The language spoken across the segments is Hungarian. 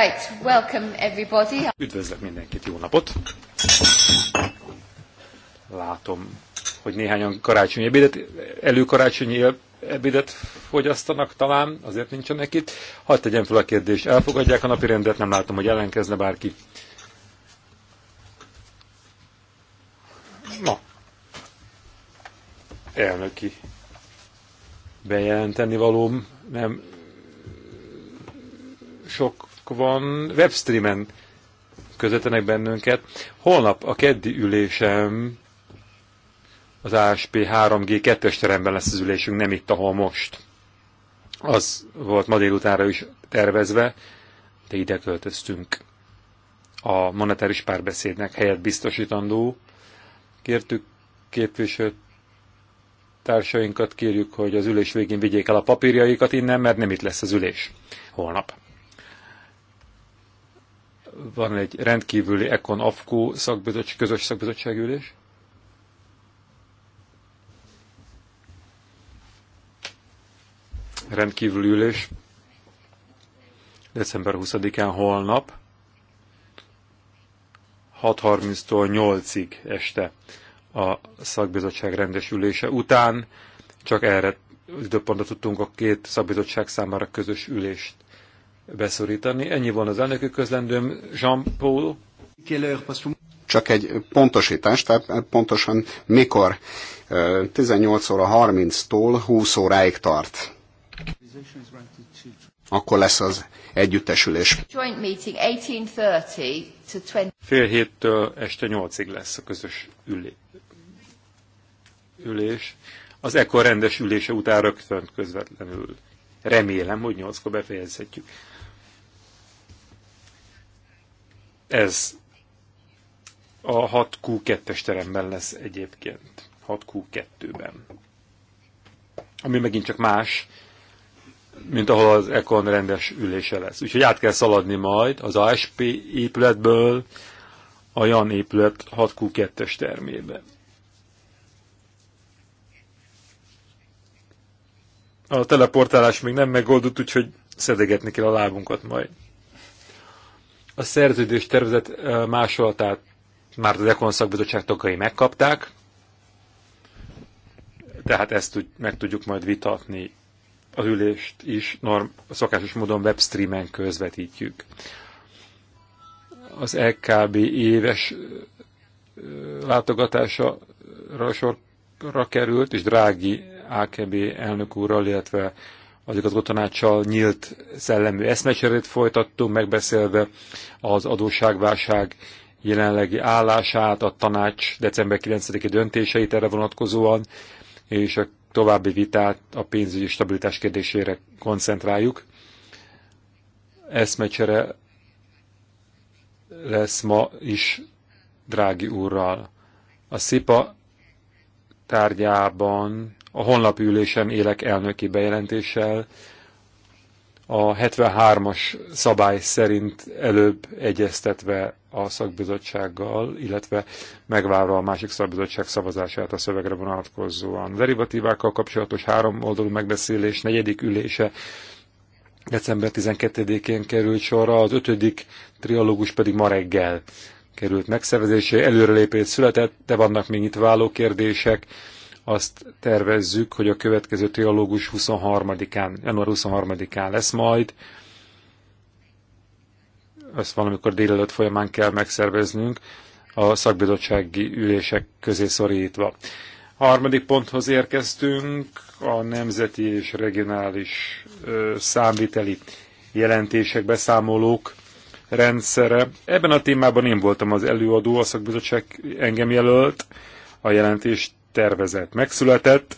Right, welcome everybody. Üdvözlök mindenkit, jó napot! Látom, hogy néhányan karácsonyi ebédet, előkarácsonyi ebédet fogyasztanak talán, azért nincsenek itt. Hadd tegyem fel a kérdést, elfogadják a napi rendet, nem látom, hogy ellenkezne bárki. Na, elnöki bejelenteni valóm nem sok van, webstreamen közvetlenek bennünket. Holnap a keddi ülésem az ASP 3G 2-es teremben lesz az ülésünk, nem itt, ahol most. Az volt ma délutánra is tervezve, de ide költöztünk a monetáris párbeszédnek helyet biztosítandó. Kértük képviselő társainkat, kérjük, hogy az ülés végén vigyék el a papírjaikat innen, mert nem itt lesz az ülés holnap van egy rendkívüli Econ Afko szakbizottság, közös szakbizottságülés. Rendkívüli ülés december 20-án holnap 6.30-tól 8-ig este a szakbizottság rendes ülése után, csak erre időpontot tudtunk a két szakbizottság számára közös ülést beszorítani. Ennyi van az elnökök közlendőm, Jean-Paul. Csak egy pontosítás, tehát pontosan mikor 18 óra 30-tól 20 óráig tart. Akkor lesz az együttesülés. Fél héttől este nyolcig lesz a közös ülés. Az ekkor rendes ülése után rögtön közvetlenül. Remélem, hogy nyolckor befejezhetjük. Ez a 6Q2-es teremben lesz egyébként. 6Q2-ben. Ami megint csak más, mint ahol az Econ rendes ülése lesz. Úgyhogy át kell szaladni majd az ASP épületből a Jan épület 6Q2-es termébe. A teleportálás még nem megoldott, úgyhogy szedegetni kell a lábunkat majd. A szerződés tervezet másolatát már az Ekon szakbizottság tagjai megkapták, tehát ezt meg tudjuk majd vitatni. az ülést is norm, szokásos módon webstreamen közvetítjük. Az LKB éves látogatása sorra került, és Drági AKB elnök úrral, illetve az igazgatótanácssal nyílt szellemű eszmecserét folytattunk, megbeszélve az adósságválság jelenlegi állását, a tanács december 9-i döntéseit erre vonatkozóan, és a további vitát a pénzügyi stabilitás kérdésére koncentráljuk. Eszmecsere lesz ma is Drági úrral. A SZIPA tárgyában a honlapi ülésem élek elnöki bejelentéssel. A 73-as szabály szerint előbb egyeztetve a szakbizottsággal, illetve megvárva a másik szakbizottság szavazását a szövegre vonatkozóan. derivatívákkal kapcsolatos három oldalú megbeszélés negyedik ülése december 12-én került sorra, az ötödik trialógus pedig ma reggel került megszervezésé. Előrelépés született, de vannak még itt váló kérdések azt tervezzük, hogy a következő trialógus 23-án, január 23-án lesz majd. Ezt valamikor délelőtt folyamán kell megszerveznünk, a szakbizottsági ülések közé szorítva. A harmadik ponthoz érkeztünk, a nemzeti és regionális ö, számviteli jelentések, beszámolók rendszere. Ebben a témában én voltam az előadó, a szakbizottság engem jelölt, a jelentést tervezet megszületett.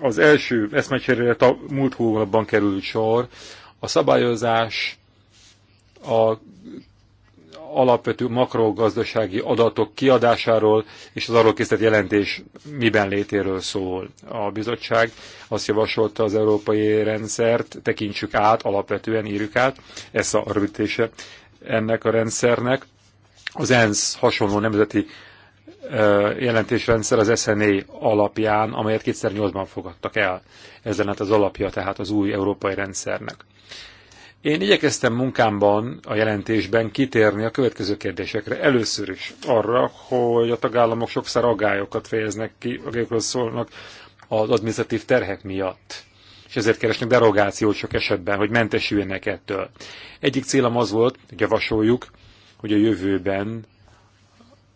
Az első eszmecserélet a múlt hónapban került sor. A szabályozás a alapvető makrogazdasági adatok kiadásáról és az arról készített jelentés miben létéről szól. A bizottság azt javasolta az európai rendszert, tekintsük át, alapvetően írjuk át, ez a rövidítése ennek a rendszernek. Az ENSZ hasonló nemzeti jelentésrendszer az SNA alapján, amelyet 2008-ban fogadtak el. Ez lett hát az alapja tehát az új európai rendszernek. Én igyekeztem munkámban, a jelentésben kitérni a következő kérdésekre. Először is arra, hogy a tagállamok sokszor agályokat fejeznek ki, akikről szólnak az administratív terhek miatt és ezért keresnek derogációt sok esetben, hogy mentesüljenek ettől. Egyik célom az volt, hogy javasoljuk, hogy a jövőben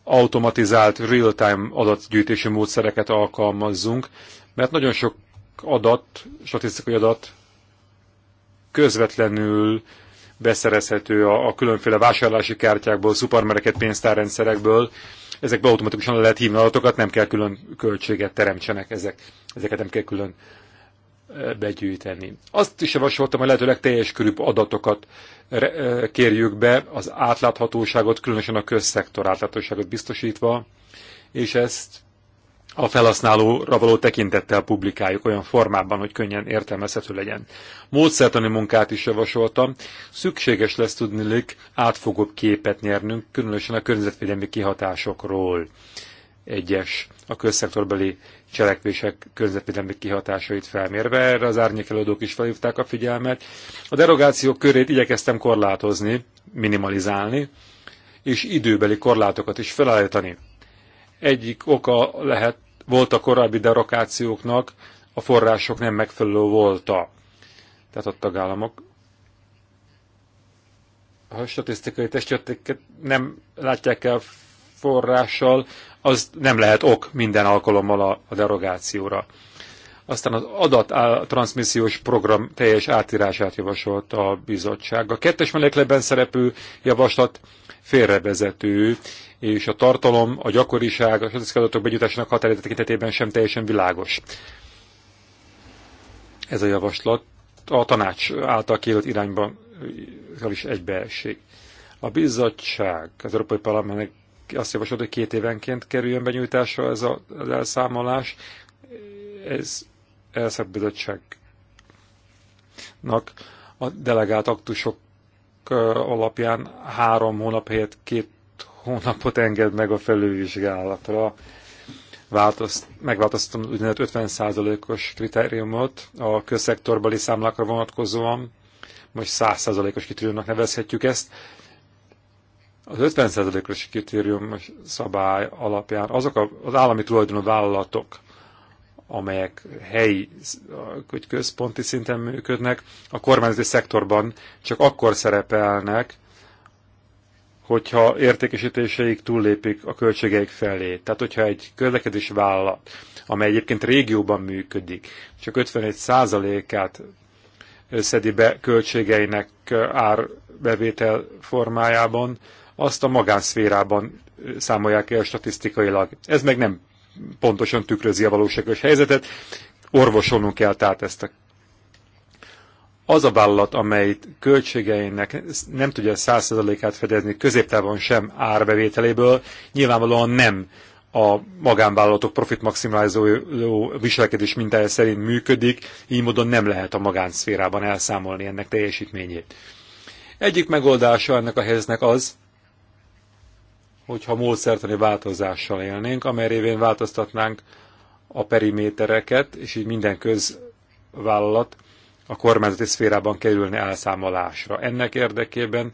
automatizált real-time adatgyűjtési módszereket alkalmazzunk, mert nagyon sok adat, statisztikai adat közvetlenül beszerezhető a, a különféle vásárlási kártyákból, szupermereket, pénztárrendszerekből. Ezekbe automatikusan le lehet hívni adatokat, nem kell külön költséget teremtsenek ezek. Ezeket nem kell külön begyűjteni. Azt is javasoltam, hogy lehetőleg teljes körű adatokat kérjük be, az átláthatóságot, különösen a közszektor átláthatóságot biztosítva, és ezt a felhasználóra való tekintettel publikáljuk olyan formában, hogy könnyen értelmezhető legyen. Módszertani munkát is javasoltam. Szükséges lesz hogy átfogóbb képet nyernünk, különösen a környezetvédelmi kihatásokról egyes a közszektorbeli cselekvések közvetlenül kihatásait felmérve. Erre az árnyékelődők is felhívták a figyelmet. A derogációk körét igyekeztem korlátozni, minimalizálni, és időbeli korlátokat is felállítani. Egyik oka lehet, volt a korábbi derogációknak, a források nem megfelelő volta. Tehát a tagállamok a statisztikai testületeket nem látják el forrással, az nem lehet ok minden alkalommal a, derogációra. Aztán az adat á, transmissziós program teljes átírását javasolt a bizottság. A kettes melekleben szereplő javaslat félrevezető, és a tartalom, a gyakoriság, a statisztikai adatok begyújtásának határidat tekintetében sem teljesen világos. Ez a javaslat a tanács által kérült irányban is egybeesik. A bizottság az Európai Parlamentnek azt javasolt, hogy két évenként kerüljön benyújtásra ez a, az elszámolás. Ez, ez bizottságnak a delegált aktusok alapján három hónap helyett két hónapot enged meg a felülvizsgálatra. Változt, megváltoztam úgynevezett 50%-os kritériumot a közszektorbeli számlákra vonatkozóan, most 100%-os kritériumnak nevezhetjük ezt az 50%-os kritérium szabály alapján azok a, az állami tulajdonú vállalatok, amelyek helyi, vagy központi szinten működnek, a kormányzati szektorban csak akkor szerepelnek, hogyha értékesítéseik túllépik a költségeik felé. Tehát, hogyha egy közlekedési vállalat, amely egyébként régióban működik, csak 51%-át szedi be költségeinek árbevétel formájában, azt a magánszférában számolják el statisztikailag. Ez meg nem pontosan tükrözi a valóságos helyzetet, orvosolnunk kell tehát ezt a az a vállalat, amely költségeinek nem tudja 100%-át fedezni középtávon sem árbevételéből, nyilvánvalóan nem a magánvállalatok profit maximalizáló viselkedés mintája szerint működik, így módon nem lehet a magánszférában elszámolni ennek teljesítményét. Egyik megoldása ennek a helyzetnek az, hogyha módszertani változással élnénk, amely révén változtatnánk a perimétereket, és így minden közvállalat a kormányzati szférában kerülne elszámolásra. Ennek érdekében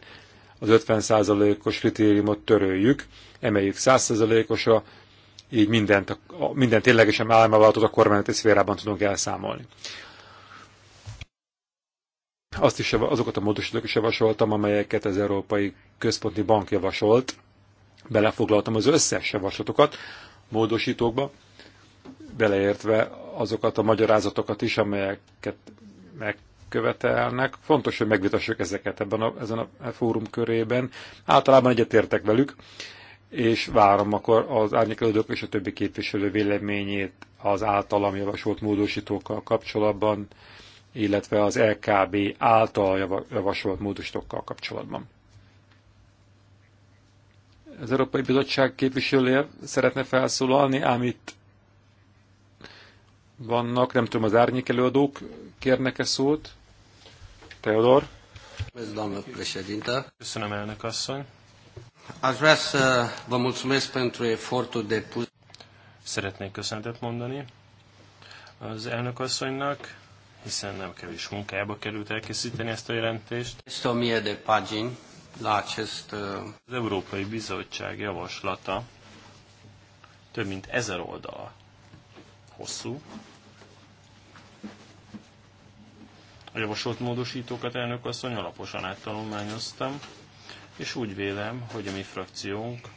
az 50%-os kritériumot töröljük, emeljük 100%-osra, így mindent, minden ténylegesen álmavallatot a kormányzati szférában tudunk elszámolni. Azt is, azokat a módosítók is javasoltam, amelyeket az Európai Központi Bank javasolt, belefoglaltam az összes javaslatokat módosítókba, beleértve azokat a magyarázatokat is, amelyeket megkövetelnek. Fontos, hogy megvitassuk ezeket ebben a, ezen a fórum körében. Általában egyetértek velük, és várom akkor az árnyékelődők és a többi képviselő véleményét az általam javasolt módosítókkal kapcsolatban, illetve az LKB által javasolt módosítókkal kapcsolatban az Európai Bizottság képviselője szeretne felszólalni, ám itt vannak, nem tudom, az árnyék előadók kérnek-e szót? Teodor? Köszönöm, elnök asszony. depus. Szeretnék köszönetet mondani az elnök asszonynak, hiszen nem kevés munkába került elkészíteni ezt a jelentést. de la uh, Az Európai Bizottság javaslata több mint ezer oldal hosszú. A javasolt módosítókat elnök asszony alaposan áttanulmányoztam, és úgy vélem, hogy a mi frakciónk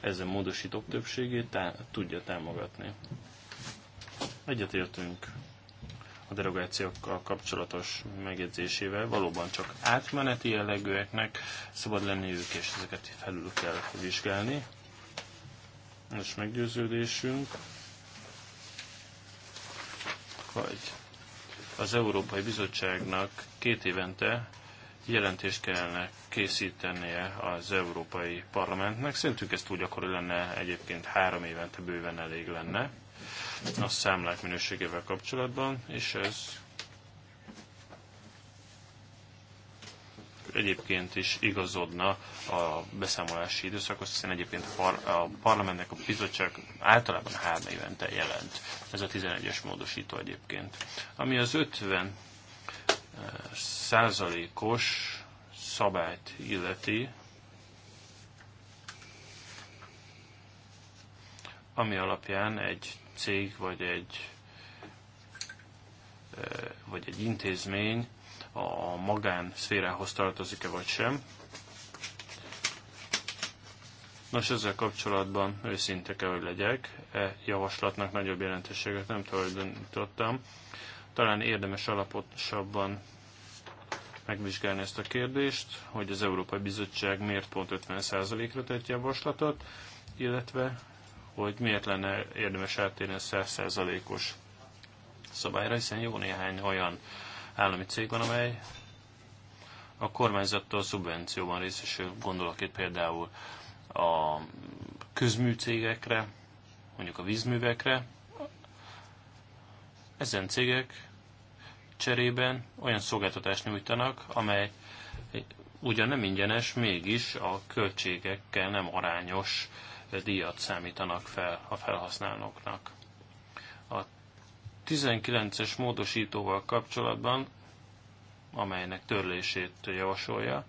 ezen módosítók többségét tá- tudja támogatni. Egyetértünk a derogációkkal kapcsolatos megjegyzésével valóban csak átmeneti jellegűeknek szabad lenniük, és ezeket felül kell vizsgálni. Most meggyőződésünk, hogy az Európai Bizottságnak két évente jelentést kellene készítenie az Európai Parlamentnek. Szerintünk ez túl gyakori lenne, egyébként három évente bőven elég lenne a számlák minőségével kapcsolatban, és ez egyébként is igazodna a beszámolási időszakhoz, hiszen egyébként a parlamentnek a bizottság általában három évente jelent. Ez a 11-es módosító egyébként. Ami az 50 eh, százalékos szabályt illeti, ami alapján egy cég vagy egy e, vagy egy intézmény a magán szférához tartozik-e vagy sem. Nos, ezzel kapcsolatban őszinte kell, hogy legyek. E javaslatnak nagyobb jelentőséget nem tulajdonítottam. Talán érdemes alaposabban megvizsgálni ezt a kérdést, hogy az Európai Bizottság miért pont 50%-ra tett javaslatot, illetve hogy miért lenne érdemes eltérni a 100%-os szabályra, hiszen jó néhány olyan állami cég van, amely a kormányzattól szubvencióban részesül. Gondolok itt például a közműcégekre, mondjuk a vízművekre. Ezen cégek cserében olyan szolgáltatást nyújtanak, amely ugyan nem ingyenes, mégis a költségekkel nem arányos díjat számítanak fel a felhasználóknak. A 19-es módosítóval kapcsolatban, amelynek törlését javasolja,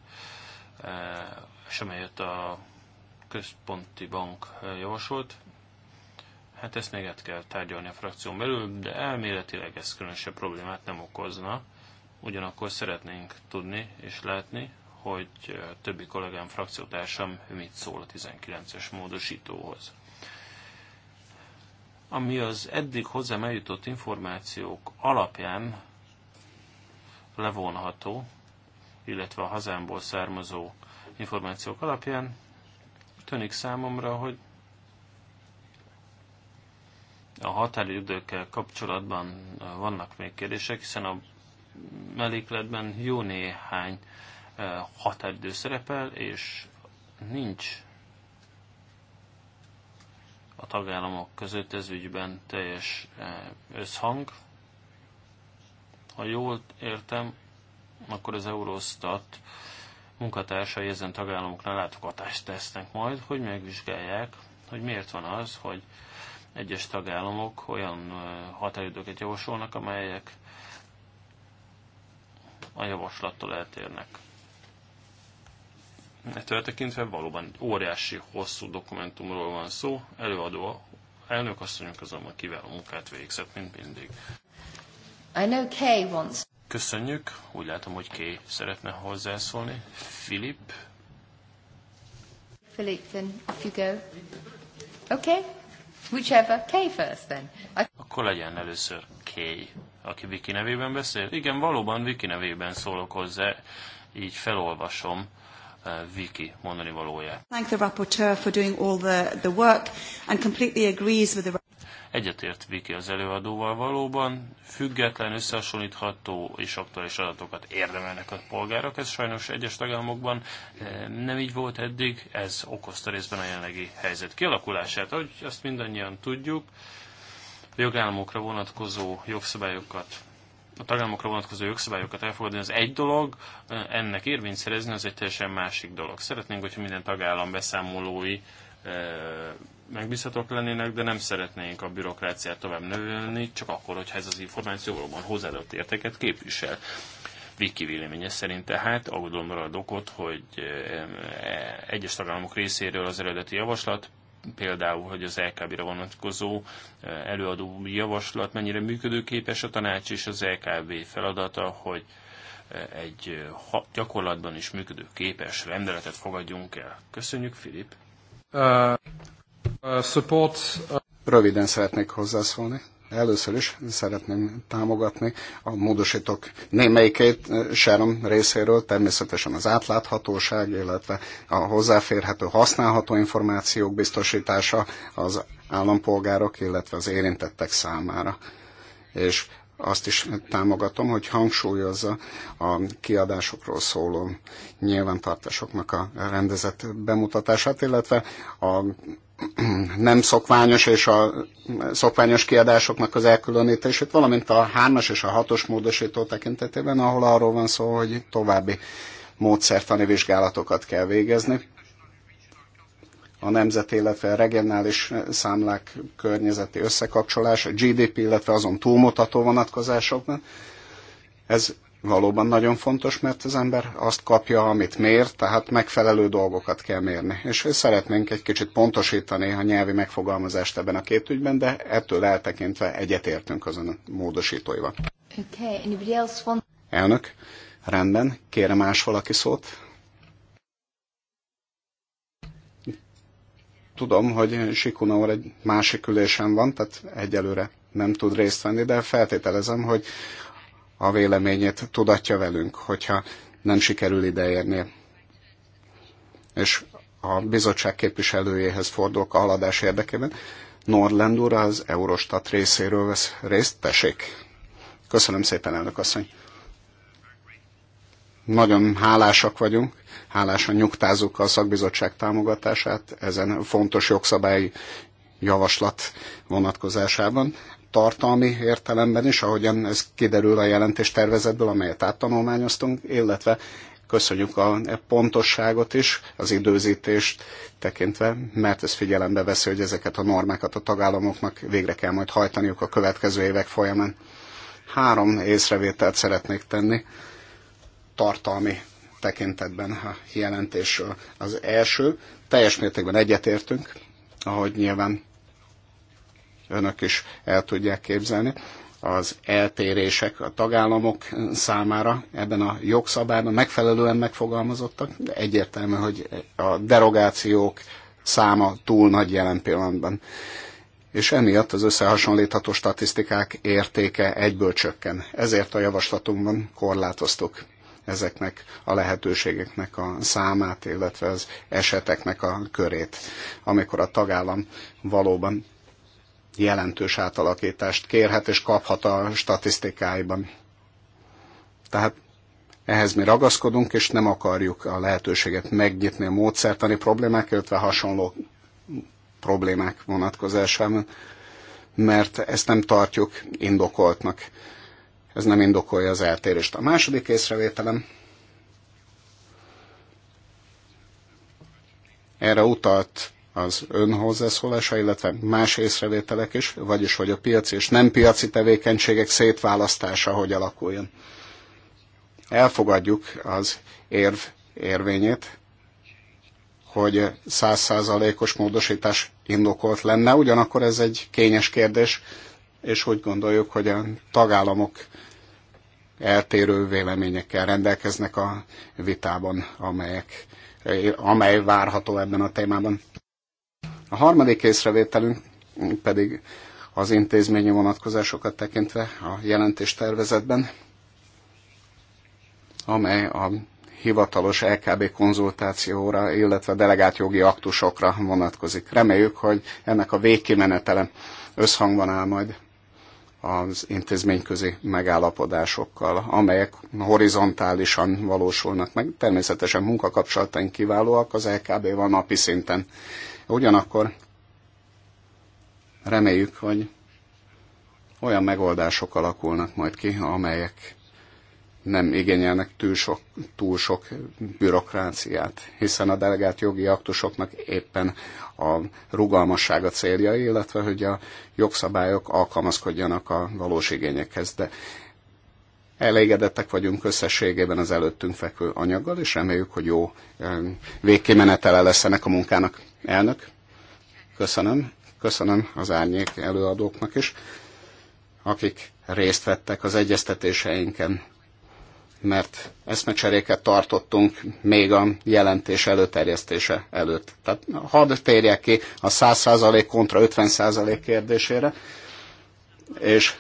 e, és amelyet a központi bank javasolt, hát ezt még kell tárgyalni a frakción belül, de elméletileg ez különösebb problémát nem okozna. Ugyanakkor szeretnénk tudni és látni, hogy többi kollégám, frakciótársam mit szól a 19-es módosítóhoz. Ami az eddig hozzám eljutott információk alapján levonható, illetve a hazámból származó információk alapján tűnik számomra, hogy a határidőkkel kapcsolatban vannak még kérdések, hiszen a mellékletben jó néhány határidő szerepel, és nincs a tagállamok között ez ügyben teljes összhang. Ha jól értem, akkor az Eurostat munkatársai ezen tagállamoknál látogatást tesznek majd, hogy megvizsgálják, hogy miért van az, hogy egyes tagállamok olyan határidőket javasolnak, amelyek a javaslattól eltérnek. Ettől tekintve valóban óriási, hosszú dokumentumról van szó. Előadó elnök asszonyunk azonban kiváló munkát végzett, mint mindig. I know Kay wants... Köszönjük. Úgy látom, hogy Kay szeretne hozzászólni. Philip. Philip, then if you go. Okay. Whichever. Kay first then. I... Akkor legyen először Kay, aki Viki nevében beszél. Igen, valóban Viki nevében szólok hozzá, így felolvasom Eh, Viki mondani valóját. Thank the rapporteur for doing all the, the work and completely agrees with the Egyetért Viki az előadóval valóban, független, összehasonlítható és aktuális adatokat érdemelnek a polgárok. Ez sajnos egyes tagállamokban eh, nem így volt eddig, ez okozta részben a jelenlegi helyzet kialakulását. Ahogy azt mindannyian tudjuk, a jogállamokra vonatkozó jogszabályokat a tagállamokra vonatkozó jogszabályokat elfogadni az egy dolog, ennek érvényt szerezni az egy teljesen másik dolog. Szeretnénk, hogyha minden tagállam beszámolói e, megbízhatók lennének, de nem szeretnénk a bürokráciát tovább növelni, csak akkor, hogyha ez az információ valóban hozzáadott értéket képvisel. Viki véleménye szerint tehát aggodalomra ad okot, hogy e, e, egyes tagállamok részéről az eredeti javaslat például, hogy az LKB-ra vonatkozó eh, előadó javaslat mennyire működőképes a tanács, és az LKB feladata, hogy eh, egy eh, gyakorlatban is működőképes rendeletet fogadjunk el. Köszönjük, Filip! Uh, uh, support, uh... Röviden szeretnék hozzászólni Először is szeretném támogatni a módosítók némelyikét eh, sem részéről, természetesen az átláthatóság, illetve a hozzáférhető, használható információk biztosítása az állampolgárok, illetve az érintettek számára. És azt is támogatom, hogy hangsúlyozza a kiadásokról szóló nyilvántartásoknak a rendezett bemutatását, illetve a nem szokványos és a szokványos kiadásoknak az elkülönítését, valamint a 3-as és a 6-os módosító tekintetében, ahol arról van szó, hogy további módszertani vizsgálatokat kell végezni. A nemzeti, illetve a regionális számlák környezeti összekapcsolás, a GDP, illetve azon túlmutató vonatkozásokban. Ez valóban nagyon fontos, mert az ember azt kapja, amit mér, tehát megfelelő dolgokat kell mérni. És szeretnénk egy kicsit pontosítani a nyelvi megfogalmazást ebben a két ügyben, de ettől eltekintve egyetértünk azon a módosítóival. Okay, anybody else want... Elnök, rendben, kérem más valaki szót? Tudom, hogy Sikuna úr egy másik ülésen van, tehát egyelőre nem tud részt venni, de feltételezem, hogy a véleményét tudatja velünk, hogyha nem sikerül ideérni. És a bizottság képviselőjéhez fordulok a haladás érdekében. Norland úr az Eurostat részéről vesz részt. Tessék! Köszönöm szépen, elnök asszony! Nagyon hálásak vagyunk, hálásan nyugtázunk a szakbizottság támogatását ezen fontos jogszabályi javaslat vonatkozásában tartalmi értelemben is, ahogyan ez kiderül a jelentéstervezetből, amelyet áttanulmányoztunk, illetve köszönjük a pontosságot is, az időzítést tekintve, mert ez figyelembe veszi, hogy ezeket a normákat a tagállamoknak végre kell majd hajtaniuk a következő évek folyamán. Három észrevételt szeretnék tenni tartalmi tekintetben a jelentésről. Az első, teljes mértékben egyetértünk, ahogy nyilván önök is el tudják képzelni, az eltérések a tagállamok számára ebben a jogszabályban megfelelően megfogalmazottak, de egyértelmű, hogy a derogációk száma túl nagy jelen pillanatban. És emiatt az összehasonlítható statisztikák értéke egyből csökken. Ezért a javaslatunkban korlátoztuk ezeknek a lehetőségeknek a számát, illetve az eseteknek a körét, amikor a tagállam valóban jelentős átalakítást kérhet és kaphat a statisztikáiban. Tehát ehhez mi ragaszkodunk, és nem akarjuk a lehetőséget megnyitni a módszertani problémák, illetve hasonló problémák vonatkozásában, mert ezt nem tartjuk indokoltnak. Ez nem indokolja az eltérést. A második észrevételem, erre utalt az ön hozzászólása, illetve más észrevételek is, vagyis hogy a piaci és nem piaci tevékenységek szétválasztása hogy alakuljon. Elfogadjuk az érv érvényét, hogy százszázalékos módosítás indokolt lenne, ugyanakkor ez egy kényes kérdés, és úgy gondoljuk, hogy a tagállamok eltérő véleményekkel rendelkeznek a vitában, amelyek, amely várható ebben a témában. A harmadik észrevételünk pedig az intézményi vonatkozásokat tekintve a jelentéstervezetben, amely a hivatalos LKB konzultációra, illetve delegált jogi aktusokra vonatkozik. Reméljük, hogy ennek a végkimenetele összhangban áll majd az intézményközi megállapodásokkal, amelyek horizontálisan valósulnak meg. Természetesen munkakapcsolataink kiválóak, az LKB-val napi szinten Ugyanakkor reméljük, hogy olyan megoldások alakulnak majd ki, amelyek nem igényelnek túl sok, túl sok bürokráciát, hiszen a delegált jogi aktusoknak éppen a rugalmassága célja, illetve hogy a jogszabályok alkalmazkodjanak a valós igényekhez. De elégedettek vagyunk összességében az előttünk fekvő anyaggal, és reméljük, hogy jó eh, végkimenetele lesz ennek a munkának. Elnök, köszönöm, köszönöm az árnyék előadóknak is, akik részt vettek az egyeztetéseinken, mert eszmecseréket tartottunk még a jelentés előterjesztése előtt. Tehát hadd térjek ki a 100% kontra 50% kérdésére, és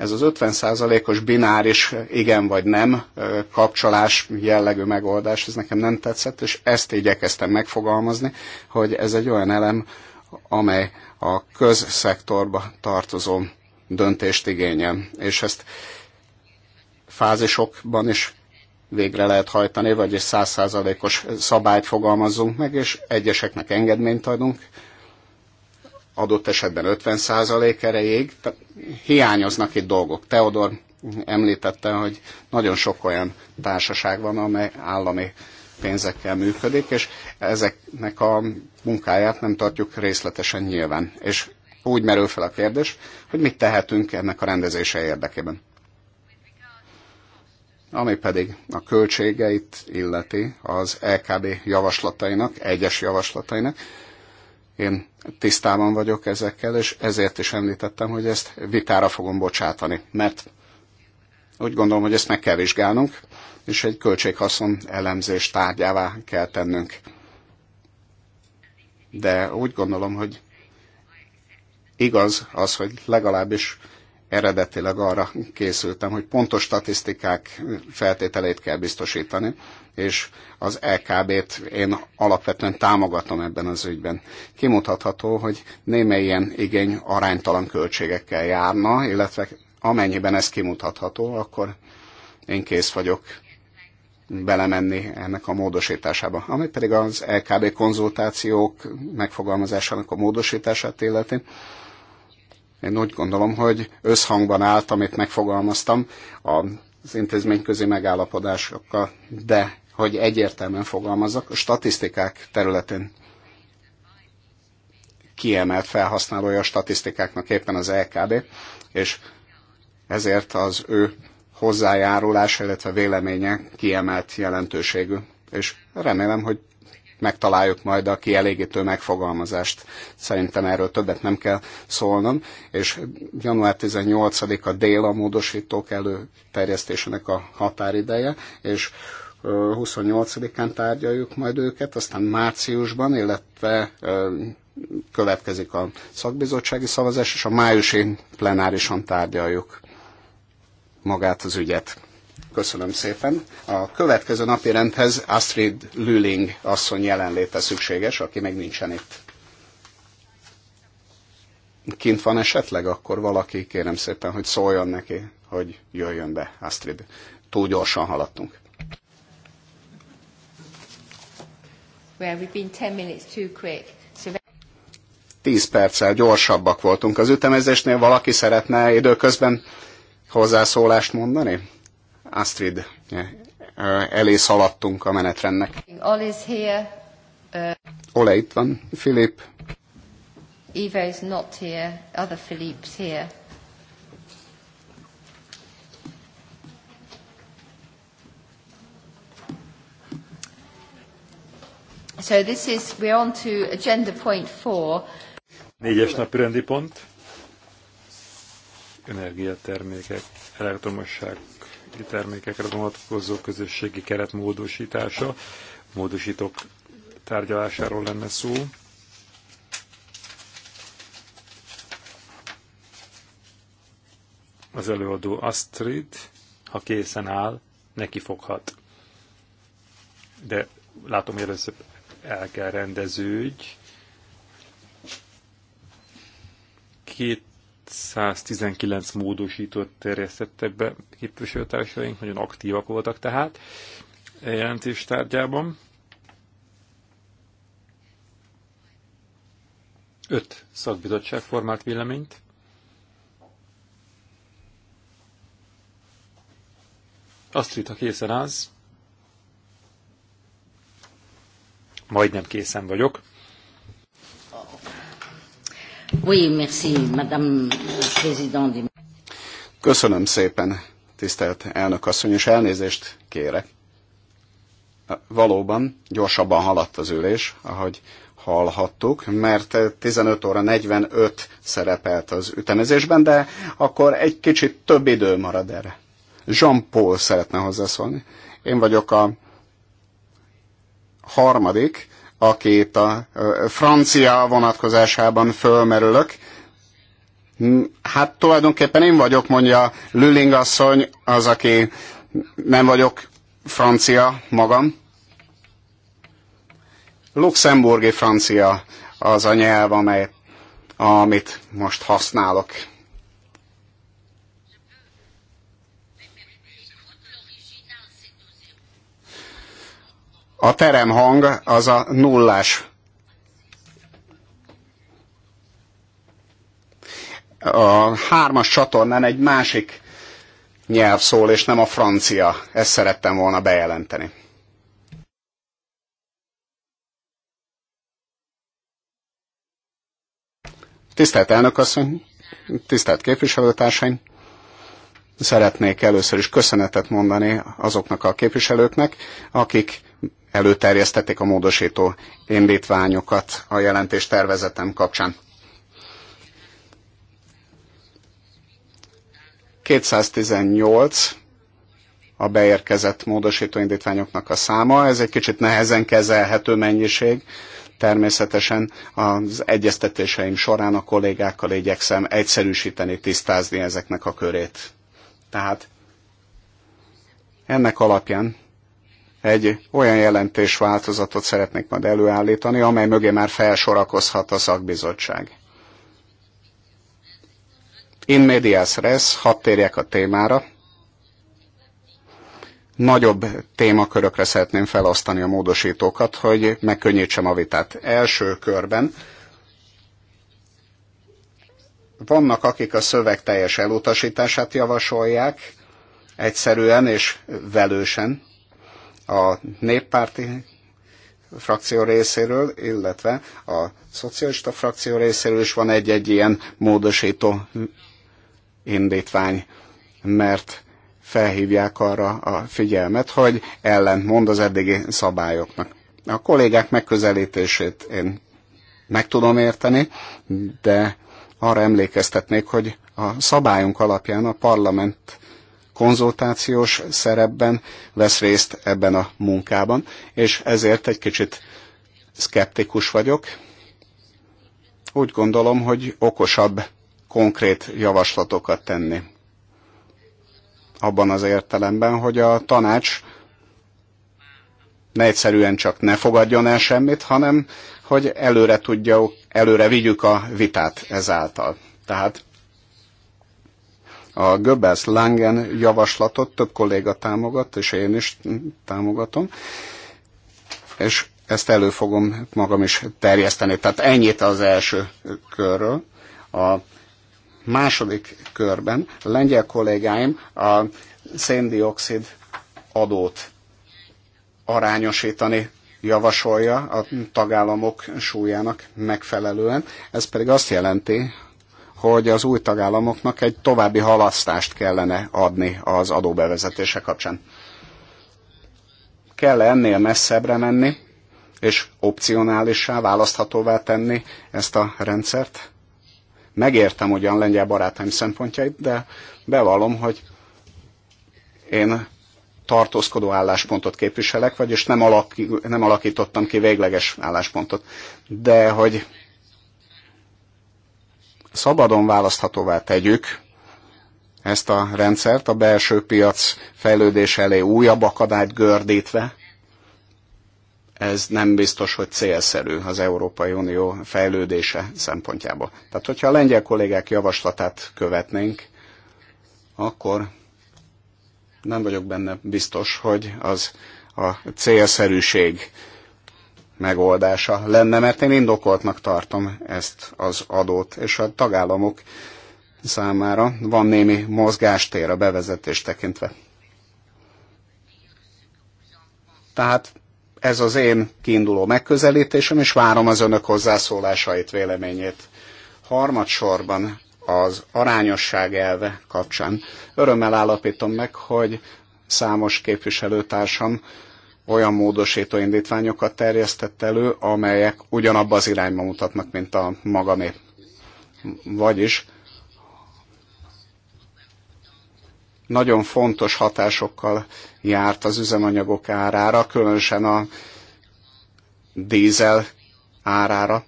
ez az 50%-os bináris igen vagy nem kapcsolás jellegű megoldás, ez nekem nem tetszett, és ezt igyekeztem megfogalmazni, hogy ez egy olyan elem, amely a közszektorba tartozó döntést igényel, és ezt fázisokban is végre lehet hajtani, vagyis százszázalékos szabályt fogalmazzunk meg, és egyeseknek engedményt adunk, adott esetben 50% erejéig. Hiányoznak itt dolgok. Teodor említette, hogy nagyon sok olyan társaság van, amely állami pénzekkel működik, és ezeknek a munkáját nem tartjuk részletesen nyilván. És úgy merül fel a kérdés, hogy mit tehetünk ennek a rendezése érdekében. Ami pedig a költségeit illeti az LKB e javaslatainak, egyes javaslatainak, én tisztában vagyok ezekkel, és ezért is említettem, hogy ezt vitára fogom bocsátani, mert úgy gondolom, hogy ezt meg kell vizsgálnunk, és egy költséghaszon elemzés tárgyává kell tennünk. De úgy gondolom, hogy igaz az, hogy legalábbis eredetileg arra készültem, hogy pontos statisztikák feltételeit kell biztosítani, és az LKB-t e én alapvetően támogatom ebben az ügyben. Kimutatható, hogy némely ilyen igény aránytalan költségekkel járna, illetve amennyiben ez kimutatható, akkor én kész vagyok belemenni ennek a módosításába. Ami pedig az LKB e konzultációk megfogalmazásának a módosítását illeti, én úgy gondolom, hogy összhangban állt, amit megfogalmaztam az intézményközi megállapodásokkal, de hogy egyértelműen fogalmazok, a statisztikák területén kiemelt felhasználója a statisztikáknak éppen az LKB, és ezért az ő hozzájárulása, illetve véleménye kiemelt jelentőségű. És remélem, hogy megtaláljuk majd a kielégítő megfogalmazást. Szerintem erről többet nem kell szólnom, és január 18-a dél a módosítók előterjesztésének a határideje, és 28-án tárgyaljuk majd őket, aztán márciusban, illetve következik a szakbizottsági szavazás, és a májusi plenárison tárgyaljuk magát az ügyet. Köszönöm szépen. A következő napi rendhez Astrid Lüling asszony jelenléte szükséges, aki meg nincsen itt. Kint van esetleg, akkor valaki, kérem szépen, hogy szóljon neki, hogy jöjjön be, Astrid. Túl gyorsan haladtunk. Well, we've been 10 minutes too quick. 10 perccel gyorsabbak voltunk az ütemezésnél. Valaki szeretne időközben hozzászólást mondani? Astrid, eh, eh, elé szaladtunk a menetrendnek. is here. Uh, Ole itt van, Filip. Eva is not here, other Philip's here. So this is, we're on to agenda point four. Négyes napi rendi pont. Energiatermékek, elektromosság, termékekre vonatkozó közösségi keret módosítása, módosítók tárgyalásáról lenne szó. Az előadó Astrid, ha készen áll, neki foghat. De látom, hogy először el kell rendeződj. Két 119 módosítót terjesztettek be képviselőtársaink, nagyon aktívak voltak tehát e jelentés tárgyában. Öt szakbizottság formált véleményt. Astrid, ha készen állsz, majdnem készen vagyok. Köszönöm szépen, tisztelt elnök asszony, és elnézést kérek. Valóban gyorsabban haladt az ülés, ahogy hallhattuk, mert 15 óra 45 szerepelt az ütemezésben, de akkor egy kicsit több idő marad erre. Jean-Paul szeretne hozzászólni. Én vagyok a harmadik akit a francia vonatkozásában fölmerülök. Hm, hát tulajdonképpen én vagyok, mondja Lüling asszony, az, aki nem vagyok francia magam. Luxemburgi francia az a nyelv, amely amit most használok. A teremhang az a nullás. A hármas csatornán egy másik nyelv szól, és nem a francia. Ezt szerettem volna bejelenteni. Tisztelt elnök asszony, tisztelt képviselőtársaim! Szeretnék először is köszönetet mondani azoknak a képviselőknek, akik előterjesztették a módosító indítványokat a jelentés tervezetem kapcsán. 218 a beérkezett módosító indítványoknak a száma. Ez egy kicsit nehezen kezelhető mennyiség. Természetesen az egyeztetéseim során a kollégákkal igyekszem egyszerűsíteni, tisztázni ezeknek a körét. Tehát ennek alapján egy olyan jelentés változatot szeretnék majd előállítani, amely mögé már felsorakozhat a szakbizottság. In medias res, hadd térjek a témára. Nagyobb témakörökre szeretném felosztani a módosítókat, hogy megkönnyítsem a vitát. Első körben vannak, akik a szöveg teljes elutasítását javasolják, egyszerűen és velősen, a néppárti frakció részéről, illetve a szocialista frakció részéről is van egy-egy ilyen módosító indítvány, mert felhívják arra a figyelmet, hogy ellentmond az eddigi szabályoknak. A kollégák megközelítését én meg tudom érteni, de arra emlékeztetnék, hogy a szabályunk alapján a parlament konzultációs szerepben vesz részt ebben a munkában, és ezért egy kicsit szkeptikus vagyok. Úgy gondolom, hogy okosabb konkrét javaslatokat tenni. Abban az értelemben, hogy a tanács ne egyszerűen csak ne fogadjon el semmit, hanem hogy előre tudja, előre vigyük a vitát ezáltal. Tehát a Goebbels-Langen javaslatot több kolléga támogat, és én is támogatom, és ezt elő fogom magam is terjeszteni. Tehát ennyit az első körről. A második körben a lengyel kollégáim a széndiokszid adót arányosítani javasolja a tagállamok súlyának megfelelően. Ez pedig azt jelenti, hogy az új tagállamoknak egy további halasztást kellene adni az adóbevezetése kapcsán. Kell ennél messzebbre menni, és opcionálissá, választhatóvá tenni ezt a rendszert? Megértem ugyan lengyel barátaim szempontjait, de bevallom, hogy én tartózkodó álláspontot képviselek, vagyis nem, alaki, nem alakítottam ki végleges álláspontot. De hogy szabadon választhatóvá tegyük ezt a rendszert, a belső piac fejlődés elé újabb akadályt gördítve, ez nem biztos, hogy célszerű az Európai Unió fejlődése szempontjából. Tehát, hogyha a lengyel kollégák javaslatát követnénk, akkor nem vagyok benne biztos, hogy az a célszerűség megoldása lenne, mert én indokoltnak tartom ezt az adót, és a tagállamok számára van némi mozgástér a bevezetés tekintve. Tehát ez az én kiinduló megközelítésem, és várom az önök hozzászólásait, véleményét. Harmadsorban az arányosság elve kapcsán örömmel állapítom meg, hogy számos képviselőtársam olyan módosító indítványokat terjesztett elő, amelyek ugyanabba az irányba mutatnak, mint a magamé. Vagyis nagyon fontos hatásokkal járt az üzemanyagok árára, különösen a dízel árára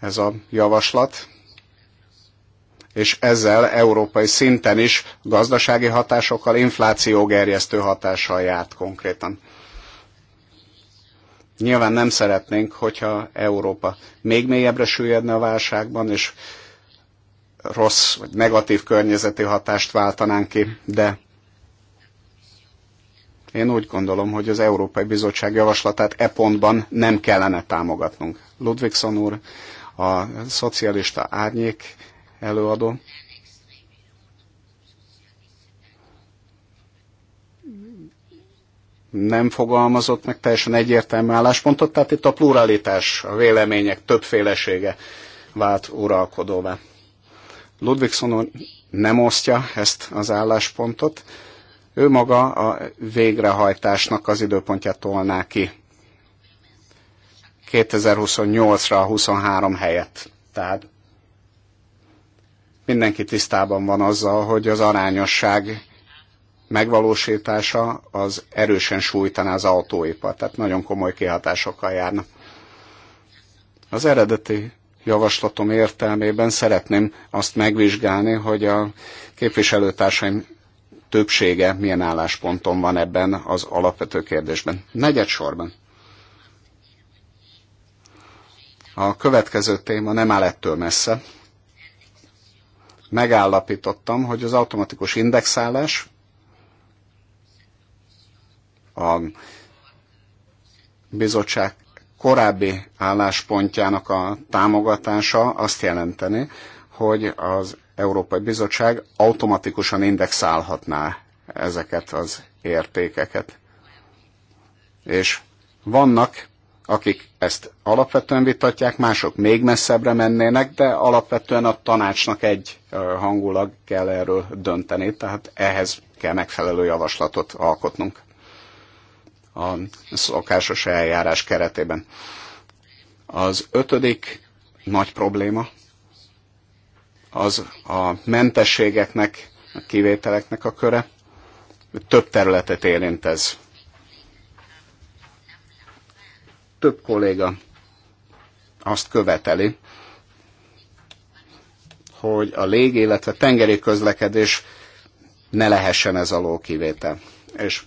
ez a javaslat, és ezzel európai szinten is gazdasági hatásokkal, infláció gerjesztő hatással járt konkrétan. Nyilván nem szeretnénk, hogyha Európa még mélyebbre süllyedne a válságban, és rossz vagy negatív környezeti hatást váltanánk ki, de én úgy gondolom, hogy az Európai Bizottság javaslatát e pontban nem kellene támogatnunk. Ludvigson úr, a szocialista árnyék előadó. nem fogalmazott meg teljesen egyértelmű álláspontot, tehát itt a pluralitás, a vélemények többfélesége vált uralkodóvá. Ludwigson nem osztja ezt az álláspontot, ő maga a végrehajtásnak az időpontját tolná ki. 2028-ra a 23 helyett. Tehát mindenki tisztában van azzal, hogy az arányosság megvalósítása az erősen sújtaná az autóipar, tehát nagyon komoly kihatásokkal járna. Az eredeti javaslatom értelmében szeretném azt megvizsgálni, hogy a képviselőtársaim többsége milyen állásponton van ebben az alapvető kérdésben. Negyed sorban. A következő téma nem áll ettől messze. Megállapítottam, hogy az automatikus indexálás a bizottság korábbi álláspontjának a támogatása azt jelenteni, hogy az Európai Bizottság automatikusan indexálhatná ezeket az értékeket. És vannak, akik ezt alapvetően vitatják, mások még messzebbre mennének, de alapvetően a tanácsnak egy hangulag kell erről dönteni, tehát ehhez kell megfelelő javaslatot alkotnunk a szokásos eljárás keretében. Az ötödik nagy probléma az a mentességeknek, a kivételeknek a köre. Több területet érint ez. Több kolléga azt követeli, hogy a lég, illetve tengeri közlekedés ne lehessen ez alól kivétel. És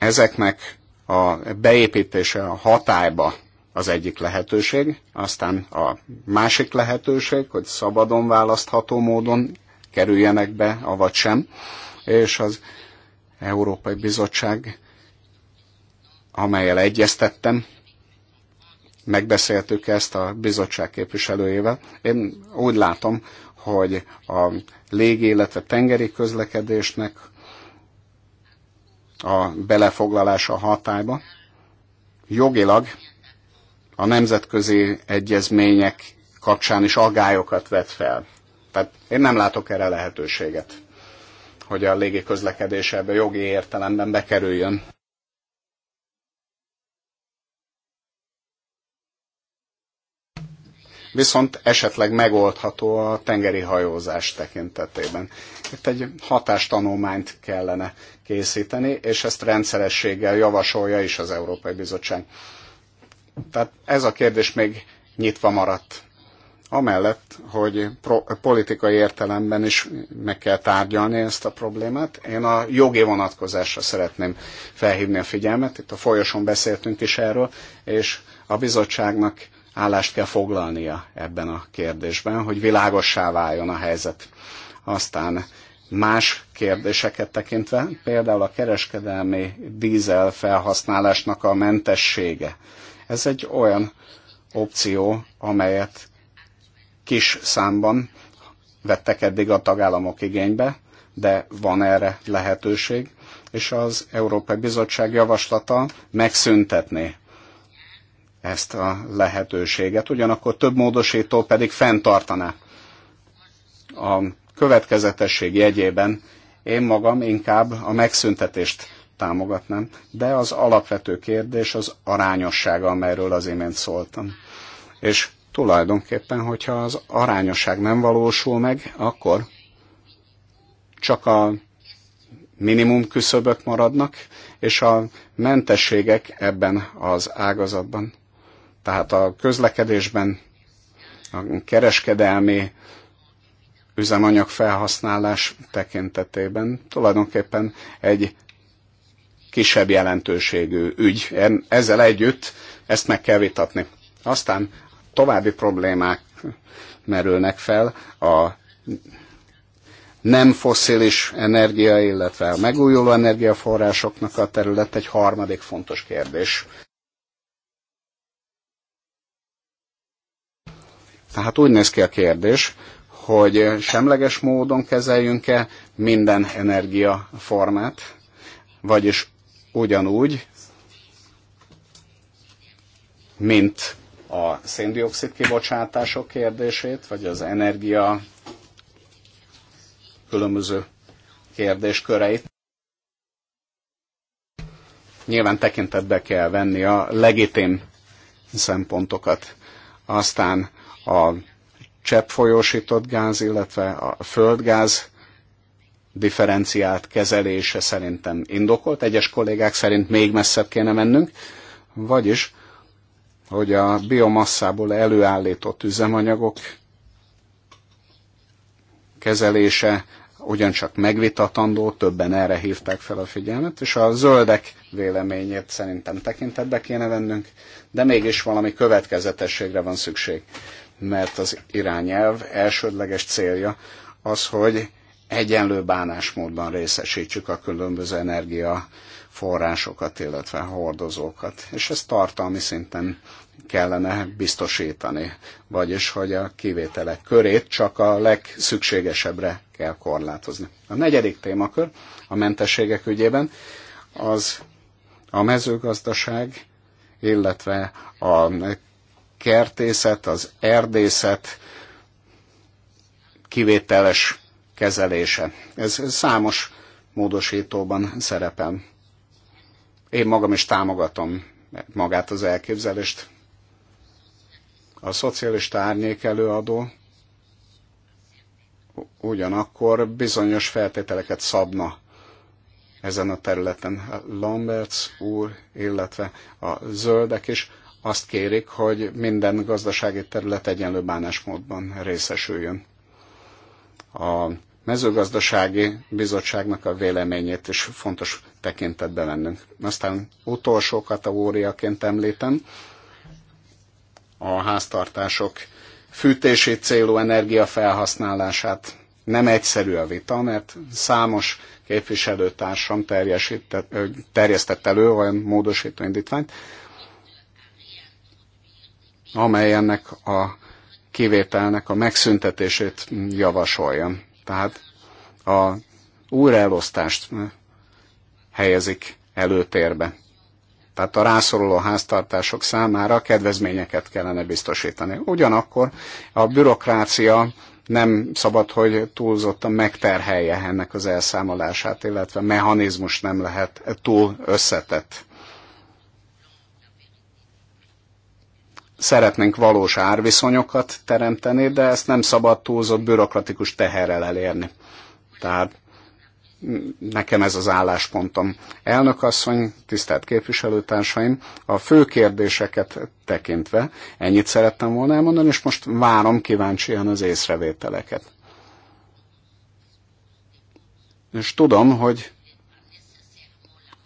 Ezeknek a beépítése a hatályba az egyik lehetőség, aztán a másik lehetőség, hogy szabadon választható módon kerüljenek be, avagy sem, és az Európai Bizottság, amelyel egyeztettem, megbeszéltük ezt a bizottság képviselőjével. Én úgy látom, hogy a légi, illetve tengeri közlekedésnek a belefoglalása hatályba. Jogilag a nemzetközi egyezmények kapcsán is agályokat vet fel. Tehát én nem látok erre lehetőséget, hogy a közlekedés ebbe jogi értelemben bekerüljön. viszont esetleg megoldható a tengeri hajózás tekintetében. Itt egy hatástanulmányt kellene készíteni, és ezt rendszerességgel javasolja is az Európai Bizottság. Tehát ez a kérdés még nyitva maradt. Amellett, hogy politikai értelemben is meg kell tárgyalni ezt a problémát, én a jogi vonatkozásra szeretném felhívni a figyelmet. Itt a folyosón beszéltünk is erről, és a bizottságnak állást kell foglalnia ebben a kérdésben, hogy világossá váljon a helyzet. Aztán más kérdéseket tekintve, például a kereskedelmi dízel felhasználásnak a mentessége. Ez egy olyan opció, amelyet kis számban vettek eddig a tagállamok igénybe, de van erre lehetőség, és az Európai Bizottság javaslata megszüntetné ezt a lehetőséget, ugyanakkor több módosító pedig fenntartaná. A következetesség jegyében én magam inkább a megszüntetést támogatnám, de az alapvető kérdés az arányossága, amelyről az imént szóltam. És tulajdonképpen, hogyha az arányosság nem valósul meg, akkor csak a minimum küszöbök maradnak, és a mentességek ebben az ágazatban tehát a közlekedésben a kereskedelmi üzemanyag felhasználás tekintetében tulajdonképpen egy kisebb jelentőségű ügy. Ezzel együtt ezt meg kell vitatni. Aztán további problémák merülnek fel a nem foszilis energia, illetve a megújuló energiaforrásoknak a terület egy harmadik fontos kérdés. Tehát úgy néz ki a kérdés, hogy semleges módon kezeljünk-e minden energiaformát, vagyis ugyanúgy, mint a széndiokszid kibocsátások kérdését, vagy az energia különböző kérdésköreit. Nyilván tekintetbe kell venni a legitim szempontokat. Aztán a cseppfolyósított gáz, illetve a földgáz differenciált kezelése szerintem indokolt, egyes kollégák szerint még messzebb kéne mennünk, vagyis, hogy a biomasszából előállított üzemanyagok kezelése ugyancsak megvitatandó, többen erre hívták fel a figyelmet, és a zöldek véleményét szerintem tekintetbe kéne vennünk, de mégis valami következetességre van szükség mert az irányelv elsődleges célja az, hogy egyenlő bánásmódban részesítsük a különböző energiaforrásokat, illetve hordozókat. És ezt tartalmi szinten kellene biztosítani, vagyis hogy a kivételek körét csak a legszükségesebbre kell korlátozni. A negyedik témakör a mentességek ügyében az a mezőgazdaság, illetve a kertészet, az erdészet kivételes kezelése. Ez számos módosítóban szerepel. Én magam is támogatom magát az elképzelést. A szocialista árnyék előadó ugyanakkor bizonyos feltételeket szabna ezen a területen. Lamberts úr, illetve a zöldek is azt kérik, hogy minden gazdasági terület egyenlő bánásmódban részesüljön. A mezőgazdasági bizottságnak a véleményét is fontos tekintetbe vennünk. Aztán utolsó kategóriaként említem a háztartások fűtési célú energiafelhasználását. Nem egyszerű a vita, mert számos képviselőtársam terjesztett elő olyan módosító indítványt, amely ennek a kivételnek a megszüntetését javasolja. Tehát a újraelosztást helyezik előtérbe. Tehát a rászoruló háztartások számára kedvezményeket kellene biztosítani. Ugyanakkor a bürokrácia nem szabad, hogy túlzottan megterhelje ennek az elszámolását, illetve mechanizmus nem lehet túl összetett. szeretnénk valós árviszonyokat teremteni, de ezt nem szabad túlzott bürokratikus teherrel elérni. Tehát nekem ez az álláspontom. Elnök asszony, tisztelt képviselőtársaim, a fő kérdéseket tekintve ennyit szerettem volna elmondani, és most várom kíváncsian az észrevételeket. És tudom, hogy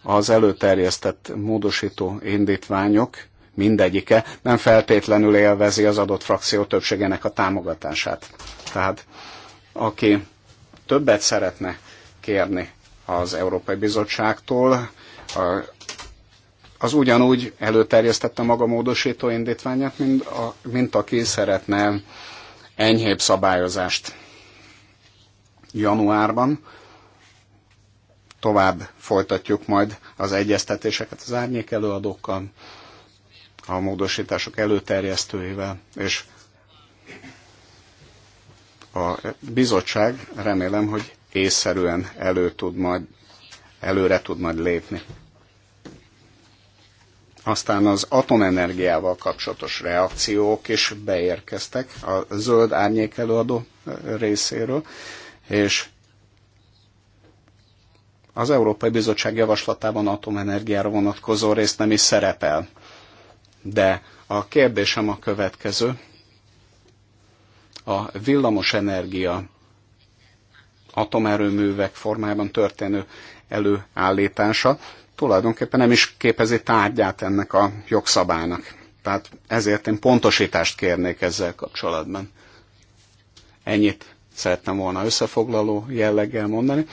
az előterjesztett módosító indítványok mindegyike nem feltétlenül élvezi az adott frakció többségének a támogatását. Tehát aki többet szeretne kérni az Európai Bizottságtól, az ugyanúgy előterjesztette maga módosító indítványát, mint, a, mint aki szeretne enyhébb szabályozást januárban. Tovább folytatjuk majd az egyeztetéseket az árnyék előadókkal, a módosítások előterjesztőivel, és a bizottság remélem, hogy észszerűen elő tud majd, előre tud majd lépni. Aztán az atomenergiával kapcsolatos reakciók is beérkeztek a zöld árnyék előadó részéről, és az Európai Bizottság javaslatában atomenergiára vonatkozó rész nem is szerepel. De a kérdésem a következő. A villamosenergia atomerőművek formájában történő előállítása tulajdonképpen nem is képezi tárgyát ennek a jogszabálynak. Tehát ezért én pontosítást kérnék ezzel kapcsolatban. Ennyit szerettem volna összefoglaló jelleggel mondani,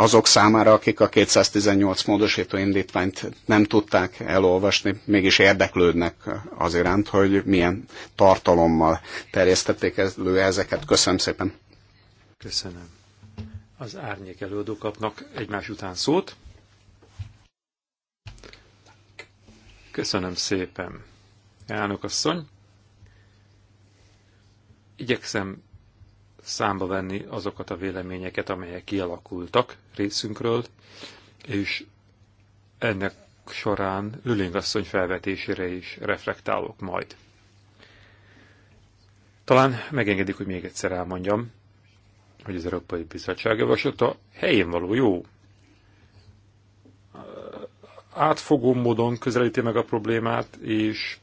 azok számára, akik a 218 módosító indítványt nem tudták elolvasni, mégis érdeklődnek az iránt, hogy milyen tartalommal terjesztették elő ezeket. Köszönöm szépen. Köszönöm. Az árnyék előadó kapnak egymás után szót. Köszönöm szépen, elnök asszony. Igyekszem számba venni azokat a véleményeket, amelyek kialakultak részünkről, és ennek során Lüling asszony felvetésére is reflektálok majd. Talán megengedik, hogy még egyszer elmondjam, hogy az Európai Bizottság javaslata helyén való jó. Átfogó módon közelíti meg a problémát, és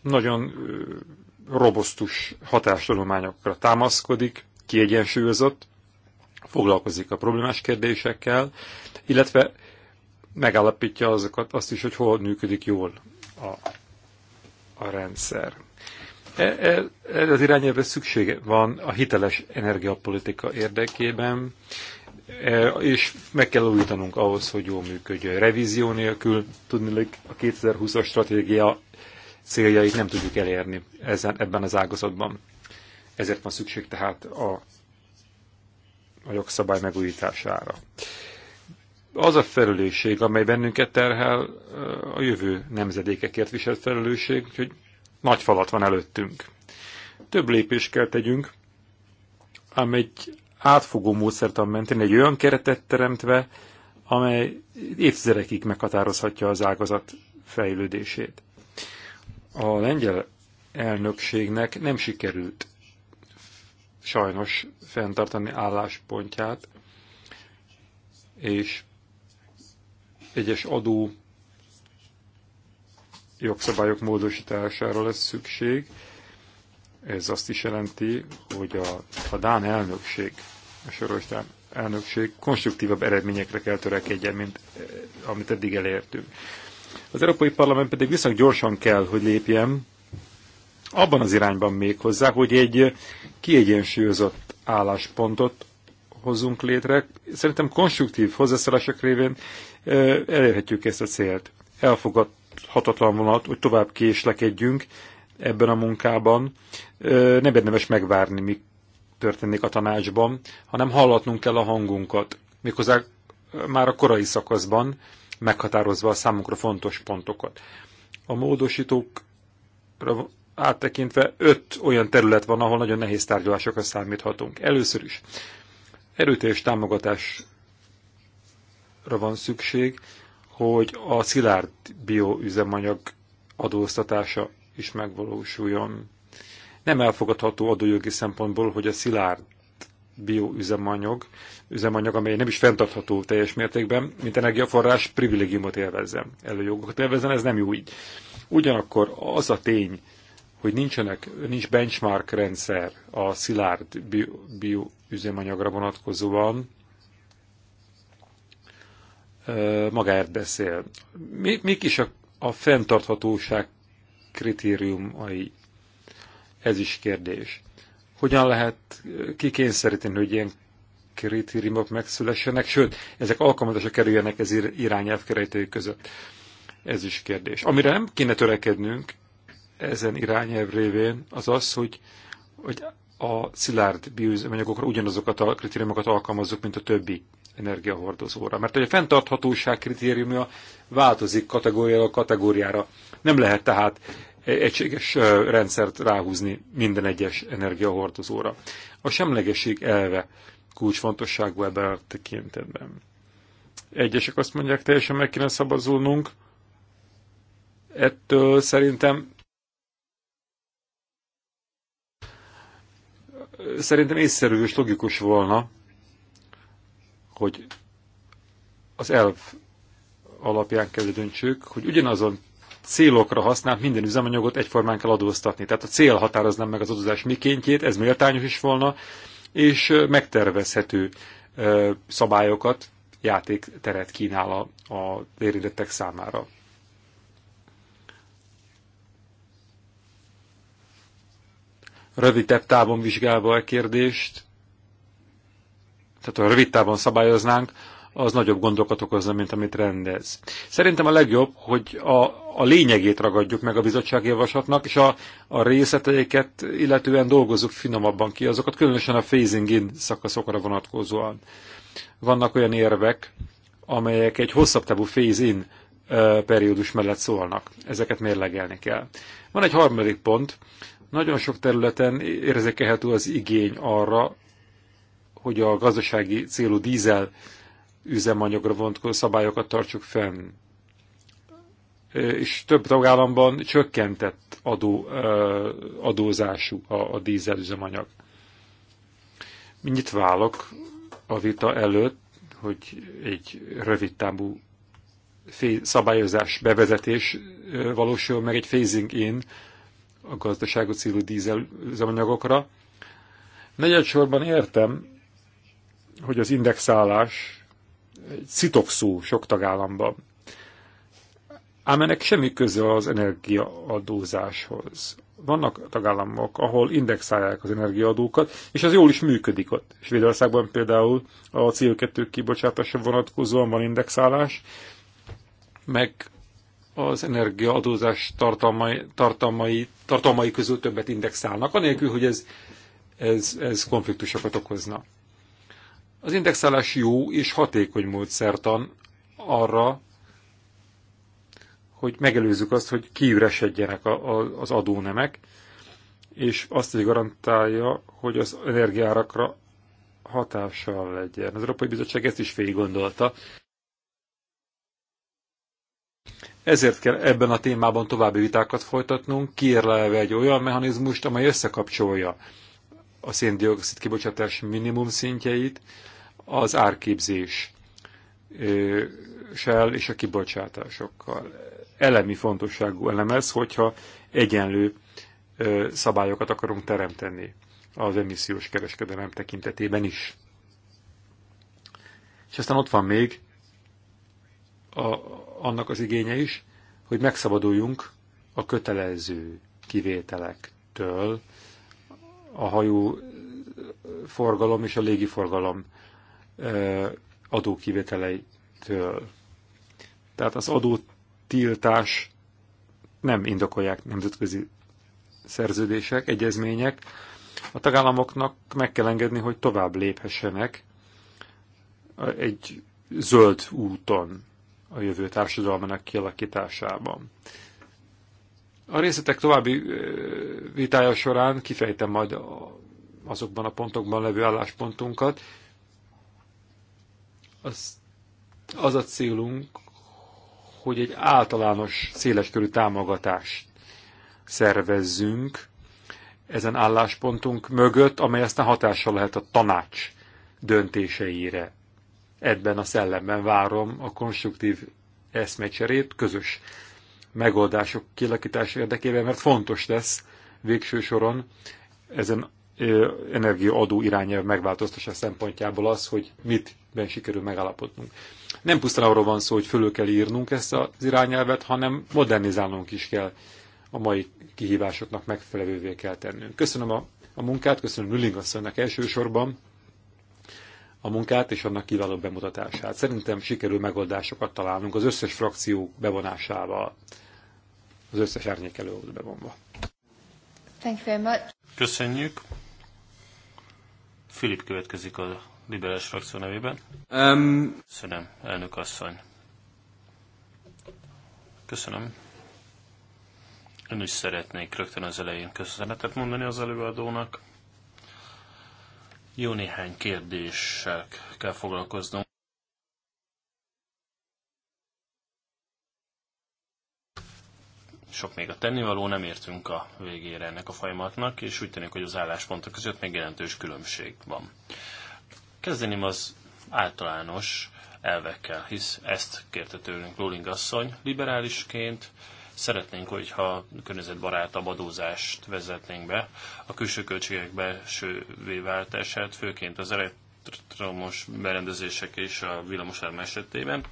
nagyon robosztus hatástudományokra támaszkodik, kiegyensúlyozott, foglalkozik a problémás kérdésekkel, illetve megállapítja azokat, azt is, hogy hol működik jól a, a rendszer. Ez e, e az irányelvre szüksége van a hiteles energiapolitika érdekében, e, és meg kell újítanunk ahhoz, hogy jól működjön. Revízió nélkül tudni, a 2020-as stratégia céljait nem tudjuk elérni ezen, ebben az ágazatban. Ezért van szükség tehát a, a jogszabály megújítására. Az a felelősség, amely bennünket terhel, a jövő nemzedékekért viselt felelősség, hogy nagy falat van előttünk. Több lépést kell tegyünk, ám egy átfogó módszert mentén egy olyan keretet teremtve, amely évtizedekig meghatározhatja az ágazat fejlődését a lengyel elnökségnek nem sikerült sajnos fenntartani álláspontját, és egyes adó jogszabályok módosítására lesz szükség. Ez azt is jelenti, hogy a, a Dán elnökség, a soros Dán elnökség konstruktívabb eredményekre kell törekedjen, mint eh, amit eddig elértünk. Az Európai Parlament pedig viszonylag gyorsan kell, hogy lépjen, abban az irányban még hozzá, hogy egy kiegyensúlyozott álláspontot hozzunk létre. Szerintem konstruktív hozzászólások révén elérhetjük ezt a célt. Elfogadhatatlan vonat, hogy tovább késlekedjünk ebben a munkában. Nem érdemes megvárni, mi történik a tanácsban, hanem hallatnunk kell a hangunkat, méghozzá már a korai szakaszban, meghatározva a számunkra fontos pontokat. A módosítókra áttekintve öt olyan terület van, ahol nagyon nehéz tárgyalásokra számíthatunk. Először is erőteljes támogatásra van szükség, hogy a szilárd bioüzemanyag adóztatása is megvalósuljon. Nem elfogadható adójogi szempontból, hogy a szilárd bioüzemanyag, üzemanyag, amely nem is fenntartható teljes mértékben, mint energiaforrás privilégiumot élvezzen, előjogokat élvezzen, ez nem jó így. Ugyanakkor az a tény, hogy nincsenek, nincs benchmark rendszer a szilárd bioüzemanyagra bio vonatkozóan, magáért beszél. Mi, mik is a, a fenntarthatóság kritériumai? Ez is kérdés hogyan lehet kikényszeríteni, hogy ilyen kritériumok megszülessenek, sőt, ezek alkalmazásra kerüljenek ez irányelv keretei között. Ez is kérdés. Amire nem kéne törekednünk ezen irányelv révén, az az, hogy, hogy a szilárd bűzőanyagokra ugyanazokat a kritériumokat alkalmazzuk, mint a többi energiahordozóra. Mert hogy a fenntarthatóság kritériumja változik kategóriára kategóriára. Nem lehet tehát E, egységes e, rendszert ráhúzni minden egyes energiahordozóra. A semlegesség elve kulcsfontosságú ebben a tekintetben. Egyesek azt mondják, teljesen meg kéne szabadulnunk. Ettől szerintem szerintem észszerű és logikus volna, hogy az elv alapján kell döntsük, hogy ugyanazon célokra használt minden üzemanyagot egyformán kell adóztatni. Tehát a cél határozná meg az adózás mikéntjét, ez méltányos is volna, és megtervezhető szabályokat, játékteret kínál a, a érintettek számára. Rövidebb távon vizsgálva a kérdést, tehát a rövid távon szabályoznánk, az nagyobb gondokat okozna, mint amit rendez. Szerintem a legjobb, hogy a, a lényegét ragadjuk meg a bizottság javaslatnak, és a, a részleteiket illetően dolgozzuk finomabban ki azokat, különösen a phasing in szakaszokra vonatkozóan. Vannak olyan érvek, amelyek egy hosszabb távú phase in periódus mellett szólnak. Ezeket mérlegelni kell. Van egy harmadik pont. Nagyon sok területen érzékelhető az igény arra, hogy a gazdasági célú dízel üzemanyagra vonatkozó szabályokat tartsuk fenn. És több tagállamban csökkentett adó, adózású a, a dízel üzemanyag. Mindjárt válok a vita előtt, hogy egy rövid távú szabályozás bevezetés valósul meg egy phasing in a gazdaságot célú dízel üzemanyagokra. Negyedsorban értem, hogy az indexálás citokszó sok tagállamban. Ám ennek semmi köze az energiaadózáshoz. Vannak tagállamok, ahol indexálják az energiaadókat, és ez jól is működik ott. Svédországban például a CO2 kibocsátása vonatkozóan van indexálás, meg az energiaadózás tartalmai, tartalmai, tartalmai közül többet indexálnak, anélkül, hogy ez, ez, ez konfliktusokat okozna. Az indexálás jó és hatékony módszertan arra, hogy megelőzzük azt, hogy kiüresedjenek a, a, az adónemek, és azt is garantálja, hogy az energiárakra hatással legyen. Az Európai Bizottság ezt is végig gondolta. Ezért kell ebben a témában további vitákat folytatnunk, kiérlelve egy olyan mechanizmust, amely összekapcsolja a széndiokszid kibocsátás minimum szintjeit, az árképzés sel és a kibocsátásokkal. Elemi fontosságú elem ez, hogyha egyenlő szabályokat akarunk teremteni az emissziós kereskedelem tekintetében is. És aztán ott van még a, annak az igénye is, hogy megszabaduljunk a kötelező kivételektől, a hajó forgalom és a légiforgalom adókivételeitől. Tehát az adótiltás nem indokolják nemzetközi szerződések, egyezmények. A tagállamoknak meg kell engedni, hogy tovább léphessenek egy zöld úton a jövő társadalmának kialakításában. A részletek további vitája során kifejtem majd azokban a pontokban levő álláspontunkat. Az, az a célunk, hogy egy általános széleskörű támogatást szervezzünk ezen álláspontunk mögött, amely aztán hatással lehet a tanács döntéseire. Ebben a szellemben várom a konstruktív eszmecserét, közös megoldások kialakítása érdekében, mert fontos lesz végső soron ezen energiaadó irányelv megváltoztása szempontjából az, hogy mit ben sikerül megállapodnunk. Nem pusztán arról van szó, hogy fölül kell írnunk ezt az irányelvet, hanem modernizálnunk is kell, a mai kihívásoknak megfelelővé kell tennünk. Köszönöm a, a munkát, köszönöm Lüling asszonynak elsősorban, a munkát és annak kiváló bemutatását. Szerintem sikerül megoldásokat találnunk az összes frakció bevonásával, az összes árnyékelőt bevonva. Thank you very much. Köszönjük. Filip következik a liberális frakció nevében. Um... Köszönöm, elnök asszony. Köszönöm. Ön is szeretnék rögtön az elején köszönetet mondani az előadónak jó néhány kérdéssel kell foglalkoznom. Sok még a tennivaló, nem értünk a végére ennek a folyamatnak, és úgy tűnik, hogy az álláspontok között még jelentős különbség van. Kezdeném az általános elvekkel, hisz ezt kérte tőlünk Luling asszony liberálisként, Szeretnénk, hogyha környezetbarátabb adózást vezetnénk be, a külső költségek belsővé váltását, főként az elektromos berendezések és a villamosárm esetében,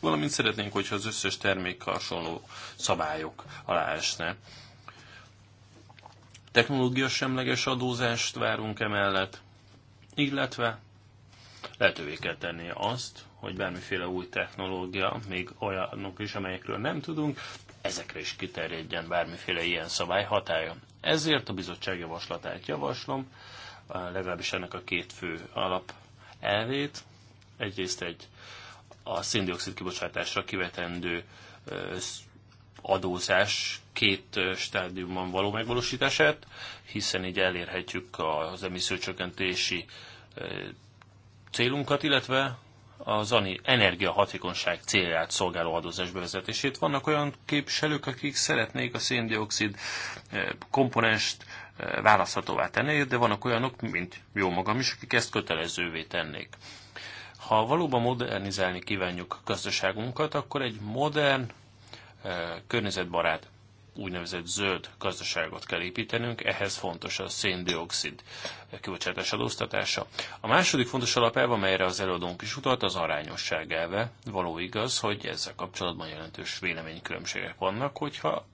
valamint szeretnénk, hogyha az összes termék hasonló szabályok alá esne. Technológia semleges adózást várunk emellett, illetve lehetővé kell tenni azt, hogy bármiféle új technológia, még olyanok is, amelyekről nem tudunk, ezekre is kiterjedjen bármiféle ilyen szabály hatája. Ezért a bizottság javaslatát javaslom, legalábbis ennek a két fő alap elvét. Egyrészt egy a széndiokszid kibocsátásra kivetendő adózás két stádiumban való megvalósítását, hiszen így elérhetjük az emissziócsökkentési célunkat, illetve az energiahatékonyság célját szolgáló adózás bevezetését. Vannak olyan képviselők, akik szeretnék a széndiokszid eh, komponenst eh, választhatóvá tenni, de vannak olyanok, mint jó magam is, akik ezt kötelezővé tennék. Ha valóban modernizálni kívánjuk gazdaságunkat, akkor egy modern, eh, környezetbarát úgynevezett zöld gazdaságot kell építenünk, ehhez fontos a széndiokszid kibocsátás adóztatása. A második fontos alapelv, amelyre az előadónk is utalt, az arányosság elve. Való igaz, hogy ezzel kapcsolatban jelentős véleménykülönbségek vannak, hogyha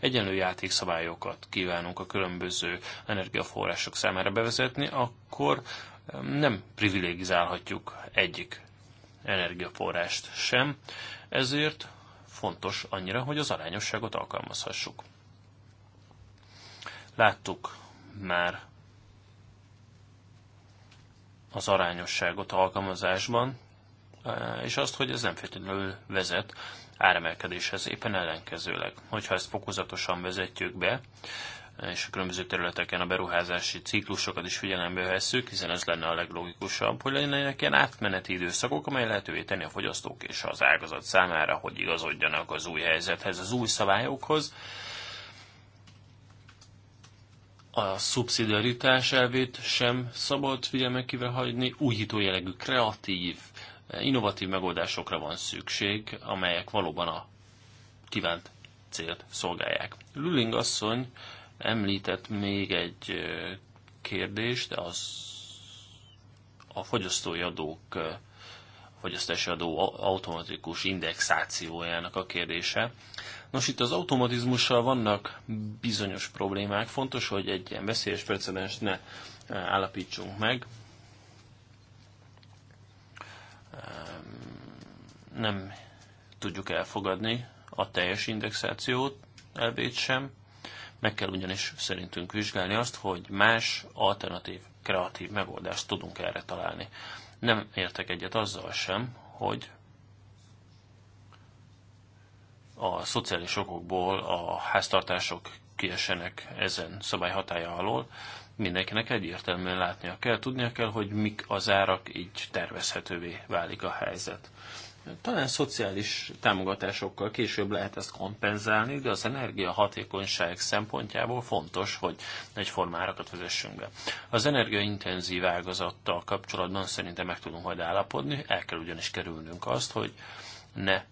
egyenlő játékszabályokat kívánunk a különböző energiaforrások számára bevezetni, akkor nem privilegizálhatjuk egyik energiaforrást sem, ezért fontos annyira, hogy az arányosságot alkalmazhassuk. Láttuk már az arányosságot alkalmazásban, eh, és azt, hogy ez nem feltétlenül vezet áremelkedéshez, éppen ellenkezőleg. Hogyha ezt fokozatosan vezetjük be, és a különböző területeken a beruházási ciklusokat is figyelembe vesszük, hiszen ez lenne a leglogikusabb, hogy lennének ilyen átmeneti időszakok, amely lehetővé tenni a fogyasztók és az ágazat számára, hogy igazodjanak az új helyzethez, az új szabályokhoz. A szubszidiaritás elvét sem szabad figyelme kivel hagyni, újító jellegű, kreatív, innovatív megoldásokra van szükség, amelyek valóban a kívánt célt szolgálják. Lüling asszony Említett még egy kérdést, az a fogyasztói adók, a fogyasztási adó automatikus indexációjának a kérdése. Nos, itt az automatizmussal vannak bizonyos problémák. Fontos, hogy egy ilyen veszélyes precedens ne állapítsunk meg. Nem tudjuk elfogadni a teljes indexációt elvét sem. Meg kell ugyanis szerintünk vizsgálni azt, hogy más alternatív, kreatív megoldást tudunk erre találni. Nem értek egyet azzal sem, hogy a szociális okokból a háztartások kiesenek ezen szabály hatája alól, mindenkinek egyértelműen látnia kell, tudnia kell, hogy mik az árak, így tervezhetővé válik a helyzet. Talán szociális támogatásokkal később lehet ezt kompenzálni, de az energiahatékonyság szempontjából fontos, hogy egyforma árakat vezessünk be. Az energiaintenzív ágazattal kapcsolatban szerintem meg tudunk majd állapodni, el kell ugyanis kerülnünk azt, hogy ne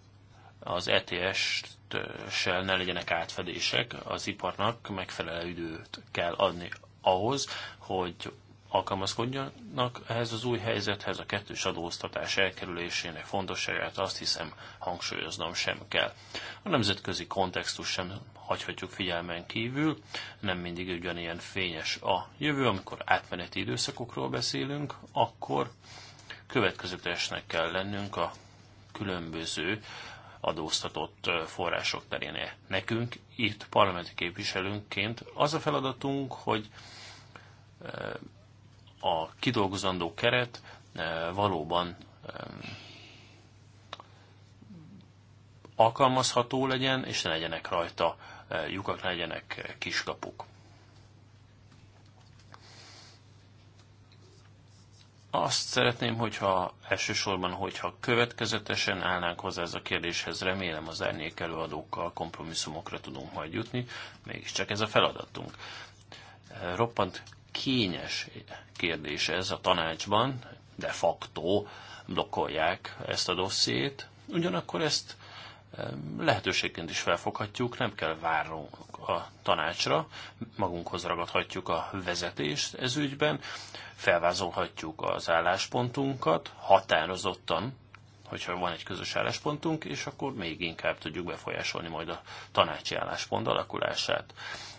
az ETS-sel ne legyenek átfedések, az iparnak megfelelő időt kell adni ahhoz, hogy alkalmazkodjanak ehhez az új helyzethez, a kettős adóztatás elkerülésének fontosságát azt hiszem hangsúlyoznom sem kell. A nemzetközi kontextus sem hagyhatjuk figyelmen kívül, nem mindig ugyanilyen fényes a jövő, amikor átmeneti időszakokról beszélünk, akkor következetesnek kell lennünk a különböző adóztatott források terén. Nekünk itt parlamenti képviselőnként az a feladatunk, hogy a kidolgozandó keret eh, valóban eh, alkalmazható legyen, és ne legyenek rajta eh, lyukak, ne legyenek kiskapuk. Azt szeretném, hogyha elsősorban, hogyha következetesen állnánk hozzá ez a kérdéshez, remélem az árnyék előadókkal kompromisszumokra tudunk majd jutni, mégiscsak ez a feladatunk. Roppant kényes kérdés ez a tanácsban, de facto blokkolják ezt a dossziét, ugyanakkor ezt lehetőségként is felfoghatjuk, nem kell várnunk a tanácsra, magunkhoz ragadhatjuk a vezetést ez ügyben, felvázolhatjuk az álláspontunkat határozottan, hogyha van egy közös álláspontunk, és akkor még inkább tudjuk befolyásolni majd a tanácsi álláspont alakulását.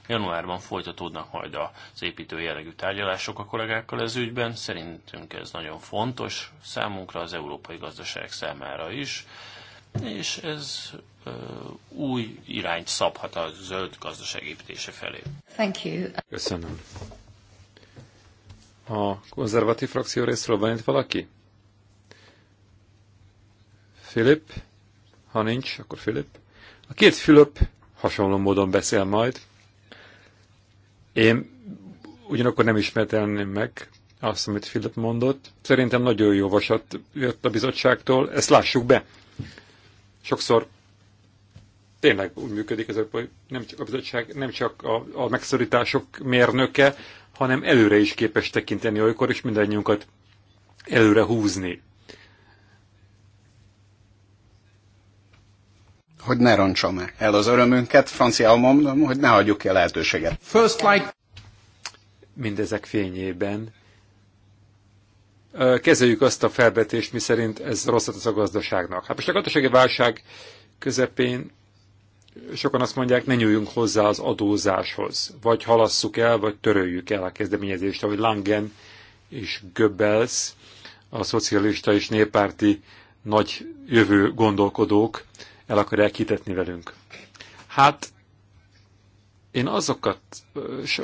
Januárban folytatódnak majd az építő jellegű tárgyalások a kollégákkal ez ügyben. Szerintünk ez nagyon fontos számunkra, az európai gazdaság számára is, és ez ö, új irányt szabhat a zöld gazdaság építése felé. Thank you. Köszönöm. A konzervatív frakció részről van itt valaki? Philip? Ha nincs, akkor Philip. A két Fülöp hasonló módon beszél majd. Én ugyanakkor nem ismertelném meg azt, amit Philip mondott. Szerintem nagyon jó vasat jött a bizottságtól, ezt lássuk be. Sokszor tényleg úgy működik ez, hogy nem csak a bizottság, nem csak a, a megszorítások mérnöke, hanem előre is képes tekinteni olykor, és mindannyiunkat előre húzni. hogy ne rontsam el az örömünket, franciául mondom, hogy ne hagyjuk ki a lehetőséget. First light. Mindezek fényében kezeljük azt a felvetést, szerint ez rosszat az a gazdaságnak. Hát most a gazdasági válság közepén sokan azt mondják, ne nyúljunk hozzá az adózáshoz, vagy halasszuk el, vagy töröljük el a kezdeményezést, ahogy Langen és Goebbels, a szocialista és néppárti nagy jövő gondolkodók el akarják hitetni velünk. Hát én azokat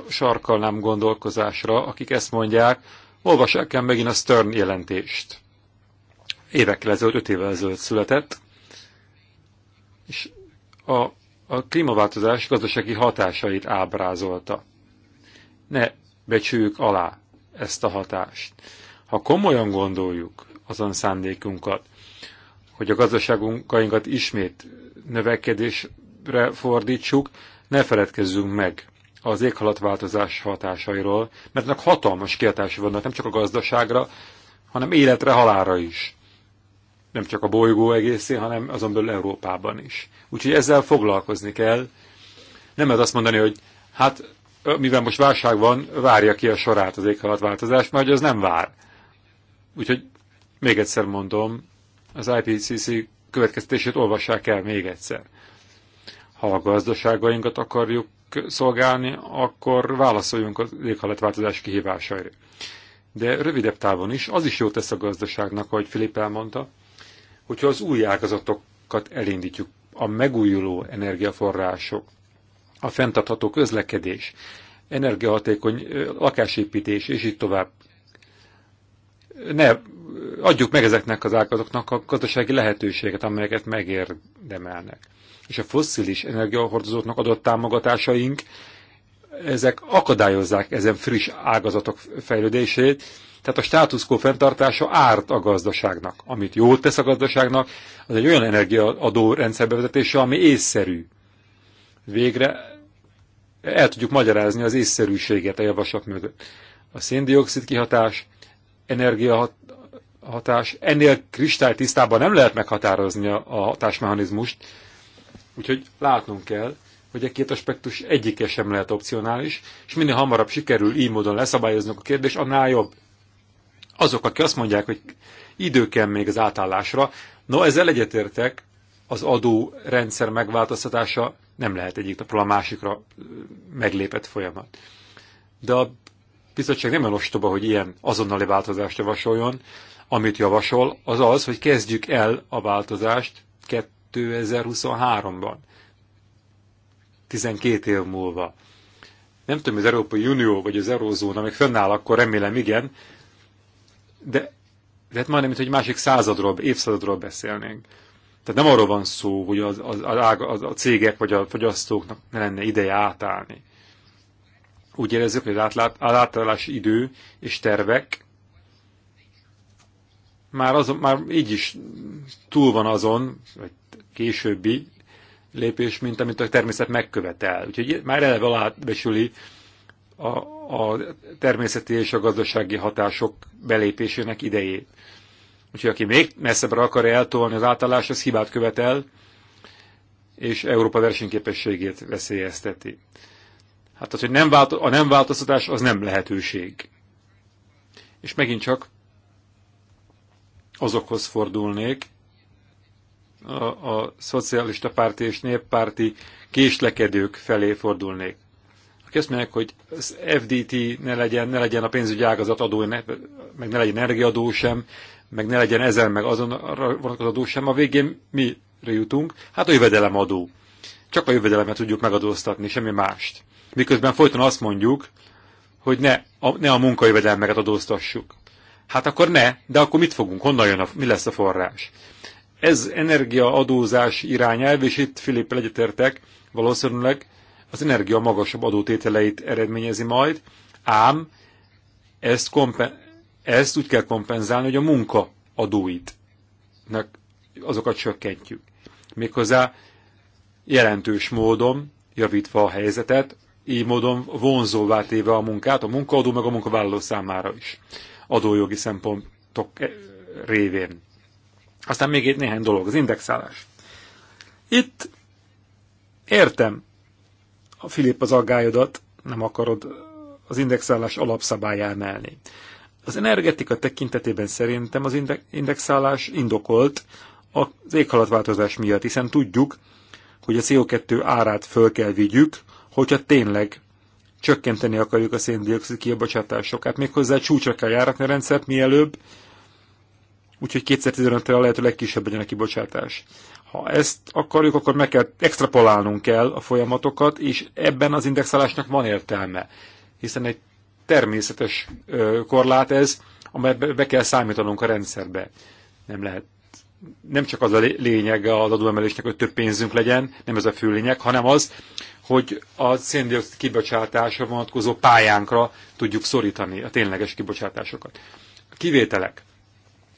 sarkalnám gondolkozásra, akik ezt mondják, olvassák el megint a Stern jelentést. Évekkel ezelőtt, öt évvel ezelőtt született, és a, a klímaváltozás gazdasági hatásait ábrázolta. Ne becsüljük alá ezt a hatást. Ha komolyan gondoljuk azon szándékunkat, hogy a gazdaságunkat ismét növekedésre fordítsuk, ne feledkezzünk meg az éghalatváltozás hatásairól, mert ennek hatalmas kihatásai vannak nem csak a gazdaságra, hanem életre, halára is. Nem csak a bolygó egészén, hanem azon belül Európában is. Úgyhogy ezzel foglalkozni kell. Nem lehet azt mondani, hogy hát mivel most válság van, várja ki a sorát az éghalatváltozás, mert az nem vár. Úgyhogy még egyszer mondom, az IPCC következtését olvassák el még egyszer. Ha a gazdaságainkat akarjuk szolgálni, akkor válaszoljunk az éghajlatváltozás kihívásaira. De rövidebb távon is, az is jó tesz a gazdaságnak, ahogy Filip elmondta, hogyha az új ágazatokat elindítjuk, a megújuló energiaforrások, a fenntartható közlekedés, energiahatékony lakásépítés, és így tovább ne adjuk meg ezeknek az ágazatoknak a gazdasági lehetőséget, amelyeket megérdemelnek. És a fosszilis energiahordozóknak adott támogatásaink, ezek akadályozzák ezen friss ágazatok fejlődését, tehát a státuszkó fenntartása árt a gazdaságnak. Amit jót tesz a gazdaságnak, az egy olyan energiaadó rendszerbevezetése, ami észszerű. Végre el tudjuk magyarázni az észszerűséget a javaslat mögött. A széndiokszid kihatás energiahatás. Ennél kristálytisztában nem lehet meghatározni a hatásmechanizmust, úgyhogy látnunk kell, hogy a e két aspektus egyike sem lehet opcionális, és minél hamarabb sikerül így módon leszabályoznunk a kérdést, annál jobb. Azok, akik azt mondják, hogy idő kell még az átállásra, no ezzel egyetértek, az adó rendszer megváltoztatása nem lehet egyik napról a másikra meglépett folyamat. De a bizottság nem olyan ostoba, hogy ilyen azonnali változást javasoljon. Amit javasol, az az, hogy kezdjük el a változást 2023-ban. 12 év múlva. Nem tudom, az Európai Unió vagy az Eurózóna még fönnáll, akkor remélem igen, de, de hát majdnem, mint hogy másik századról, évszázadról beszélnénk. Tehát nem arról van szó, hogy az, az, az, a cégek vagy a fogyasztóknak ne lenne ideje átállni úgy érezzük, hogy az átállási idő és tervek már, azon, már így is túl van azon, vagy későbbi lépés, mint amit a természet megkövetel. Úgyhogy már eleve alábesüli a, a természeti és a gazdasági hatások belépésének idejét. Úgyhogy aki még messzebbre akar eltolni az átállás, az hibát követel, és Európa versenyképességét veszélyezteti. Hát az, hogy nem válto- a nem változtatás az nem lehetőség. És megint csak azokhoz fordulnék, a, a szocialista párti és néppárti késlekedők felé fordulnék. Aki azt mondják, hogy az FDT ne legyen, ne legyen a pénzügyi ágazat adó, ne, meg ne legyen energiadó sem, meg ne legyen ezen, meg azon vonatkozó adó sem, a végén mire jutunk? Hát a jövedelemadó. Csak a jövedelemet tudjuk megadóztatni, semmi mást miközben folyton azt mondjuk, hogy ne a, ne a munkajövedelmeket adóztassuk. Hát akkor ne, de akkor mit fogunk, honnan jön, a, mi lesz a forrás? Ez energiaadózás irányelv, és itt Filippel egyetértek, valószínűleg az energia magasabb adótételeit eredményezi majd, ám ezt, kompen, ezt úgy kell kompenzálni, hogy a munka adóit, azokat csökkentjük. Méghozzá jelentős módon javítva a helyzetet, így módon vonzóvá téve a munkát, a munkaadó meg a munkavállaló számára is, adójogi szempontok e- révén. Aztán még egy néhány dolog, az indexálás. Itt értem a Filip az aggályodat, nem akarod az indexálás alapszabályá emelni. Az energetika tekintetében szerintem az indexálás indokolt az éghalatváltozás miatt, hiszen tudjuk, hogy a CO2 árát föl kell vigyük, hogyha tényleg csökkenteni akarjuk a széndiokszid kibocsátásokat. Hát Méghozzá csúcsra kell járatni a rendszert mielőbb, úgyhogy 2015-re a lehető legkisebb legyen a kibocsátás. Ha ezt akarjuk, akkor meg kell extrapolálnunk kell a folyamatokat, és ebben az indexálásnak van értelme, hiszen egy természetes korlát ez, amelyet be kell számítanunk a rendszerbe. Nem lehet nem csak az a lényeg az adóemelésnek, hogy több pénzünk legyen, nem ez a fő lényeg, hanem az, hogy a széndiokszid kibocsátásra vonatkozó pályánkra tudjuk szorítani a tényleges kibocsátásokat. A kivételek.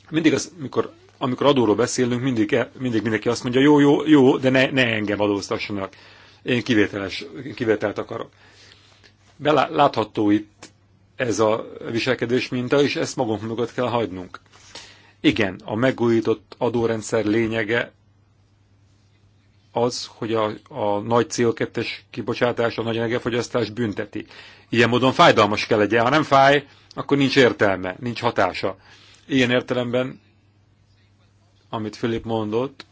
Mindig az, amikor, amikor adóról beszélünk, mindig, mindig mindenki azt mondja, jó, jó, jó, de ne, ne engem adóztassanak. Én kivételes, kivételt akarok. Belátható itt ez a viselkedés minta, és ezt magunk mögött kell hagynunk. Igen, a megújított adórendszer lényege az, hogy a, a nagy CO2-es kibocsátás, a nagy energiafogyasztás bünteti. Ilyen módon fájdalmas kell legyen. Ha nem fáj, akkor nincs értelme, nincs hatása. Ilyen értelemben, amit Filip mondott,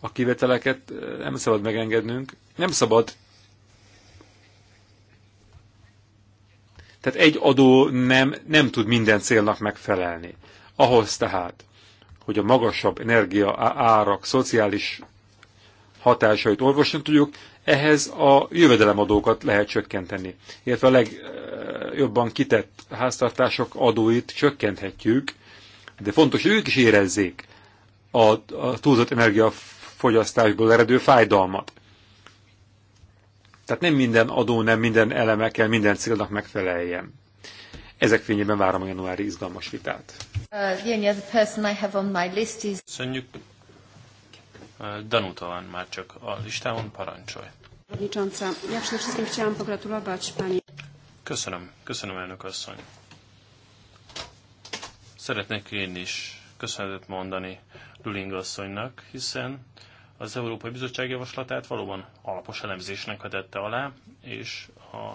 a kiveteleket eh, nem szabad megengednünk, nem szabad Tehát egy adó nem, nem tud minden célnak megfelelni. Ahhoz tehát, hogy a magasabb energia árak szociális hatásait orvosan tudjuk, ehhez a jövedelemadókat lehet csökkenteni. Illetve a legjobban kitett háztartások adóit csökkenthetjük, de fontos, hogy ők is érezzék a, a túlzott energiafogyasztásból eredő fájdalmat. Tehát nem minden adó, nem minden eleme kell minden célnak megfeleljen. Ezek fényében várom a januári izgalmas vitát. Uh, Köszönjük. Uh, Danuta van már csak a listámon, parancsolj. Köszönöm, köszönöm elnök asszony. Szeretnék én is köszönetet mondani Luling asszonynak, hiszen az Európai Bizottság javaslatát valóban alapos elemzésnek vetette alá, és a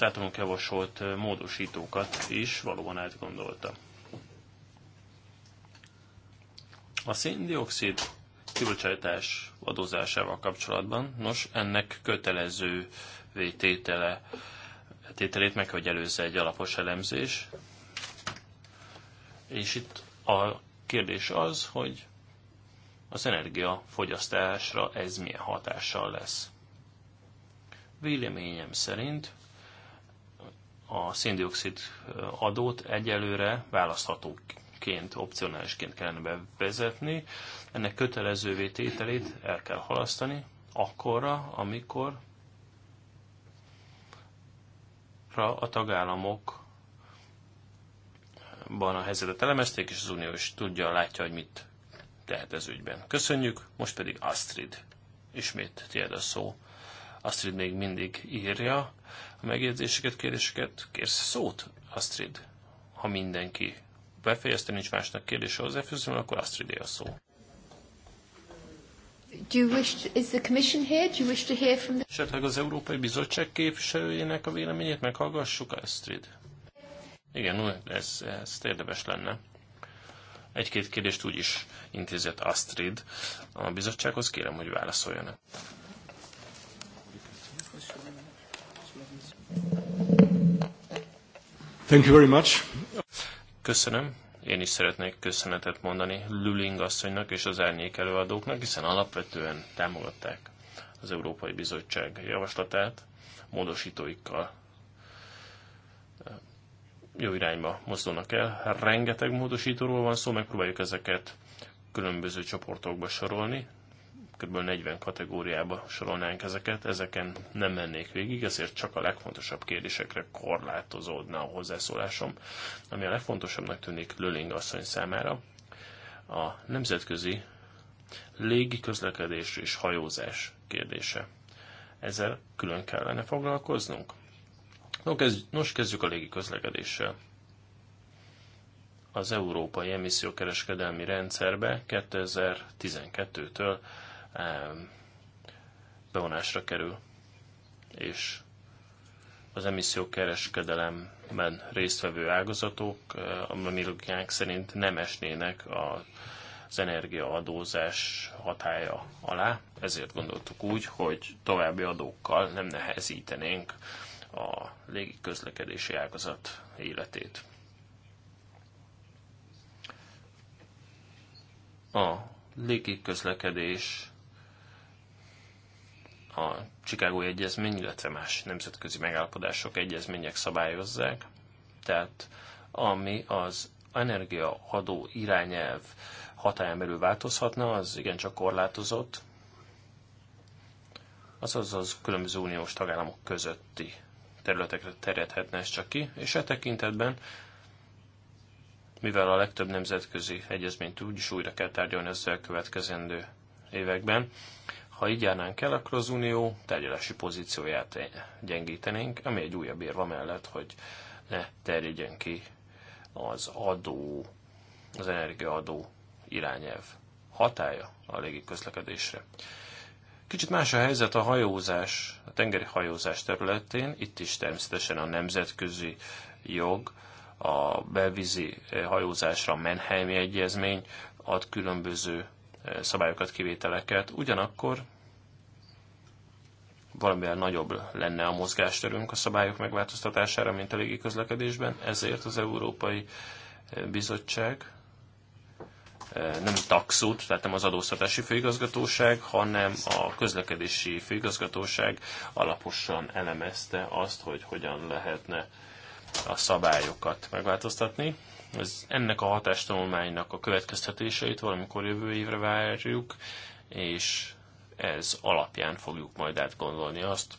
az javasolt módosítókat is valóban átgondolta. A széndiokszid kibocsátás adózásával kapcsolatban, nos, ennek kötelező vététele, tételét meg hogy előzze egy alapos elemzés. És itt a kérdés az, hogy az energiafogyasztásra ez milyen hatással lesz. Véleményem szerint a széndiokszid adót egyelőre választhatóként, opcionálisként kellene bevezetni. Ennek kötelezővé tételét el kell halasztani akkorra, amikor a tagállamokban a helyzetet elemezték, és az Unió is tudja, látja, hogy mit tehet ez ügyben. Köszönjük, most pedig Astrid. Ismét tiéd a szó. Astrid még mindig írja a megjegyzéseket, kérdéseket. Kérsz szót, Astrid? Ha mindenki befejezte, nincs másnak kérdése hozzáfűzni, akkor Astrid a szó. Do you wish to, is the commission here? Do you wish to hear from the... Esetleg az Európai Bizottság képviselőjének a véleményét meghallgassuk, Astrid? Igen, ez, ez érdemes lenne. Egy-két kérdést úgy is intézett Astrid a bizottsághoz, kérem, hogy válaszoljanak. Thank you very much. Köszönöm. Én is szeretnék köszönetet mondani Lüling asszonynak és az árnyék előadóknak, hiszen alapvetően támogatták az Európai Bizottság javaslatát módosítóikkal jó irányba mozdulnak el. Rengeteg módosítóról van szó, megpróbáljuk ezeket különböző csoportokba sorolni, kb. 40 kategóriába sorolnánk ezeket, ezeken nem mennék végig, ezért csak a legfontosabb kérdésekre korlátozódna a hozzászólásom, ami a legfontosabbnak tűnik Löling asszony számára. A nemzetközi légi közlekedés és hajózás kérdése. Ezzel külön kellene foglalkoznunk? No, kezd, nos, kezdjük a légi közlekedéssel. Az Európai Emissziókereskedelmi Rendszerbe 2012-től bevonásra kerül, és az emissziókereskedelemben résztvevő ágazatok, eh, amelyek szerint nem esnének a az energiaadózás hatája alá, ezért gondoltuk úgy, hogy további adókkal nem nehezítenénk a légiközlekedési ágazat életét. A légiközlekedés a Csikágói Egyezmény, illetve más nemzetközi megállapodások, egyezmények szabályozzák. Tehát ami az energiaadó irányelv hatályán belül változhatna, az igencsak korlátozott, azaz az különböző uniós tagállamok közötti területekre terjedhetne ez csak ki, és e tekintetben, mivel a legtöbb nemzetközi egyezményt úgyis újra kell tárgyalni az elkövetkezendő években, ha így járnánk el, akkor az Unió tárgyalási pozícióját gyengítenénk, ami egy újabb érva mellett, hogy ne terjedjen ki az adó, az energiaadó irányelv hatája a közlekedésre. Kicsit más a helyzet a hajózás tengeri hajózás területén, itt is természetesen a nemzetközi jog, a belvízi eh, hajózásra a Menheimi Egyezmény ad különböző eh, szabályokat, kivételeket, ugyanakkor valamivel nagyobb lenne a mozgástörünk a szabályok megváltoztatására, mint a légiközlekedésben, ezért az Európai eh, Bizottság nem taxút, tehát nem az adóztatási főigazgatóság, hanem a közlekedési főigazgatóság alaposan elemezte azt, hogy hogyan lehetne a szabályokat megváltoztatni. Ez, ennek a hatástanulmánynak a következtetéseit valamikor jövő évre várjuk, és ez alapján fogjuk majd átgondolni azt,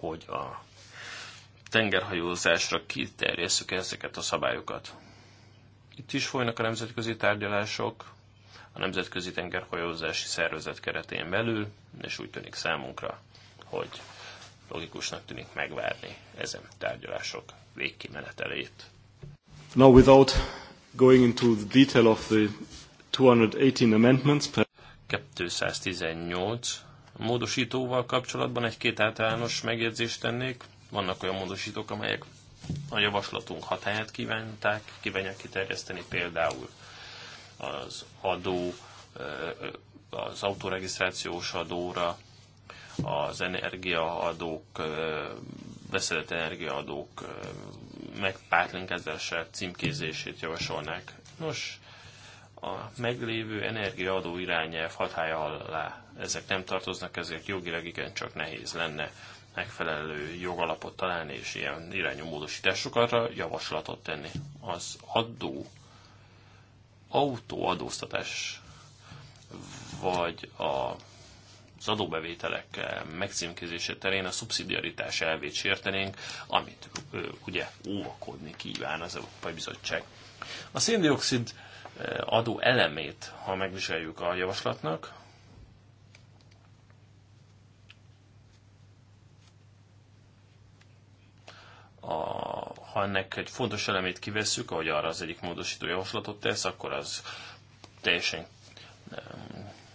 hogy a tengerhajózásra kiterjesszük ezeket a szabályokat. Itt is folynak a nemzetközi tárgyalások a Nemzetközi Tengerhajózási Szervezet keretén belül, és úgy tűnik számunkra, hogy logikusnak tűnik megvárni ezen tárgyalások végkimenetelét. Now without going into the detail of the 218 amendments, 218 módosítóval kapcsolatban egy-két általános megjegyzést tennék. Vannak olyan módosítók, amelyek a javaslatunk hatáját kívánták, kívánják kiterjeszteni például az adó, az autoregisztrációs adóra, az energiaadók, beszedett energiaadók megpátlinkezássel címkézését javasolnák. Nos, a meglévő energiaadó irányelv hatája alá ezek nem tartoznak, ezért jogilag csak nehéz lenne megfelelő jogalapot találni, és ilyen irányú módosításokra javaslatot tenni. Az adó, autóadóztatás, vagy a az adóbevételek megcímkézése terén a szubszidiaritás elvét sértenénk, amit ugye óvakodni kíván az Európai Bizottság. A széndiokszid adó elemét, ha megviseljük a javaslatnak, a, ha ennek egy fontos elemét kivesszük, ahogy arra az egyik módosító javaslatot tesz, akkor az teljesen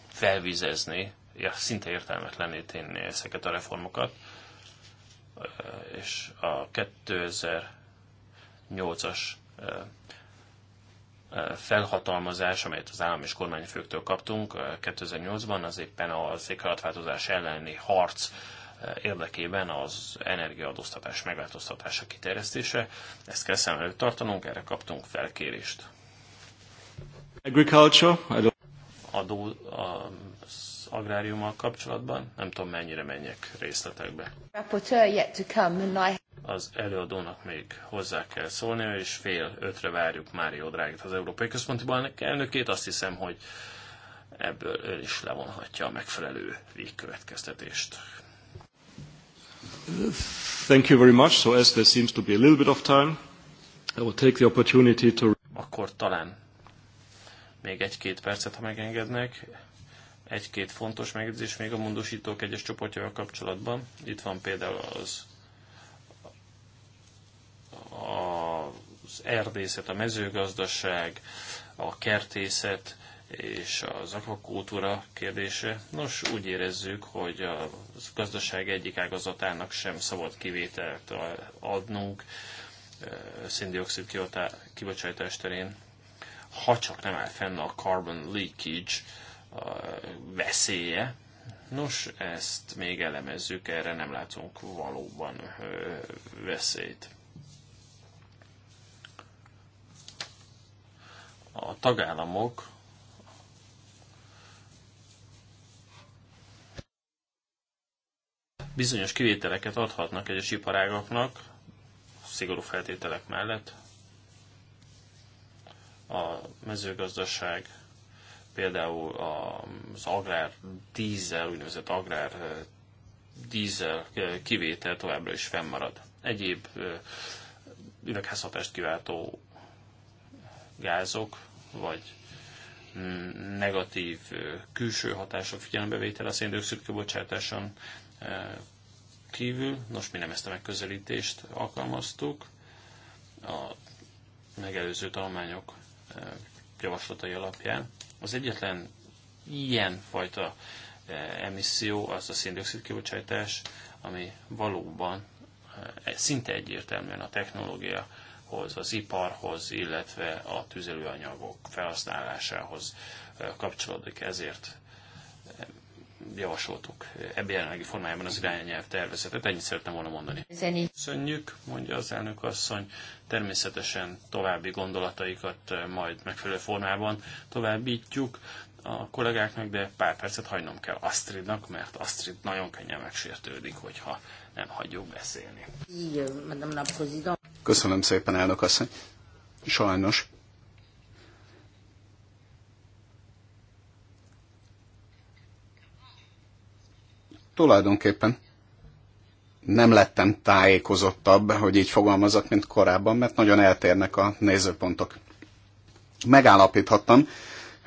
felvizezni, ja, szinte értelmetlené tenni ezeket a reformokat. És a 2008-as felhatalmazás, amelyet az állam és kormányfőktől kaptunk 2008-ban, az éppen a székhalatváltozás elleni harc érdekében az energiaadóztatás megváltoztatása kiterjesztése. Ezt kell szem előtt tartanunk, erre kaptunk felkérést. Agriculture, adó az agráriummal kapcsolatban, nem tudom mennyire menjek részletekbe. Az előadónak még hozzá kell szólnia, és fél ötre várjuk Mário Drágit az Európai Központi Bank elnökét. Azt hiszem, hogy ebből ő is levonhatja a megfelelő végkövetkeztetést. Thank you very much. So as there seems to be a little bit of time, I will take the opportunity to... Akkor talán még egy-két percet, ha megengednek. Egy-két fontos megjegyzés még a mondósítók egyes csoportjával kapcsolatban. Itt van például az az erdészet, a mezőgazdaság, a kertészet, és az akvakultúra kérdése. Nos, úgy érezzük, hogy a gazdaság egyik ágazatának sem szabad kivételt adnunk széndiokszid kibocsátás terén, ha csak nem áll fenn a carbon leakage veszélye. Nos, ezt még elemezzük, erre nem látunk valóban veszélyt. A tagállamok Bizonyos kivételeket adhatnak egyes iparágaknak, szigorú feltételek mellett. A mezőgazdaság, például az agrár dízel, úgynevezett agrár dízel kivétel továbbra is fennmarad. Egyéb üvegházhatást kiváltó gázok, vagy mm, negatív külső hatások figyelembevétele a széndiokszid kibocsátáson E, kívül. Nos, mi nem ezt a megközelítést alkalmaztuk. A megelőző tanulmányok e, javaslatai alapján. Az egyetlen ilyen fajta e, emisszió az a széndiokszid kibocsátás, ami valóban szinte egyértelműen a technológiahoz, az iparhoz, illetve a tüzelőanyagok felhasználásához kapcsolódik. Ezért javasoltuk ebben jelenlegi formájában az irányelv tervezetet. Ennyit szerettem volna mondani. Zeni. Köszönjük, mondja az elnök asszony. Természetesen további gondolataikat eh, majd megfelelő formában továbbítjuk a kollégáknak, de pár percet hagynom kell Astridnak, mert Astrid nagyon könnyen megsértődik, hogyha nem hagyjuk beszélni. Köszönöm szépen, elnök asszony. Sajnos tulajdonképpen nem lettem tájékozottabb, hogy így fogalmazok, mint korábban, mert nagyon eltérnek a nézőpontok. Megállapíthattam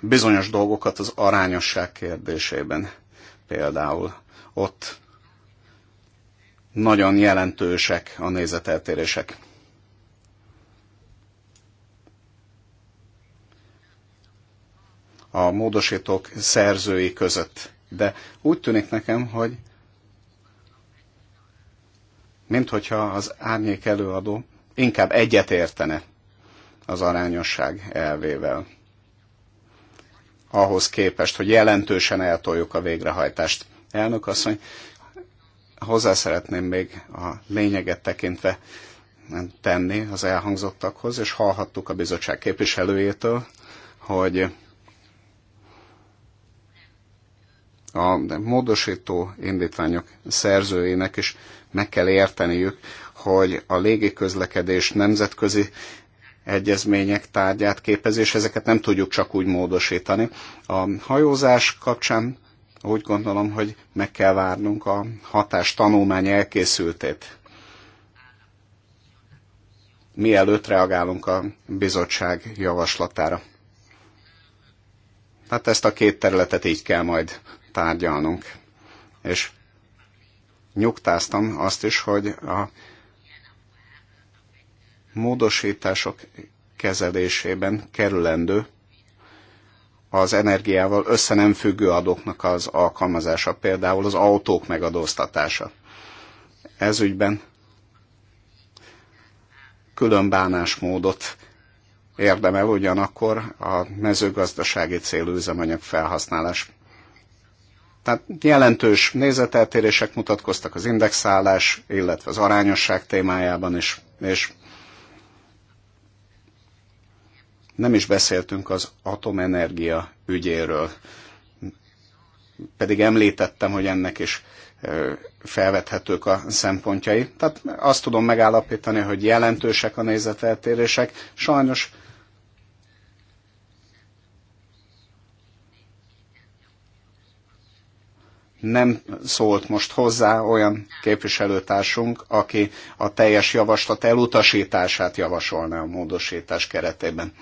bizonyos dolgokat az arányosság kérdésében. Például ott nagyon jelentősek a nézeteltérések. A módosítók szerzői között de úgy tűnik nekem, hogy mint hogyha az árnyék előadó inkább egyet értene az arányosság elvével. Ahhoz képest, hogy jelentősen eltoljuk a végrehajtást. Elnök asszony, hozzá szeretném még a lényeget tekintve tenni az elhangzottakhoz, és hallhattuk a bizottság képviselőjétől, hogy a módosító indítványok szerzőinek is meg kell érteniük, hogy a légiközlekedés nemzetközi egyezmények tárgyát képez, és ezeket nem tudjuk csak úgy módosítani. A hajózás kapcsán úgy gondolom, hogy meg kell várnunk a hatás tanulmány elkészültét. Mielőtt reagálunk a bizottság javaslatára. Hát ezt a két területet így kell majd tárgyalnunk. És nyugtáztam azt is, hogy a módosítások kezelésében kerülendő az energiával össze nem függő adóknak az alkalmazása, például az autók megadóztatása. Ez ügyben külön bánásmódot érdemel ugyanakkor a mezőgazdasági célú üzemanyag felhasználás. Tehát jelentős nézeteltérések mutatkoztak az indexálás, illetve az arányosság témájában is, és nem is beszéltünk az atomenergia ügyéről. Pedig említettem, hogy ennek is felvethetők a szempontjai. Tehát azt tudom megállapítani, hogy jelentősek a nézeteltérések. Sajnos nem szólt most hozzá olyan képviselőtársunk, aki a teljes javaslat elutasítását javasolná a módosítás keretében.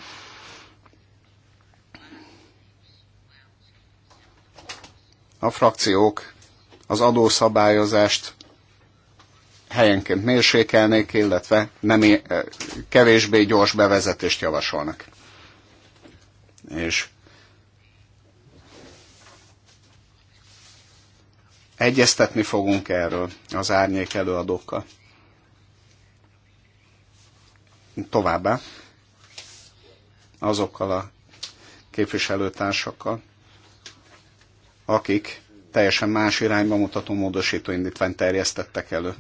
A frakciók az adószabályozást helyenként mérsékelnék, illetve nem, kevésbé gyors bevezetést javasolnak. És Egyeztetni fogunk erről az árnyék előadókkal. Továbbá azokkal a képviselőtársakkal, akik teljesen más irányba mutató módosító indítványt terjesztettek elő.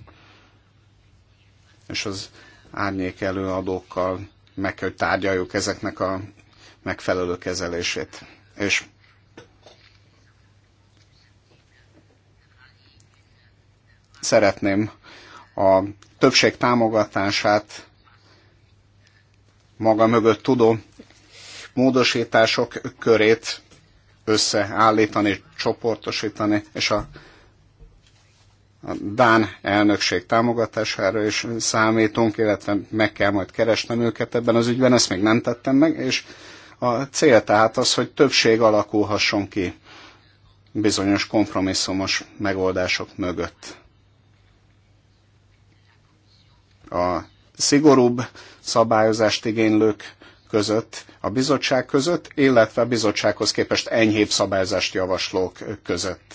És az árnyék előadókkal meg kell, tárgyaljuk ezeknek a megfelelő kezelését. És szeretném a többség támogatását maga mögött tudó módosítások körét összeállítani, csoportosítani, és a, a Dán elnökség támogatására is számítunk, illetve meg kell majd keresnem őket ebben az ügyben, ezt még nem tettem meg, és a cél tehát az, hogy többség alakulhasson ki bizonyos kompromisszumos megoldások mögött a szigorúbb szabályozást igénylők között, a bizottság között, illetve a bizottsághoz képest enyhébb szabályozást javaslók között.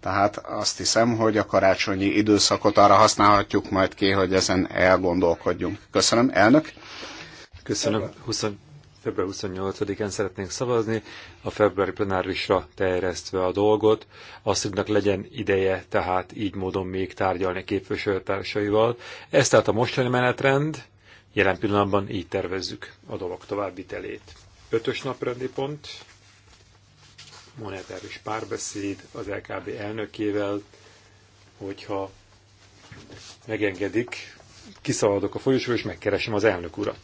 Tehát azt hiszem, hogy a karácsonyi időszakot arra használhatjuk majd ki, hogy ezen elgondolkodjunk. Köszönöm, elnök. Köszönöm. 20 február 28-án szeretnénk szavazni, a februári plenárisra terjesztve a dolgot. Asszonynak legyen ideje tehát így módon még tárgyalni képviselőtársaival. Ez tehát a mostani menetrend, jelen pillanatban így tervezzük a dolog telét. Ötös naprendi pont, monetáris párbeszéd az LKB elnökével, hogyha megengedik, kiszaladok a folyosóra, és megkeresem az elnök urat.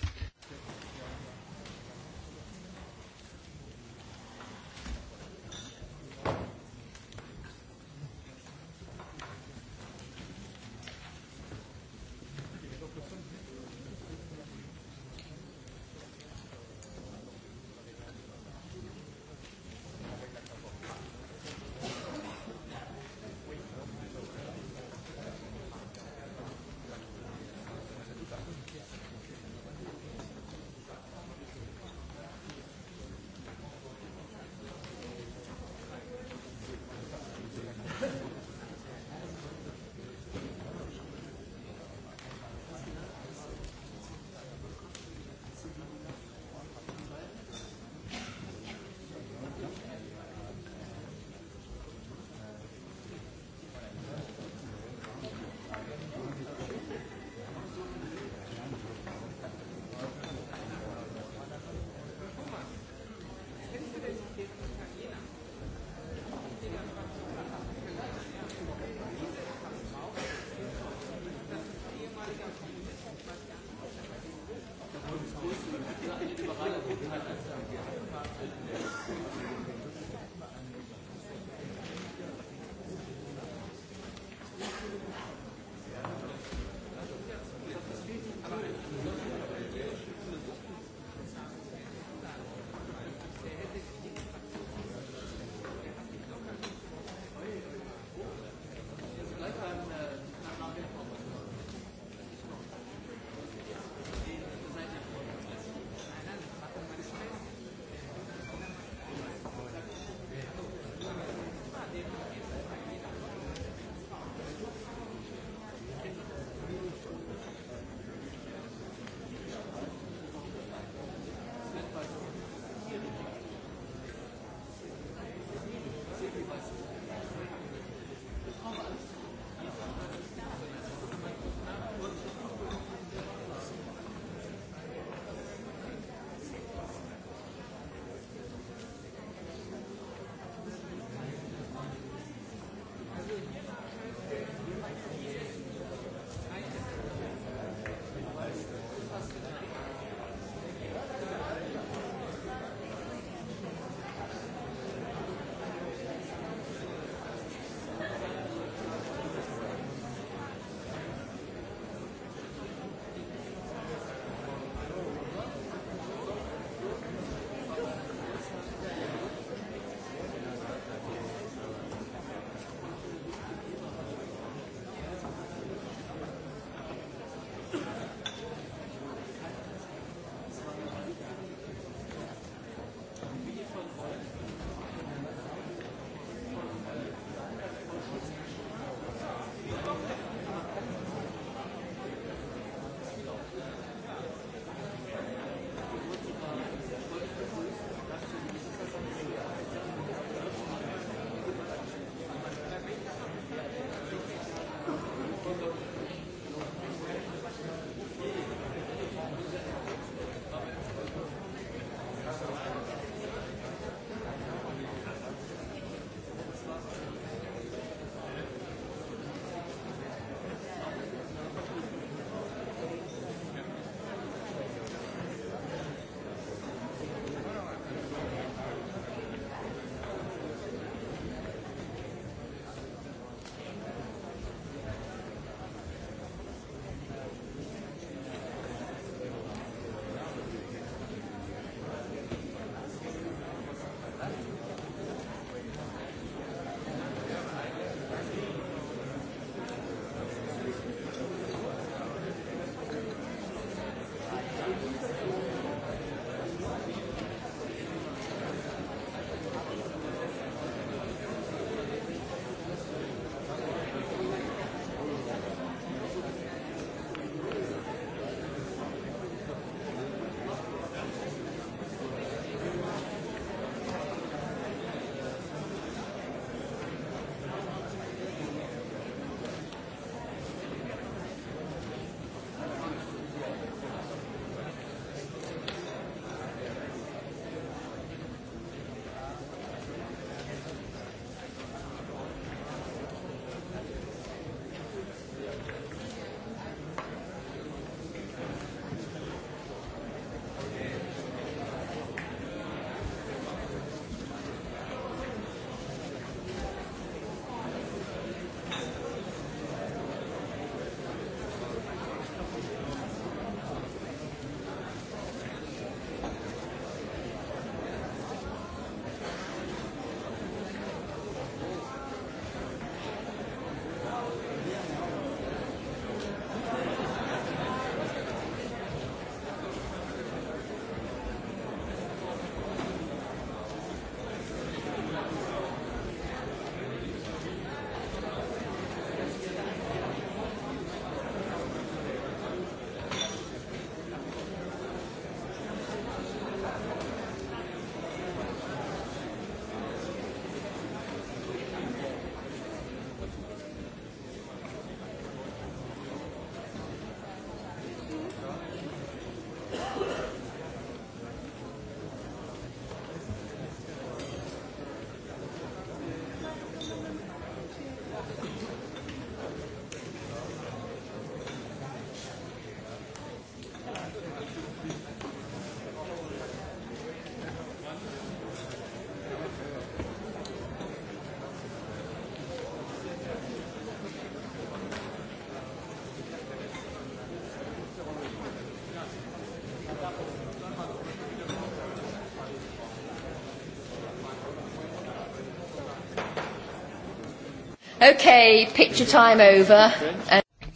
Okay, picture time over.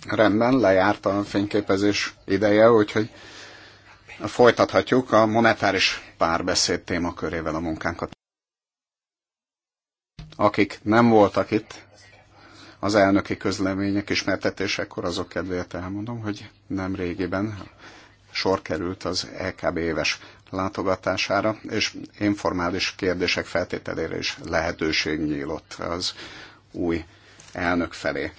Rendben, lejárt a fényképezés ideje, úgyhogy folytathatjuk a monetáris párbeszéd témakörével a munkánkat. Akik nem voltak itt az elnöki közlemények ismertetésekor, azok kedvéért elmondom, hogy nem régiben sor került az LKB éves látogatására, és informális kérdések feltételére is lehetőség nyílott az új elnök felé.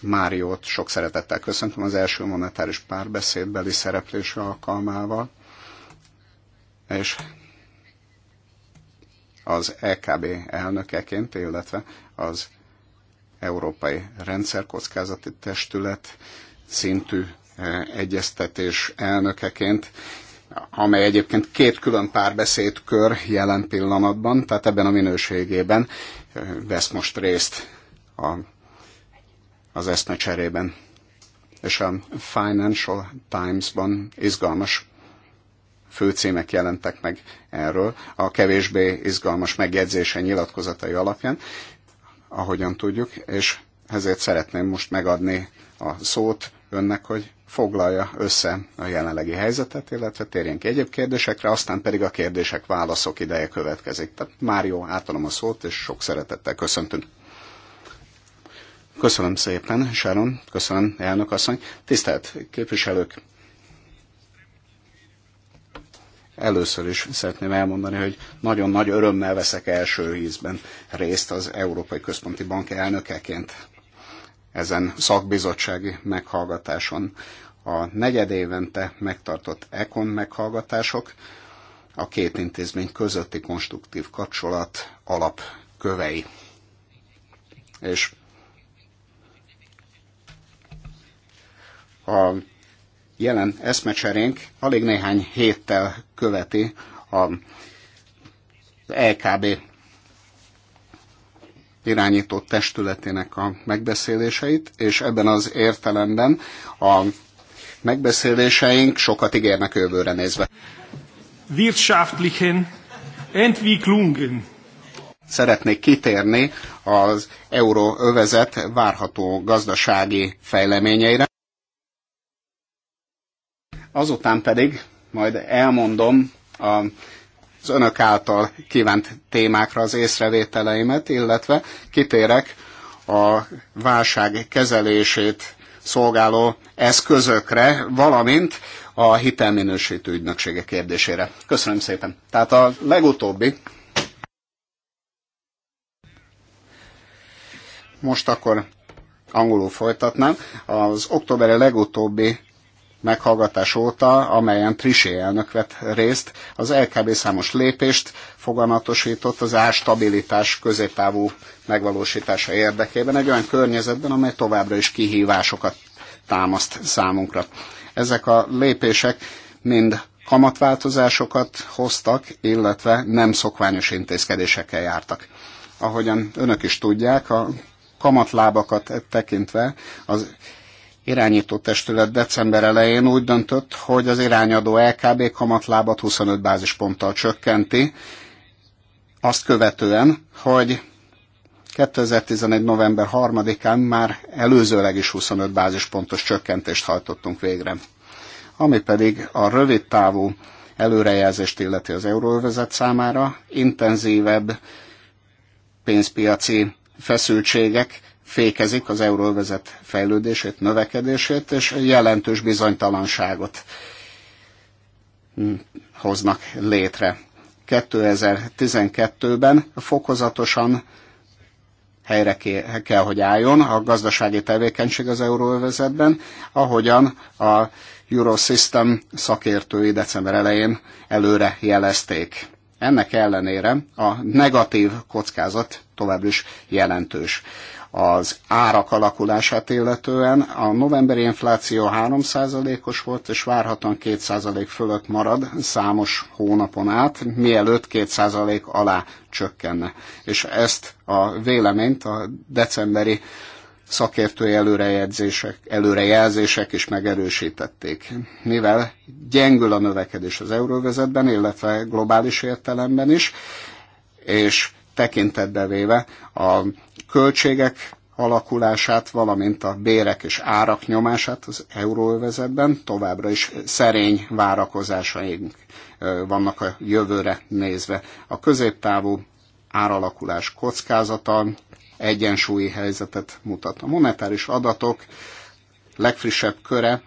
Máriót sok szeretettel köszöntöm az első monetáris párbeszédbeli szereplése alkalmával, és az EKB elnökeként, illetve az Európai Rendszerkockázati Testület szintű eh, egyeztetés elnökeként amely egyébként két külön párbeszédkör jelen pillanatban, tehát ebben a minőségében vesz most részt a, az eszmecserében. És a Financial Times-ban izgalmas főcímek jelentek meg erről, a kevésbé izgalmas megjegyzése nyilatkozatai alapján, ahogyan tudjuk, és ezért szeretném most megadni a szót önnek, hogy foglalja össze a jelenlegi helyzetet, illetve térjen ki egyéb kérdésekre, aztán pedig a kérdések válaszok ideje következik. Tehát Mário, átadom a szót, és sok szeretettel köszöntünk. Köszönöm szépen, Sharon, köszönöm, elnök asszony. Tisztelt képviselők, először is szeretném elmondani, hogy nagyon nagy örömmel veszek első ízben részt az Európai Központi Bank elnökeként ezen szakbizottsági meghallgatáson. A negyed évente megtartott ECON meghallgatások a két intézmény közötti konstruktív kapcsolat alapkövei. És a jelen eszmecserénk alig néhány héttel követi a LKB irányító testületének a megbeszéléseit, és ebben az értelemben a megbeszéléseink sokat ígérnek jövőre nézve. Wirtschaftlichen Entwicklungen. Szeretnék kitérni az euróövezet várható gazdasági fejleményeire. Azután pedig majd elmondom a az önök által kívánt témákra az észrevételeimet, illetve kitérek a válság kezelését szolgáló eszközökre, valamint a hitelminősítő ügynöksége kérdésére. Köszönöm szépen. Tehát a legutóbbi. Most akkor angolul folytatnám. Az októberi legutóbbi meghallgatás óta, amelyen Trisé elnök vett részt, az LKB számos lépést foganatosított az árstabilitás középtávú megvalósítása érdekében, egy olyan környezetben, amely továbbra is kihívásokat támaszt számunkra. Ezek a lépések mind kamatváltozásokat hoztak, illetve nem szokványos intézkedésekkel jártak. Ahogyan önök is tudják, a kamatlábakat tekintve az irányító testület december elején úgy döntött, hogy az irányadó LKB kamatlábat 25 bázisponttal csökkenti, azt követően, hogy 2011. november 3-án már előzőleg is 25 bázispontos csökkentést hajtottunk végre. Ami pedig a rövid távú előrejelzést illeti az euróövezet számára, intenzívebb pénzpiaci feszültségek fékezik az euróvezet fejlődését, növekedését, és jelentős bizonytalanságot hoznak létre. 2012-ben fokozatosan helyre kell, hogy álljon a gazdasági tevékenység az euróvezetben, ahogyan a Eurosystem szakértői december elején előre jelezték. Ennek ellenére a negatív kockázat tovább is jelentős. Az árak alakulását illetően a novemberi infláció 3%-os volt, és várhatóan 2% fölött marad számos hónapon át, mielőtt 2% alá csökkenne. És ezt a véleményt a decemberi szakértői előrejelzések, előrejelzések is megerősítették. Mivel gyengül a növekedés az euróvezetben, illetve globális értelemben is, és tekintetbe véve a költségek alakulását, valamint a bérek és árak nyomását az euróvezetben továbbra is szerény várakozásaink vannak a jövőre nézve. A középtávú áralakulás kockázata egyensúlyi helyzetet mutat. A monetáris adatok legfrissebb köre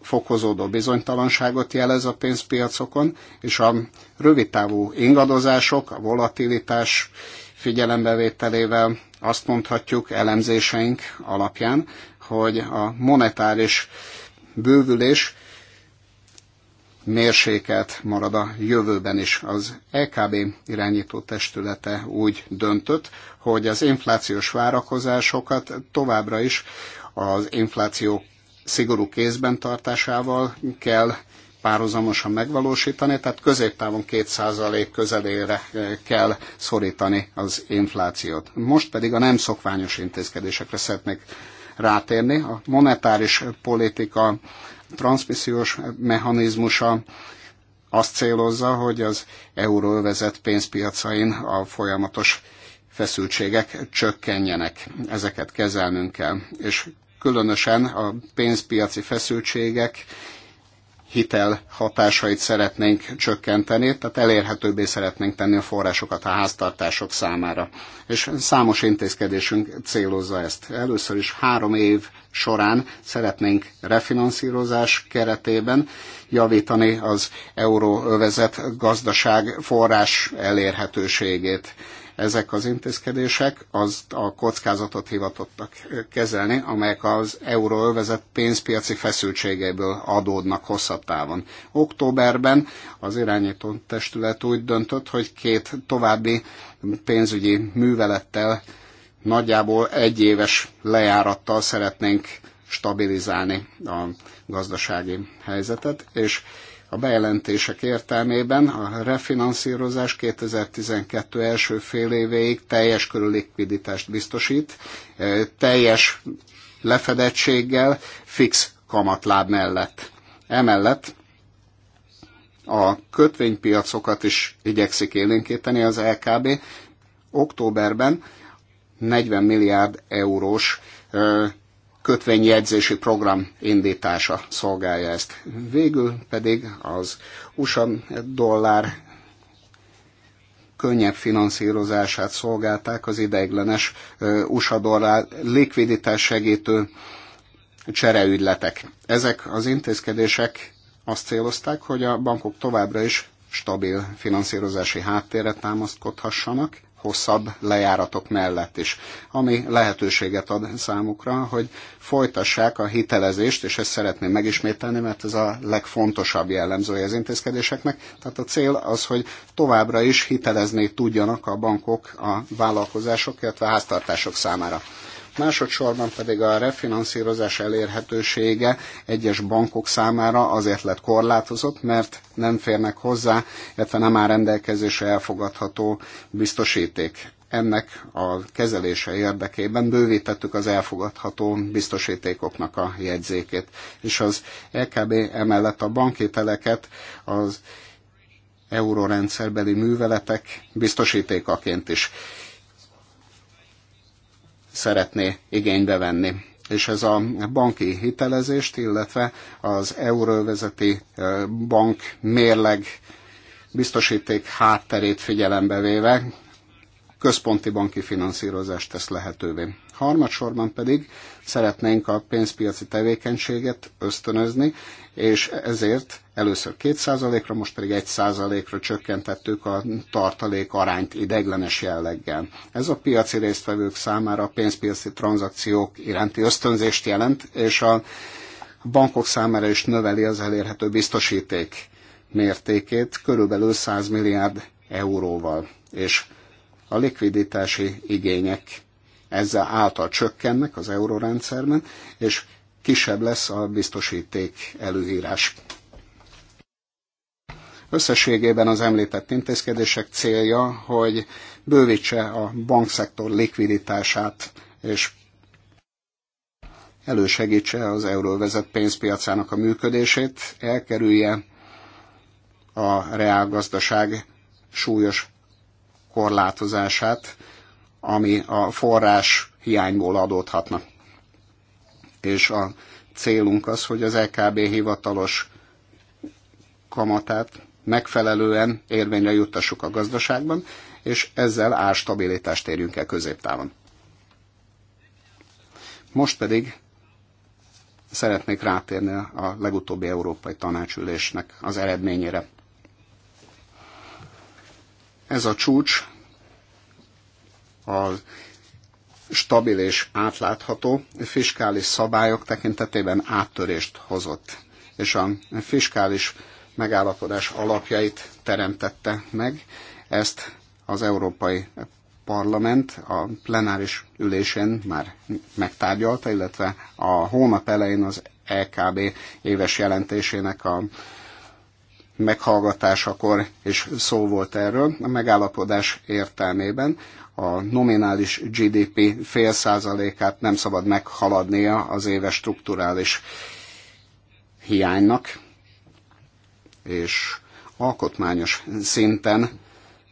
fokozódó bizonytalanságot jelez a pénzpiacokon, és a rövidtávú ingadozások, a volatilitás figyelembevételével azt mondhatjuk elemzéseink alapján, hogy a monetáris bővülés mérsékelt marad a jövőben is. Az LKB e irányító testülete úgy döntött, hogy az inflációs várakozásokat továbbra is az infláció szigorú kézben tartásával kell párhuzamosan megvalósítani, tehát középtávon 2% közelére eh, kell szorítani az inflációt. Most pedig a nem szokványos intézkedésekre szeretnék rátérni. A monetáris politika transmissziós mechanizmusa azt célozza, hogy az euróövezet pénzpiacain a folyamatos feszültségek csökkenjenek. Ezeket kezelnünk kell. És különösen a pénzpiaci feszültségek hitel hatásait szeretnénk csökkenteni, tehát elérhetőbbé szeretnénk tenni a forrásokat a háztartások számára. És számos intézkedésünk célozza ezt. Először is három év során szeretnénk refinanszírozás keretében javítani az euróövezet gazdaság forrás elérhetőségét ezek az intézkedések azt a kockázatot hivatottak kezelni, amelyek az euróövezet pénzpiaci feszültségeiből adódnak hosszabb távon. Októberben az irányító testület úgy döntött, hogy két további pénzügyi művelettel nagyjából egy éves lejárattal szeretnénk stabilizálni a gazdasági helyzetet, és a bejelentések értelmében a refinanszírozás 2012 első fél évéig teljes körű likviditást biztosít, teljes lefedettséggel, fix kamatláb mellett. Emellett a kötvénypiacokat is igyekszik élénkíteni az LKB. Októberben 40 milliárd eurós kötvényjegyzési program indítása szolgálja ezt. Végül pedig az USA dollár könnyebb finanszírozását szolgálták az ideiglenes USA dollár likviditás segítő csereügyletek. Ezek az intézkedések azt célozták, hogy a bankok továbbra is stabil finanszírozási háttérre támaszkodhassanak, hosszabb lejáratok mellett is, ami lehetőséget ad számukra, hogy folytassák a hitelezést, és ezt szeretném megismételni, mert ez a legfontosabb jellemzője az intézkedéseknek. Tehát a cél az, hogy továbbra is hitelezni tudjanak a bankok a vállalkozások, illetve a háztartások számára. Másodszorban pedig a refinanszírozás elérhetősége egyes bankok számára azért lett korlátozott, mert nem férnek hozzá, illetve nem áll rendelkezésre elfogadható biztosíték ennek a kezelése érdekében bővítettük az elfogadható biztosítékoknak a jegyzékét. És az LKB emellett a bankételeket az eurórendszerbeli műveletek biztosítékaként is szeretné igénybe venni. És ez a banki hitelezést, illetve az euróvezeti bank mérleg biztosíték hátterét figyelembe véve központi banki finanszírozást tesz lehetővé. Harmadsorban pedig szeretnénk a pénzpiaci tevékenységet ösztönözni, és ezért Először 2%-ra, most pedig 1%-ra csökkentettük a tartalék arányt ideiglenes jelleggel. Ez a piaci résztvevők számára a pénzpiaci tranzakciók iránti ösztönzést jelent, és a bankok számára is növeli az elérhető biztosíték mértékét körülbelül 100 milliárd euróval, és a likviditási igények ezzel által csökkennek az eurórendszerben, és kisebb lesz a biztosíték előírás. Összességében az említett intézkedések célja, hogy bővítse a bankszektor likviditását, és elősegítse az euróvezet pénzpiacának a működését, elkerülje a reálgazdaság súlyos korlátozását, ami a forrás hiányból adódhatna. És a célunk az, hogy az EKB hivatalos kamatát megfelelően érvényre juttassuk a gazdaságban, és ezzel árstabilitást érjünk el középtávon. Most pedig szeretnék rátérni a legutóbbi Európai Tanácsülésnek az eredményére. Ez a csúcs a stabil és átlátható fiskális szabályok tekintetében áttörést hozott, és a fiskális megállapodás alapjait teremtette meg. Ezt az Európai Parlament a plenáris ülésén már megtárgyalta, illetve a hónap elején az EKB éves jelentésének a meghallgatásakor is szó volt erről. A megállapodás értelmében a nominális GDP fél százalékát nem szabad meghaladnia az éves strukturális hiánynak, és alkotmányos szinten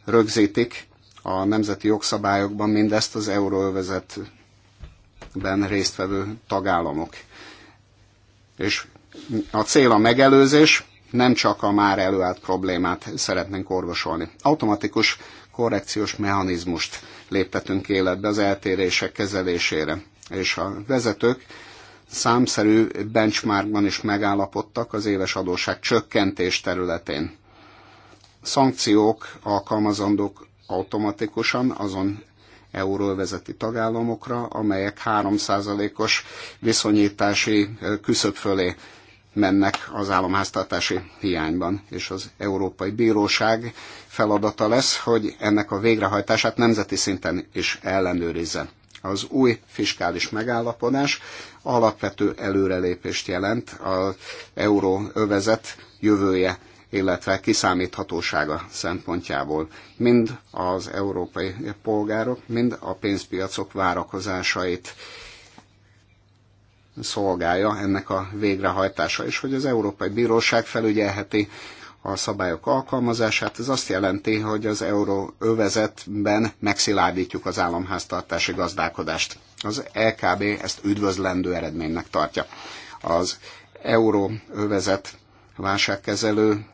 rögzítik a nemzeti jogszabályokban mindezt az euróövezetben résztvevő tagállamok. És a cél a megelőzés, nem csak a már előállt problémát szeretnénk orvosolni. Automatikus korrekciós mechanizmust léptetünk életbe az eltérések kezelésére, és a vezetők számszerű benchmarkban is megállapodtak az éves adóság csökkentés területén. Szankciók alkalmazandók automatikusan azon euróvezeti tagállamokra, amelyek 3%-os viszonyítási küszöb fölé mennek az államháztartási hiányban, és az Európai Bíróság feladata lesz, hogy ennek a végrehajtását nemzeti szinten is ellenőrizze. Az új fiskális megállapodás alapvető előrelépést jelent az euróövezet jövője illetve kiszámíthatósága szempontjából. Mind az európai polgárok, mind a pénzpiacok várakozásait szolgálja ennek a végrehajtása, és hogy az Európai Bíróság felügyelheti a szabályok alkalmazását. Ez azt jelenti, hogy az euróövezetben megszilárdítjuk az államháztartási gazdálkodást. Az LKB ezt üdvözlendő eredménynek tartja. Az euróövezet válságkezelő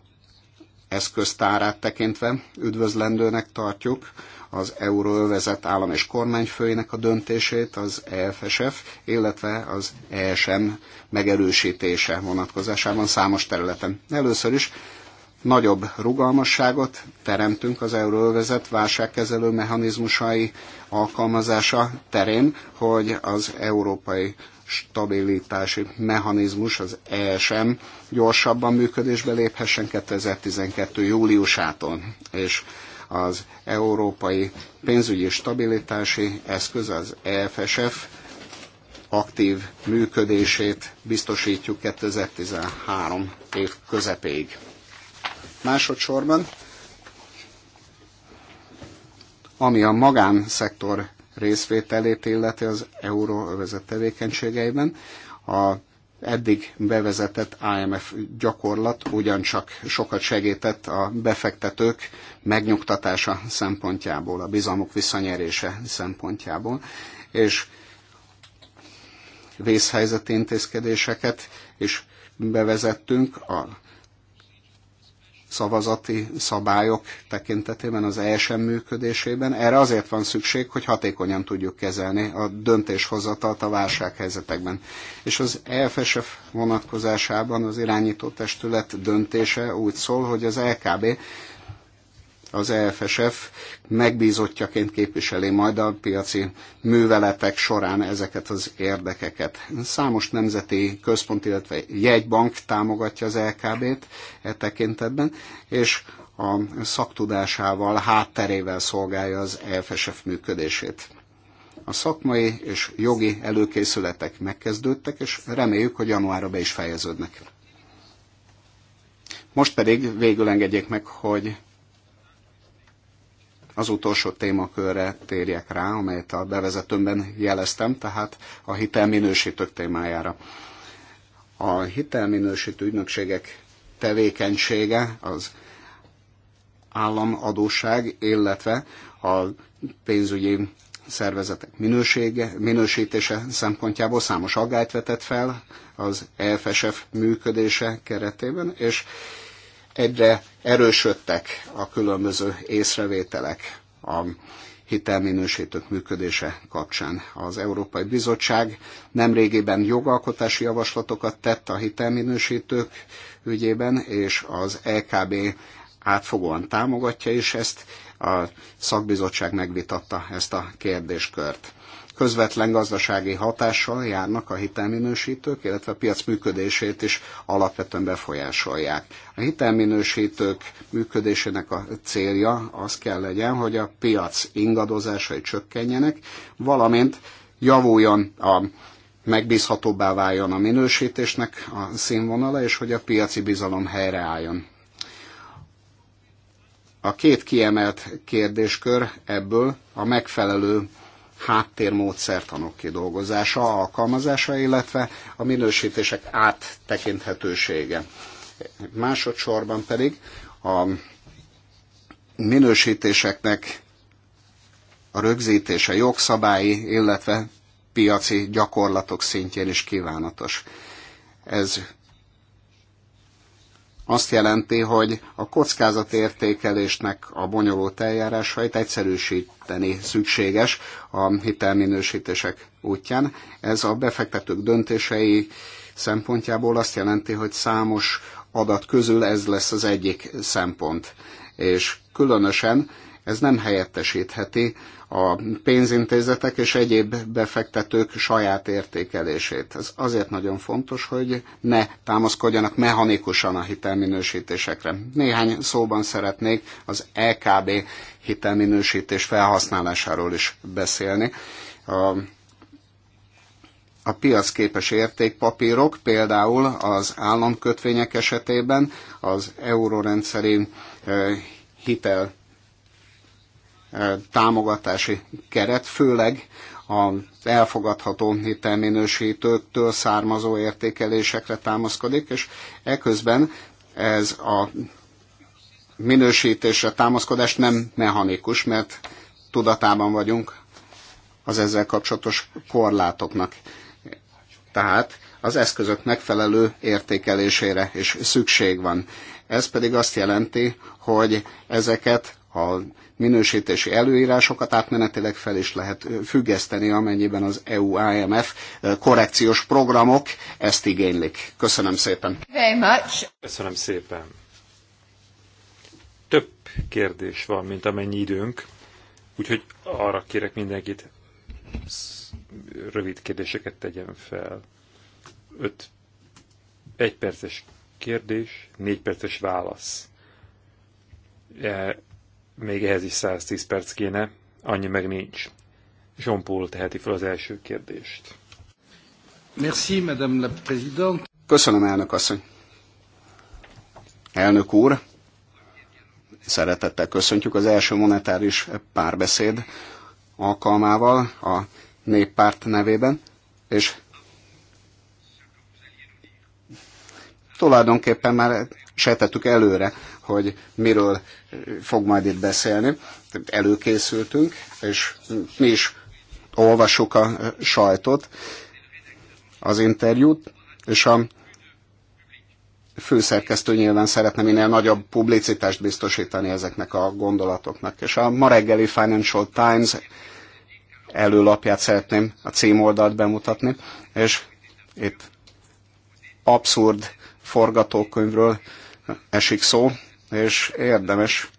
eszköztárát tekintve üdvözlendőnek tartjuk az euróövezet állam és kormányfőinek a döntését, az EFSF, illetve az ESM megerősítése vonatkozásában számos területen. Először is nagyobb rugalmasságot teremtünk az euróövezet válságkezelő mechanizmusai alkalmazása terén, hogy az európai stabilitási mechanizmus, az ESM gyorsabban működésbe léphessen 2012. júliusától, és az Európai Pénzügyi Stabilitási Eszköz, az EFSF aktív működését biztosítjuk 2013 év közepéig. Másodszorban, ami a magánszektor részvételét illeti az euróövezet tevékenységeiben, a eddig bevezetett IMF gyakorlat ugyancsak sokat segített a befektetők megnyugtatása szempontjából, a bizalmuk visszanyerése szempontjából, és vészhelyzeti intézkedéseket is bevezettünk a szavazati szabályok tekintetében, az ESM működésében. Erre azért van szükség, hogy hatékonyan tudjuk kezelni a döntéshozatalt a válsághelyzetekben. És az EFSF vonatkozásában az irányító testület döntése úgy szól, hogy az LKB az EFSF megbízottjaként képviseli majd a piaci műveletek során ezeket az érdekeket. Számos nemzeti központ, illetve jegybank támogatja az LKB-t e tekintetben, és a szaktudásával, hátterével szolgálja az EFSF működését. A szakmai és jogi előkészületek megkezdődtek, és reméljük, hogy januárra be is fejeződnek. Most pedig végül engedjék meg, hogy az utolsó témakörre térjek rá, amelyet a bevezetőmben jeleztem, tehát a hitelminősítők témájára. A hitelminősítő ügynökségek tevékenysége az államadóság, illetve a pénzügyi szervezetek minősége, minősítése szempontjából számos aggályt vetett fel az EFSF működése keretében, és egyre erősödtek a különböző észrevételek a hitelminősítők működése kapcsán. Az Európai Bizottság nemrégiben jogalkotási javaslatokat tett a hitelminősítők ügyében, és az LKB e átfogóan támogatja is ezt. A szakbizottság megvitatta ezt a kérdéskört közvetlen gazdasági hatással járnak a hitelminősítők, illetve a piac működését is alapvetően befolyásolják. A hitelminősítők működésének a célja az kell legyen, hogy a piac ingadozásai csökkenjenek, valamint javuljon a megbízhatóbbá váljon a minősítésnek a színvonala, és hogy a piaci bizalom helyreálljon. A két kiemelt kérdéskör ebből a megfelelő háttérmódszertanok kidolgozása, alkalmazása, illetve a minősítések áttekinthetősége. Másodszorban pedig a minősítéseknek a rögzítése jogszabályi, illetve piaci gyakorlatok szintjén is kívánatos. Ez azt jelenti, hogy a kockázatértékelésnek a bonyolult eljárásait egyszerűsíteni szükséges a hitelminősítések útján. Ez a befektetők döntései szempontjából azt jelenti, hogy számos adat közül ez lesz az egyik szempont. És különösen ez nem helyettesítheti a pénzintézetek és egyéb befektetők saját értékelését. Ez azért nagyon fontos, hogy ne támaszkodjanak mechanikusan a hitelminősítésekre. Néhány szóban szeretnék az LKB hitelminősítés felhasználásáról is beszélni. A a piacképes értékpapírok, például az államkötvények esetében az eurórendszeri eh, hitel támogatási keret, főleg az elfogadható hitelminősítőktől származó értékelésekre támaszkodik, és eközben ez a minősítésre támaszkodás nem mechanikus, mert tudatában vagyunk az ezzel kapcsolatos korlátoknak. Tehát az eszközök megfelelő értékelésére is szükség van. Ez pedig azt jelenti, hogy ezeket a minősítési előírásokat átmenetileg fel is lehet függeszteni, amennyiben az EU-IMF korrekciós programok ezt igénylik. Köszönöm szépen. Very much. Köszönöm szépen. Több kérdés van, mint amennyi időnk, úgyhogy arra kérek mindenkit, rövid kérdéseket tegyen fel. Öt egy perces kérdés, négy perces válasz e, még ehhez is 110 perc kéne, annyi meg nincs. Jean Paul teheti fel az első kérdést. Merci, Madame la Présidente. Köszönöm, elnök asszony. Elnök úr, szeretettel köszöntjük az első monetáris párbeszéd alkalmával a néppárt nevében, és tulajdonképpen már sejtettük előre hogy miről fog majd itt beszélni. Előkészültünk, és mi is olvassuk a sajtot, az interjút, és a főszerkesztő nyilván szeretne minél nagyobb publicitást biztosítani ezeknek a gondolatoknak. És a ma reggeli Financial Times előlapját szeretném a címoldalt bemutatni, és itt abszurd forgatókönyvről esik szó, és érdemes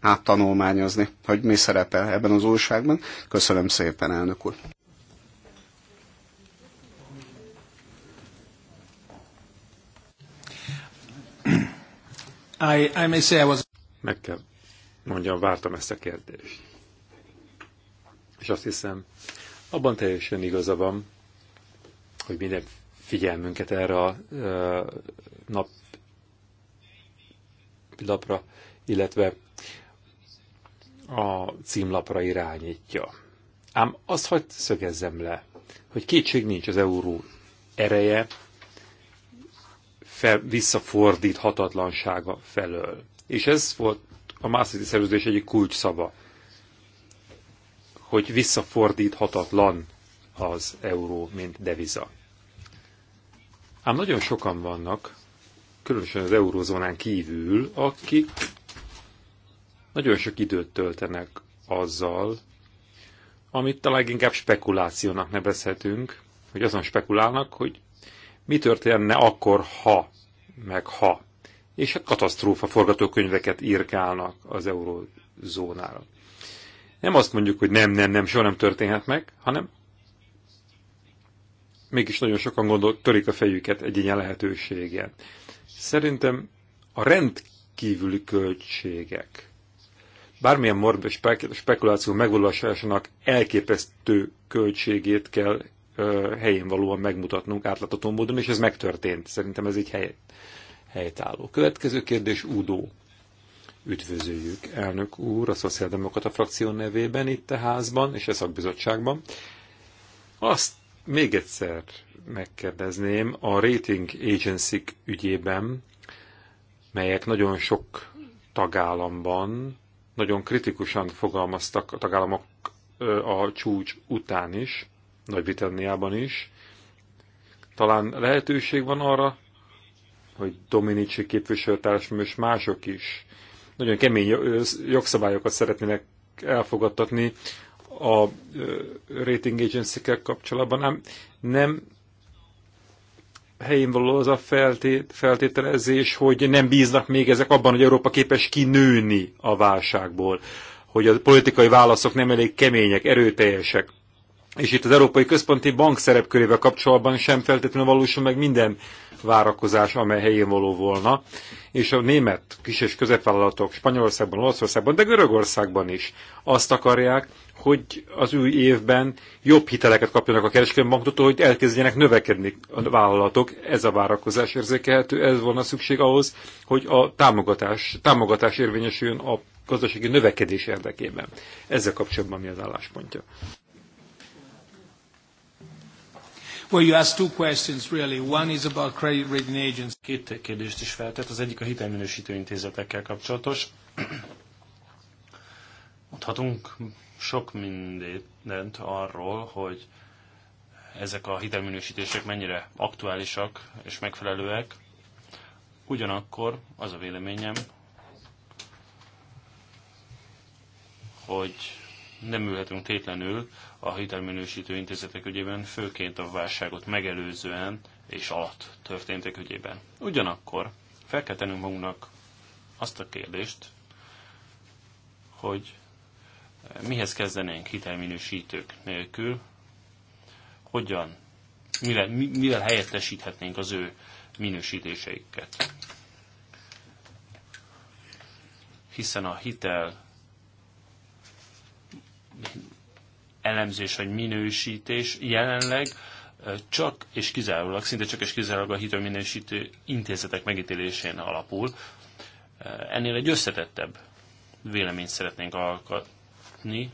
áttanulmányozni, hogy mi szerepel ebben az újságban. Köszönöm szépen, elnök úr! I, I may say I was... Meg kell mondjam, vártam ezt a kérdést. És azt hiszem, abban teljesen igaza van, hogy minden figyelmünket erre a uh, nap lapra, illetve a címlapra irányítja. Ám azt hagyd szögezzem le, hogy kétség nincs az euró ereje, fel, visszafordíthatatlansága felől. És ez volt a Maastrichti szerződés egyik szava, hogy visszafordíthatatlan az euró, mint deviza. Ám nagyon sokan vannak, különösen az eurozónán kívül, akik nagyon sok időt töltenek azzal, amit talán inkább spekulációnak nevezhetünk, hogy azon spekulálnak, hogy mi történne akkor, ha, meg ha. És a katasztrófa forgatókönyveket írkálnak az eurozónára. Nem azt mondjuk, hogy nem, nem, nem, soha nem történhet meg, hanem mégis nagyon sokan gondol, törik a fejüket egy ilyen lehetőségen. Szerintem a rendkívüli költségek bármilyen morbid spekuláció megvalósításának elképesztő költségét kell ö, helyén valóan megmutatnunk átlátható módon, és ez megtörtént. Szerintem ez így hely, helytálló. Következő kérdés, Udó. Üdvözöljük, elnök úr, a Szociáldemokrata frakció nevében itt a házban és a szakbizottságban. Azt még egyszer megkérdezném, a rating agency ügyében, melyek nagyon sok tagállamban nagyon kritikusan fogalmaztak a tagállamok a csúcs után is, Nagy-Britanniában is. Talán lehetőség van arra, hogy Dominici képviselőtársam és mások is nagyon kemény jogszabályokat szeretnének elfogadtatni a rating agency kapcsolatban, nem nem helyén való az a feltét, feltételezés, hogy nem bíznak még ezek abban, hogy Európa képes kinőni a válságból, hogy a politikai válaszok nem elég kemények, erőteljesek. És itt az Európai Központi Bank szerepkörével kapcsolatban sem feltétlenül valósul meg minden várakozás, amely helyén való volna. És a német kis- és középvállalatok Spanyolországban, Olaszországban, de Görögországban is azt akarják, hogy az új évben jobb hiteleket kapjanak a kereskedelmi banktól, hogy elkezdjenek növekedni a vállalatok. Ez a várakozás érzékelhető, ez volna szükség ahhoz, hogy a támogatás, támogatás érvényesüljön a gazdasági növekedés érdekében. Ezzel kapcsolatban mi az álláspontja? Well, you asked two questions really. One is about credit rating agents. Két kérdést is feltett, az egyik a hitelminősítő intézetekkel kapcsolatos. Mondhatunk sok mindent arról, hogy ezek a hitelminősítések mennyire aktuálisak és megfelelőek. Ugyanakkor az a véleményem, hogy nem ülhetünk tétlenül a hitelminősítő intézetek ügyében, főként a válságot megelőzően és alatt történtek ügyében. Ugyanakkor fel kell tennünk magunknak azt a kérdést, hogy mihez kezdenénk hitelminősítők nélkül, hogyan, mivel, mivel helyettesíthetnénk az ő minősítéseiket. Hiszen a hitel elemzés vagy minősítés jelenleg csak és kizárólag, szinte csak és kizárólag a hitelminősítő intézetek megítélésén alapul. Ennél egy összetettebb véleményt szeretnénk alkotni látni,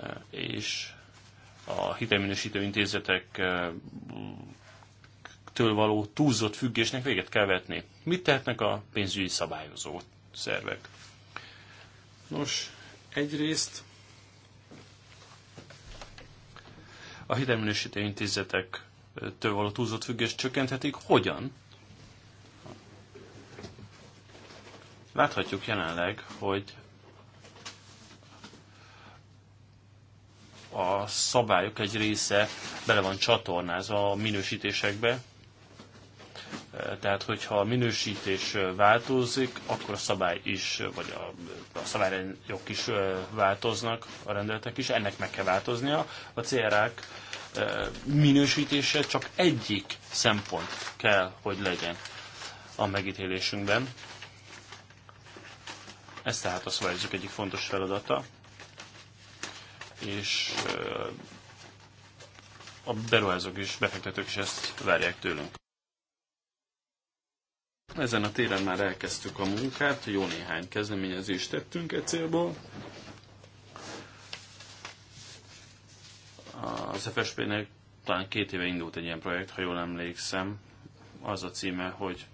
e, és a hitelminősítő intézetek e, től való túlzott függésnek véget kell vetni. Mit tehetnek a pénzügyi szabályozó szervek? Nos, egyrészt a hitelminősítő intézetektől e, való túlzott függést csökkenthetik. Hogyan? Láthatjuk jelenleg, hogy a szabályok egy része bele van csatornázva a minősítésekbe, e, tehát, hogyha a minősítés változik, akkor a szabály is, vagy a, a szabályok is e, változnak, a rendeletek is, ennek meg kell változnia. A CRák e, minősítése csak egyik szempont kell, hogy legyen a megítélésünkben. Ez tehát a szabályozók egyik fontos feladata és a beruházók is befektetők is ezt várják tőlünk. Ezen a téren már elkezdtük a munkát, jó néhány kezdeményezést tettünk egy célból. Az FSP-nek talán két éve indult egy ilyen projekt, ha jól emlékszem. Az a címe, hogy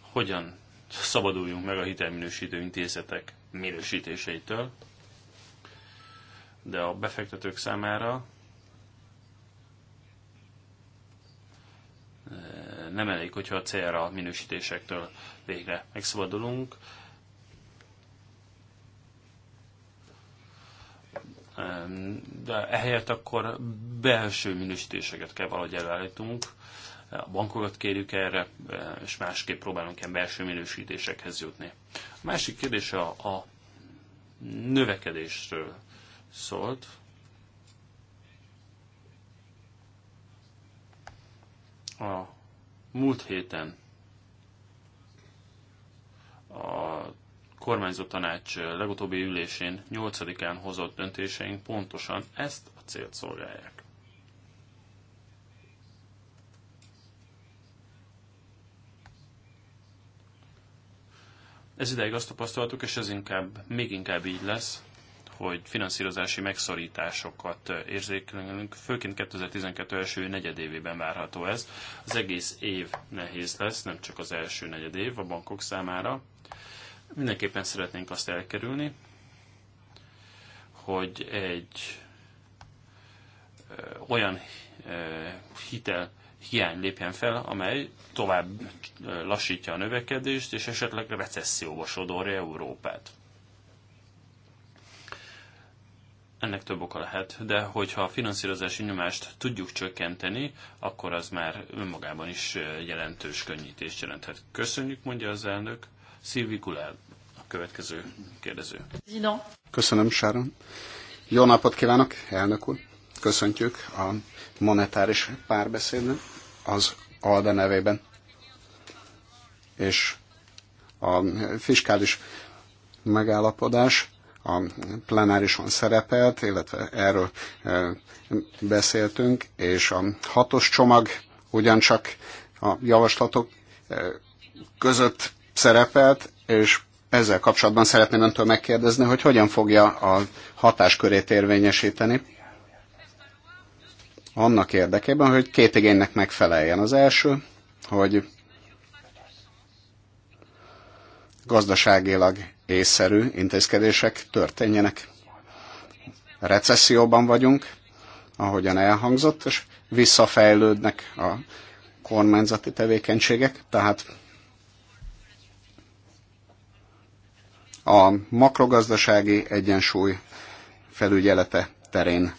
hogyan szabaduljunk meg a hitelminősítő intézetek minősítéseitől de a befektetők számára eh, nem elég, hogyha a CRA minősítésektől végre megszabadulunk. De ehelyett akkor belső minősítéseket kell valahogy előállítunk. A bankokat kérjük erre, eh, és másképp próbálunk ilyen belső minősítésekhez jutni. A másik kérdés a, a növekedésről szólt. A múlt héten a kormányzó tanács legutóbbi ülésén 8-án hozott döntéseink pontosan ezt a célt szolgálják. Ez ideig azt tapasztaltuk, és ez inkább, még inkább így lesz, hogy finanszírozási megszorításokat eh, érzékelünk, főként 2012 első negyedévében várható ez. Az egész év nehéz lesz, nem csak az első negyedév a bankok számára. Mindenképpen szeretnénk azt elkerülni, hogy egy eh, olyan eh, hitel hiány lépjen fel, amely tovább lassítja a növekedést, és esetleg recesszióba sodorja Európát. Ennek több oka lehet, de hogyha a finanszírozási nyomást tudjuk csökkenteni, akkor az már önmagában is jelentős könnyítést jelenthet. Köszönjük, mondja az elnök. Szilvi Kulál, a következő kérdező. Köszönöm, Sáron. Jó napot kívánok, elnök úr. Köszöntjük a monetáris párbeszédben, az ALDE nevében. És a fiskális megállapodás a plenárison szerepelt, illetve erről e, beszéltünk, és a hatos csomag ugyancsak a javaslatok e, között szerepelt, és ezzel kapcsolatban szeretném öntől megkérdezni, hogy hogyan fogja a hatáskörét érvényesíteni annak érdekében, hogy két igénynek megfeleljen. Az első, hogy gazdaságilag észszerű intézkedések történjenek. Recesszióban vagyunk, ahogyan elhangzott, és visszafejlődnek a kormányzati tevékenységek, tehát a makrogazdasági egyensúly felügyelete terén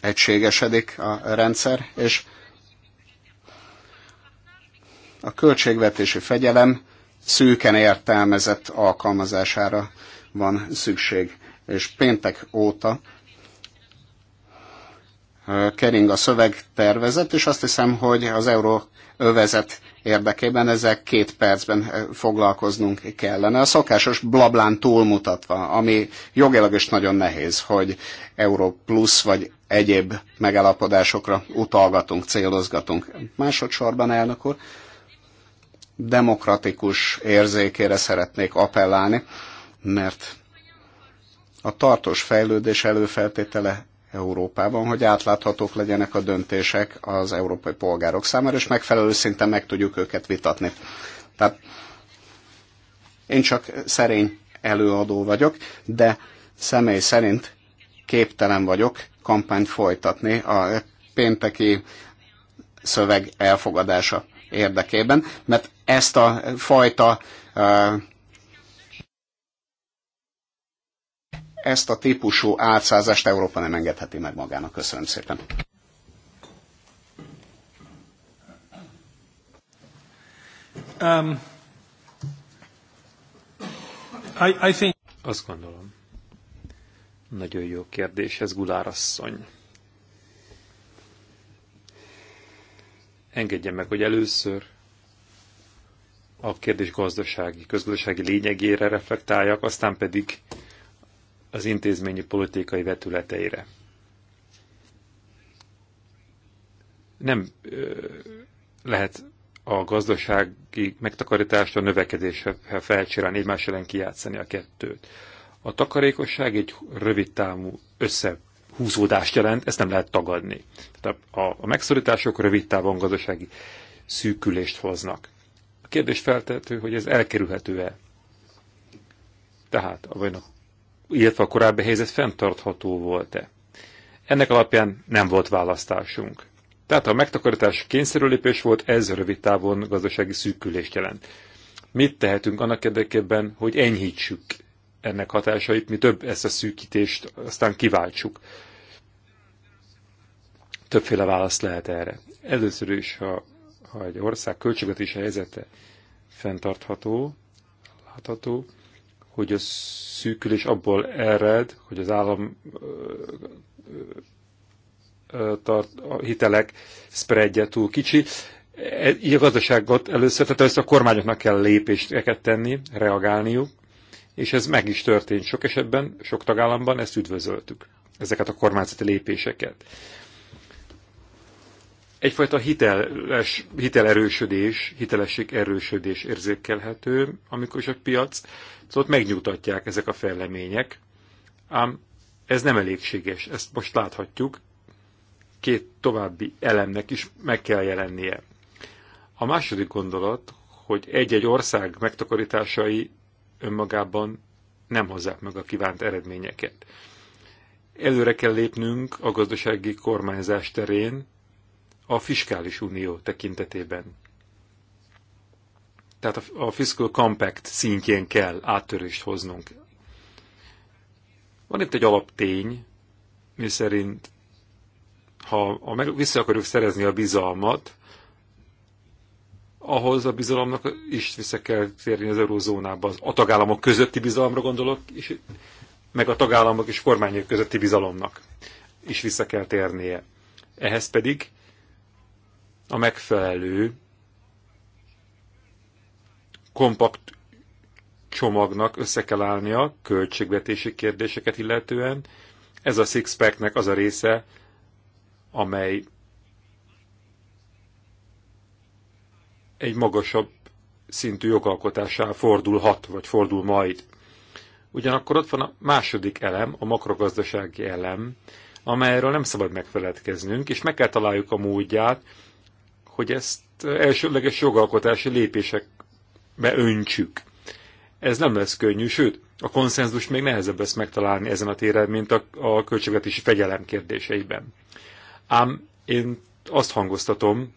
egységesedik a rendszer, és a költségvetési fegyelem szűken értelmezett alkalmazására van szükség. És péntek óta kering a szövegtervezet, és azt hiszem, hogy az euró övezet érdekében ezek két percben foglalkoznunk kellene. A szokásos blablán túlmutatva, ami jogilag is nagyon nehéz, hogy Euró plusz vagy egyéb megállapodásokra utalgatunk, célozgatunk. Másodszorban, elnök úr, demokratikus érzékére szeretnék appellálni, mert a tartós fejlődés előfeltétele Európában, hogy átláthatók legyenek a döntések az európai polgárok számára, és megfelelő szinten meg tudjuk őket vitatni. Tehát én csak szerény előadó vagyok, de személy szerint képtelen vagyok kampányt folytatni a pénteki szöveg elfogadása érdekében, mert ezt a fajta ezt a típusú álcázást Európa nem engedheti meg magának. Köszönöm szépen. Um, I, I think... Azt gondolom. Nagyon jó kérdés ez, Gulárasszony. Engedje meg, hogy először a kérdés gazdasági, közgazdasági lényegére reflektáljak, aztán pedig az intézményi politikai vetületeire. Nem ö, lehet a gazdasági megtakarítást a növekedéssel felcsinálni, egymás ellen kijátszani a kettőt. A takarékosság egy rövid távú összehúzódást jelent, ezt nem lehet tagadni. Tehát a, a megszorítások rövid távon gazdasági szűkülést hoznak. Kérdés feltető, hogy ez elkerülhető-e. Tehát, vagy illetve a korábbi helyzet fenntartható volt-e. Ennek alapján nem volt választásunk. Tehát ha a megtakarítás lépés volt, ez rövid távon gazdasági szűkülést jelent. Mit tehetünk annak érdekében, hogy enyhítsük ennek hatásait, mi több ezt a szűkítést aztán kiváltsuk. Többféle válasz lehet erre. Először is a ha egy ország költségvetési helyzete fenntartható, látható, hogy a szűkülés abból ered, hogy az állam ö, ö, tart, a hitelek spreadje túl kicsi. E, így a gazdaságot először, tehát először a kormányoknak kell lépéseket tenni, reagálniuk, és ez meg is történt sok esetben, sok tagállamban, ezt üdvözöltük, ezeket a kormányzati lépéseket egyfajta hiteles, hitelerősödés, hitelesség erősödés érzékelhető, amikor is a piac, szóval megnyugtatják ezek a fellemények, ám ez nem elégséges, ezt most láthatjuk, két további elemnek is meg kell jelennie. A második gondolat, hogy egy-egy ország megtakarításai önmagában nem hozzák meg a kívánt eredményeket. Előre kell lépnünk a gazdasági kormányzás terén, a fiskális unió tekintetében. Tehát a fiscal compact szintjén kell áttörést hoznunk. Van itt egy alaptény, mi szerint ha, vissza akarjuk szerezni a bizalmat, ahhoz a bizalomnak is vissza kell térni az eurózónába. A tagállamok közötti bizalomra gondolok, és meg a tagállamok és kormányok közötti bizalomnak is vissza kell térnie. Ehhez pedig a megfelelő kompakt csomagnak össze kell állnia költségvetési kérdéseket illetően. Ez a sixpacknek az a része, amely egy magasabb szintű jogalkotásá fordulhat, vagy fordul majd. Ugyanakkor ott van a második elem, a makrogazdasági elem, amelyről nem szabad megfeledkeznünk, és meg kell találjuk a módját, hogy ezt elsődleges jogalkotási lépésekbe öntsük. Ez nem lesz könnyű, sőt, a konszenzus még nehezebb lesz megtalálni ezen a téren, mint a, a költségvetési fegyelem kérdéseiben. Ám én azt hangoztatom,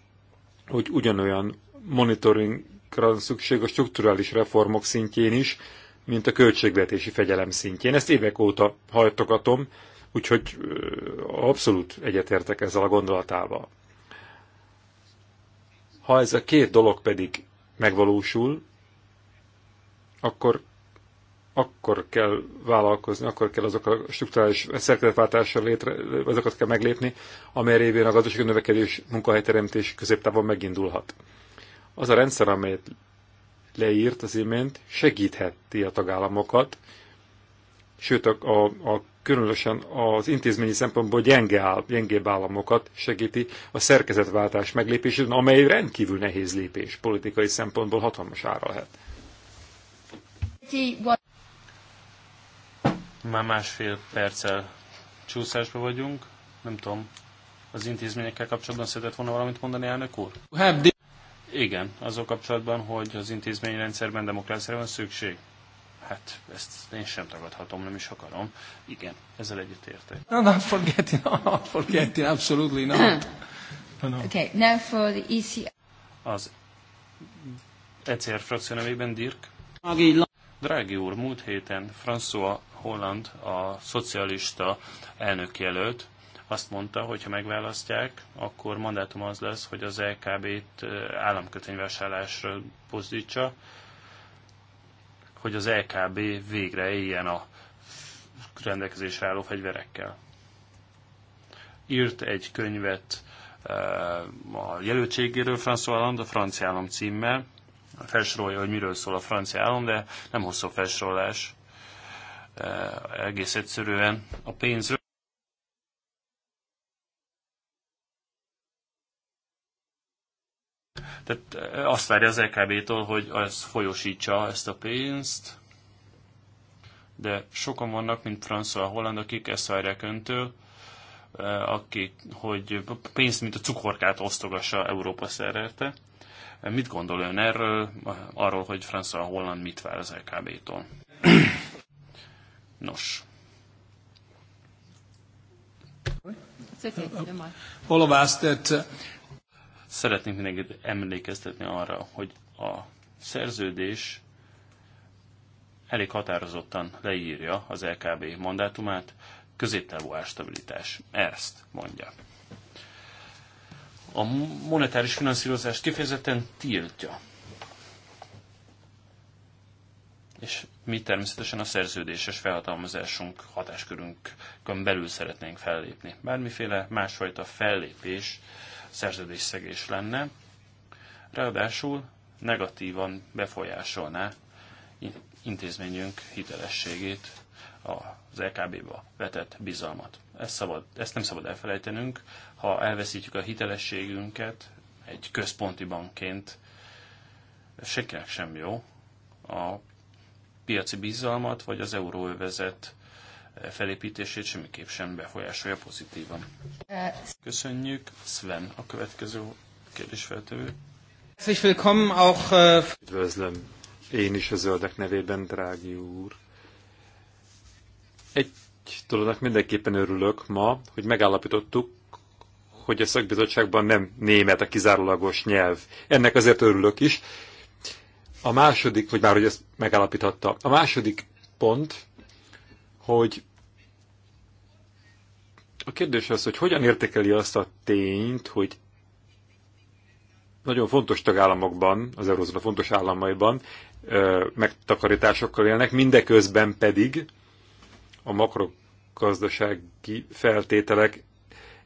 hogy ugyanolyan monitoringra szükség a strukturális reformok szintjén is, mint a költségvetési fegyelem szintjén. Ezt évek óta hajtogatom, úgyhogy abszolút egyetértek ezzel a gondolatával. Ha ez a két dolog pedig megvalósul, akkor, akkor kell vállalkozni, akkor kell azok a strukturális szerkezetváltással létre, azokat kell meglépni, amely révén a gazdasági növekedés, munkahelyteremtés középtávon megindulhat. Az a rendszer, amelyet leírt az imént, segítheti a tagállamokat, sőt a, a különösen az intézményi szempontból gyenge áll, gyengébb államokat segíti a szerkezetváltás meglépésében, amely rendkívül nehéz lépés, politikai szempontból hatalmas ára lehet. Már másfél perccel csúszásba vagyunk, nem tudom, az intézményekkel kapcsolatban szeretett volna valamit mondani, elnök úr? Igen, azok kapcsolatban, hogy az intézményrendszerben demokráciára van szükség. Hát ezt én sem tagadhatom, nem is akarom. Igen, ezzel értek. No, not forgetting, not forgetting, absolutely not. Hmm. No, no. Okay, now for the EC... Az ECR frakció nevében Dirk. Drági úr, múlt héten François Holland, a szocialista elnök jelölt. azt mondta, hogy ha megválasztják, akkor mandátum az lesz, hogy az LKB-t e eh, államkötényvásárlásra pozdítsa, hogy az LKB e végre éljen a rendelkezésre álló fegyverekkel. Írt egy könyvet eh, a jelöltségéről François Hollande, a francia állam címmel. Felsorolja, hogy miről szól a francia állam, de nem hosszú felsorolás. Eh, egész egyszerűen a pénzről, Tehát eh, azt várja az LKB-tól, e hogy az folyosítsa ezt a pénzt, de sokan vannak, mint François Holland, akik ezt várják öntől, eh, akik, hogy pénzt, mint a cukorkát osztogassa Európa szerelte. Eh, mit gondol ön erről, arról, hogy François Holland mit vár az LKB-tól? E Nos. Hol a us Szeretnénk mindenkit emlékeztetni arra, hogy a szerződés elég határozottan leírja az LKB mandátumát, középtávú árstabilitás. Ezt mondja. A monetáris finanszírozást kifejezetten tiltja. És mi természetesen a szerződéses felhatalmazásunk, hatáskörünkön belül szeretnénk fellépni. Bármiféle másfajta fellépés szerződésszegés lenne, ráadásul negatívan befolyásolná intézményünk hitelességét, az LKB-ba vetett bizalmat. Ezt, szabad, ezt nem szabad elfelejtenünk, ha elveszítjük a hitelességünket egy központi bankként, senkinek sem jó. A piaci bizalmat vagy az euróövezet felépítését semmiképp sem befolyásolja pozitívan. Köszönjük. Sven a következő kérdésfeltevő. Äh, Üdvözlöm én is a zöldek nevében, drági úr. Egy dolognak mindenképpen örülök ma, hogy megállapítottuk, hogy a szakbizottságban nem német a kizárólagos nyelv. Ennek azért örülök is. A második, hogy már hogy ezt megállapíthatta. A második pont, hogy a kérdés az, hogy hogyan értékeli azt a tényt, hogy nagyon fontos tagállamokban, az Eurózóna fontos államaiban ö, megtakarításokkal élnek, mindeközben pedig a makrogazdasági feltételek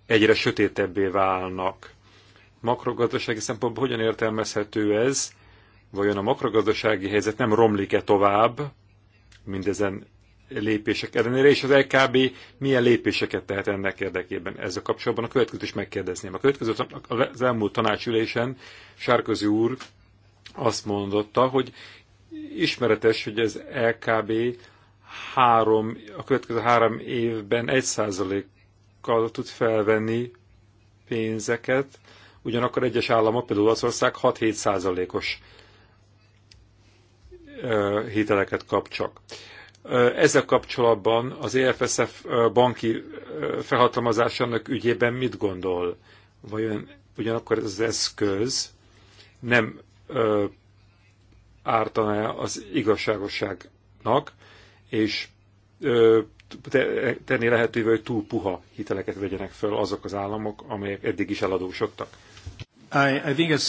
egyre sötétebbé válnak. Makrogazdasági szempontból hogyan értelmezhető ez? Vajon a makrogazdasági helyzet nem romlik-e tovább mindezen lépések ellenére, és az LKB milyen lépéseket tehet ennek érdekében. Ezzel kapcsolatban a következőt is megkérdezném. A következő az elmúlt tanácsülésen Sárközi úr azt mondotta, hogy ismeretes, hogy az LKB három, a következő három évben egy százalékkal tud felvenni pénzeket, ugyanakkor egyes államok, például Olaszország 6-7 százalékos hiteleket kap csak. Ezzel kapcsolatban az EFSF banki felhatalmazásának ügyében mit gondol? Vajon ugyanakkor ez az eszköz nem ártaná az igazságosságnak, és tenni lehetővé, hogy túl puha hiteleket vegyenek föl azok az államok, amelyek eddig is eladósodtak. I, think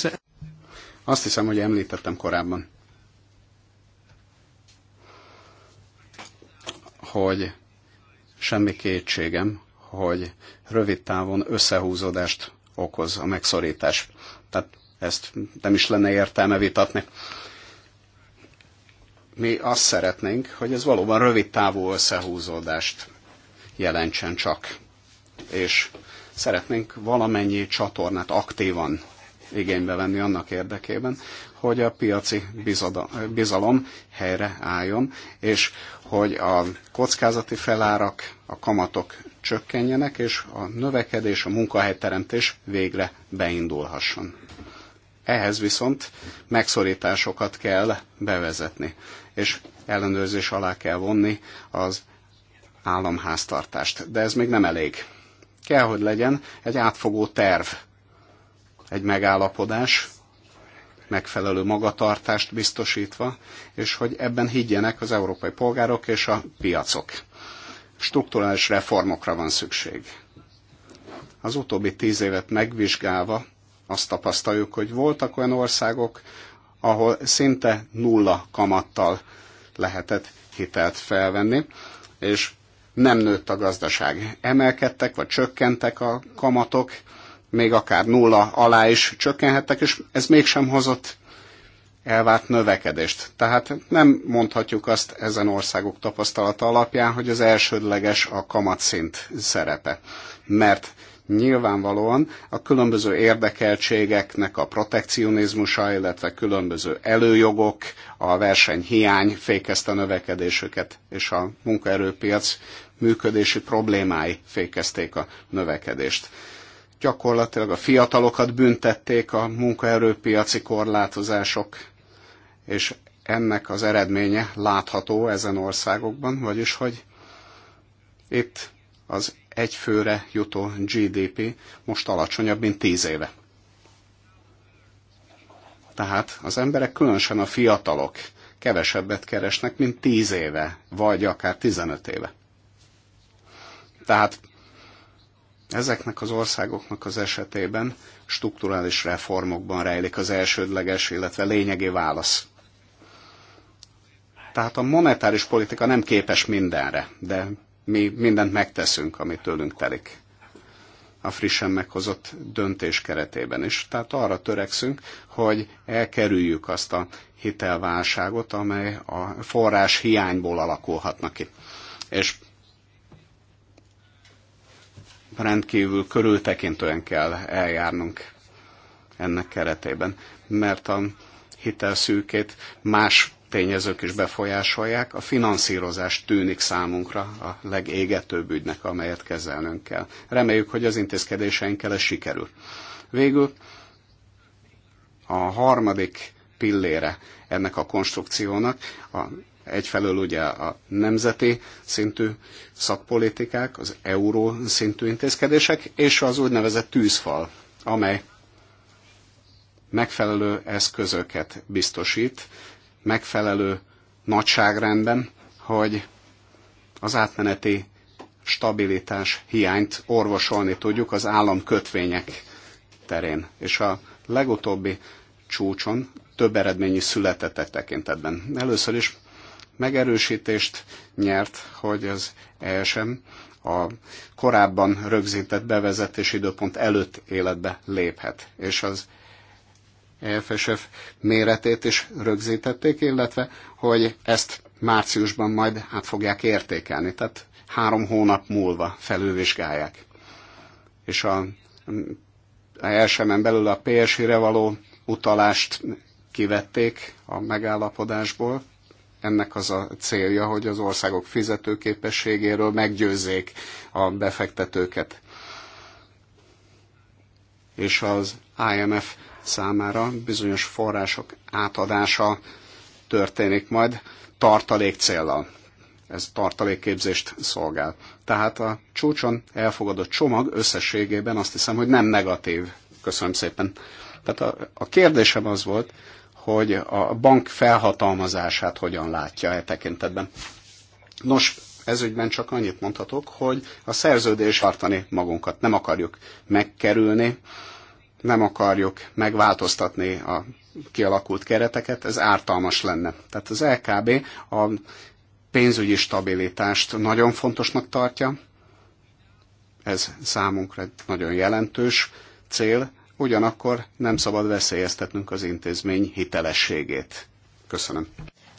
Azt hiszem, hogy említettem korábban. hogy semmi kétségem, hogy rövid távon összehúzódást okoz a megszorítás. Tehát ezt nem is lenne értelme vitatni. Mi azt szeretnénk, hogy ez valóban rövid távú összehúzódást jelentsen csak. És szeretnénk valamennyi csatornát aktívan igénybe venni annak érdekében, hogy a piaci bizalom helyre álljon, és hogy a kockázati felárak, a kamatok csökkenjenek, és a növekedés, a munkahelyteremtés végre beindulhasson. Ehhez viszont megszorításokat kell bevezetni, és ellenőrzés alá kell vonni az államháztartást. De ez még nem elég. Kell, hogy legyen egy átfogó terv, egy megállapodás megfelelő magatartást biztosítva, és hogy ebben higgyenek az európai polgárok és a piacok. Strukturális reformokra van szükség. Az utóbbi tíz évet megvizsgálva azt tapasztaljuk, hogy voltak olyan országok, ahol szinte nulla kamattal lehetett hitelt felvenni, és nem nőtt a gazdaság. Emelkedtek vagy csökkentek a kamatok, még akár nulla alá is csökkenhettek, és ez mégsem hozott elvárt növekedést. Tehát nem mondhatjuk azt ezen országok tapasztalata alapján, hogy az elsődleges a kamatszint szerepe. Mert nyilvánvalóan a különböző érdekeltségeknek a protekcionizmusa, illetve különböző előjogok, a versenyhiány fékezte a növekedésüket, és a munkaerőpiac működési problémái fékezték a növekedést gyakorlatilag a fiatalokat büntették a munkaerőpiaci korlátozások, és ennek az eredménye látható ezen országokban, vagyis hogy itt az egyfőre jutó GDP most alacsonyabb, mint tíz éve. Tehát az emberek, különösen a fiatalok kevesebbet keresnek, mint tíz éve, vagy akár tizenöt éve. Tehát Ezeknek az országoknak az esetében strukturális reformokban rejlik az elsődleges, illetve lényegi válasz. Tehát a monetáris politika nem képes mindenre, de mi mindent megteszünk, ami tőlünk telik a frissen meghozott döntés keretében is. Tehát arra törekszünk, hogy elkerüljük azt a hitelválságot, amely a forrás hiányból alakulhatna ki. És rendkívül körültekintően kell eljárnunk ennek keretében, mert a hitelszűkét más tényezők is befolyásolják. A finanszírozás tűnik számunkra a legégetőbb ügynek, amelyet kezelnünk kell. Reméljük, hogy az intézkedéseinkkel ez sikerül. Végül a harmadik pillére ennek a konstrukciónak a egyfelől ugye a nemzeti szintű szakpolitikák, az euró szintű intézkedések, és az úgynevezett tűzfal, amely megfelelő eszközöket biztosít, megfelelő nagyságrendben, hogy az átmeneti stabilitás hiányt orvosolni tudjuk az állam kötvények terén. És a legutóbbi csúcson több eredményi is született tekintetben. Először is megerősítést nyert, hogy az ESM a korábban rögzített bevezetési időpont előtt életbe léphet, és az EFSF méretét is rögzítették, illetve hogy ezt márciusban majd át fogják értékelni, tehát három hónap múlva felülvizsgálják. És a, a e elsőmen belül a PSI-re való utalást kivették a megállapodásból, ennek az a célja, hogy az országok fizetőképességéről meggyőzzék a befektetőket. És az IMF számára bizonyos források átadása történik majd tartalék célra. Ez tartalékképzést szolgál. Tehát a csúcson elfogadott csomag összességében azt hiszem, hogy nem negatív. Köszönöm szépen. Tehát a, a kérdésem az volt, hogy a bank felhatalmazását hogyan látja e tekintetben. Nos, ez ügyben csak annyit mondhatok, hogy a szerződés tartani magunkat. Nem akarjuk megkerülni, nem akarjuk megváltoztatni a kialakult kereteket, ez ártalmas lenne. Tehát az LKB a pénzügyi stabilitást nagyon fontosnak tartja, ez számunkra egy nagyon jelentős cél, ugyanakkor nem szabad veszélyeztetnünk az intézmény hitelességét. Köszönöm.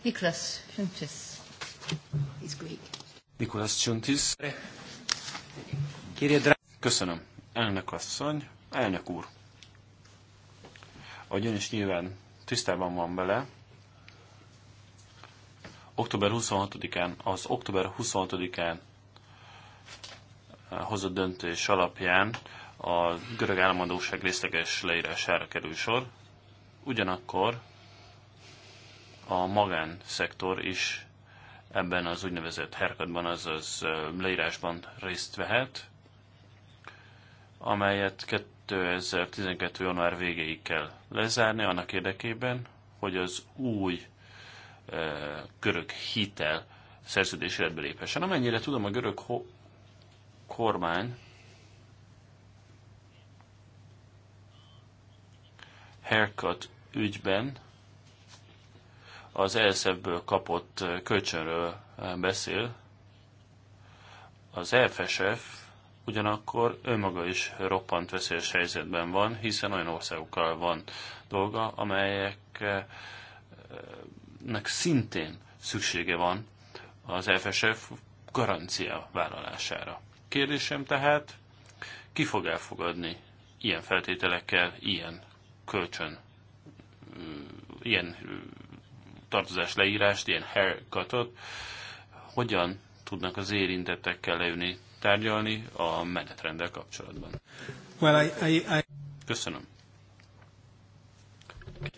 Niklas Csontis. Nikolas Csontis. Köszönöm. Elnök asszony, elnök úr. A is nyilván tisztában van bele, október 26-án, az október 26-án eh, hozott döntés alapján a görög államadóság részleges leírására kerül sor, ugyanakkor a magánszektor is ebben az úgynevezett herkadban, azaz leírásban részt vehet, amelyet 2012. január végéig kell lezárni annak érdekében, hogy az új görög hitel szerződés életbe léphessen. Amennyire tudom, a görög kormány haircut ügyben az elszebből kapott kölcsönről beszél. Az FSF ugyanakkor önmaga is roppant veszélyes helyzetben van, hiszen olyan országokkal van dolga, amelyeknek szintén szüksége van az FSF garancia vállalására. Kérdésem tehát, ki fog elfogadni ilyen feltételekkel ilyen kölcsön ilyen tartozás leírást, ilyen haircutot, hogyan tudnak az érintettekkel leülni, tárgyalni a menetrendel kapcsolatban. Well, I, I, I... Köszönöm.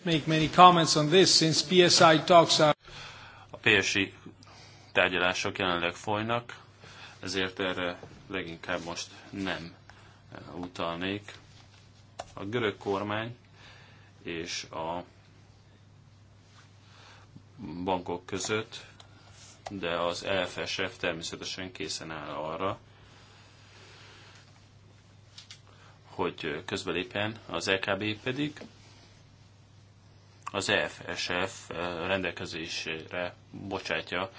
Make many comments on this, since PSI talks are... A PSI tárgyalások jelenleg folynak, ezért erre leginkább most nem utalnék. A görög kormány és a bankok között, de az EFSF természetesen készen áll arra, hogy közbelépjen, az EKB pedig az EFSF rendelkezésére bocsátja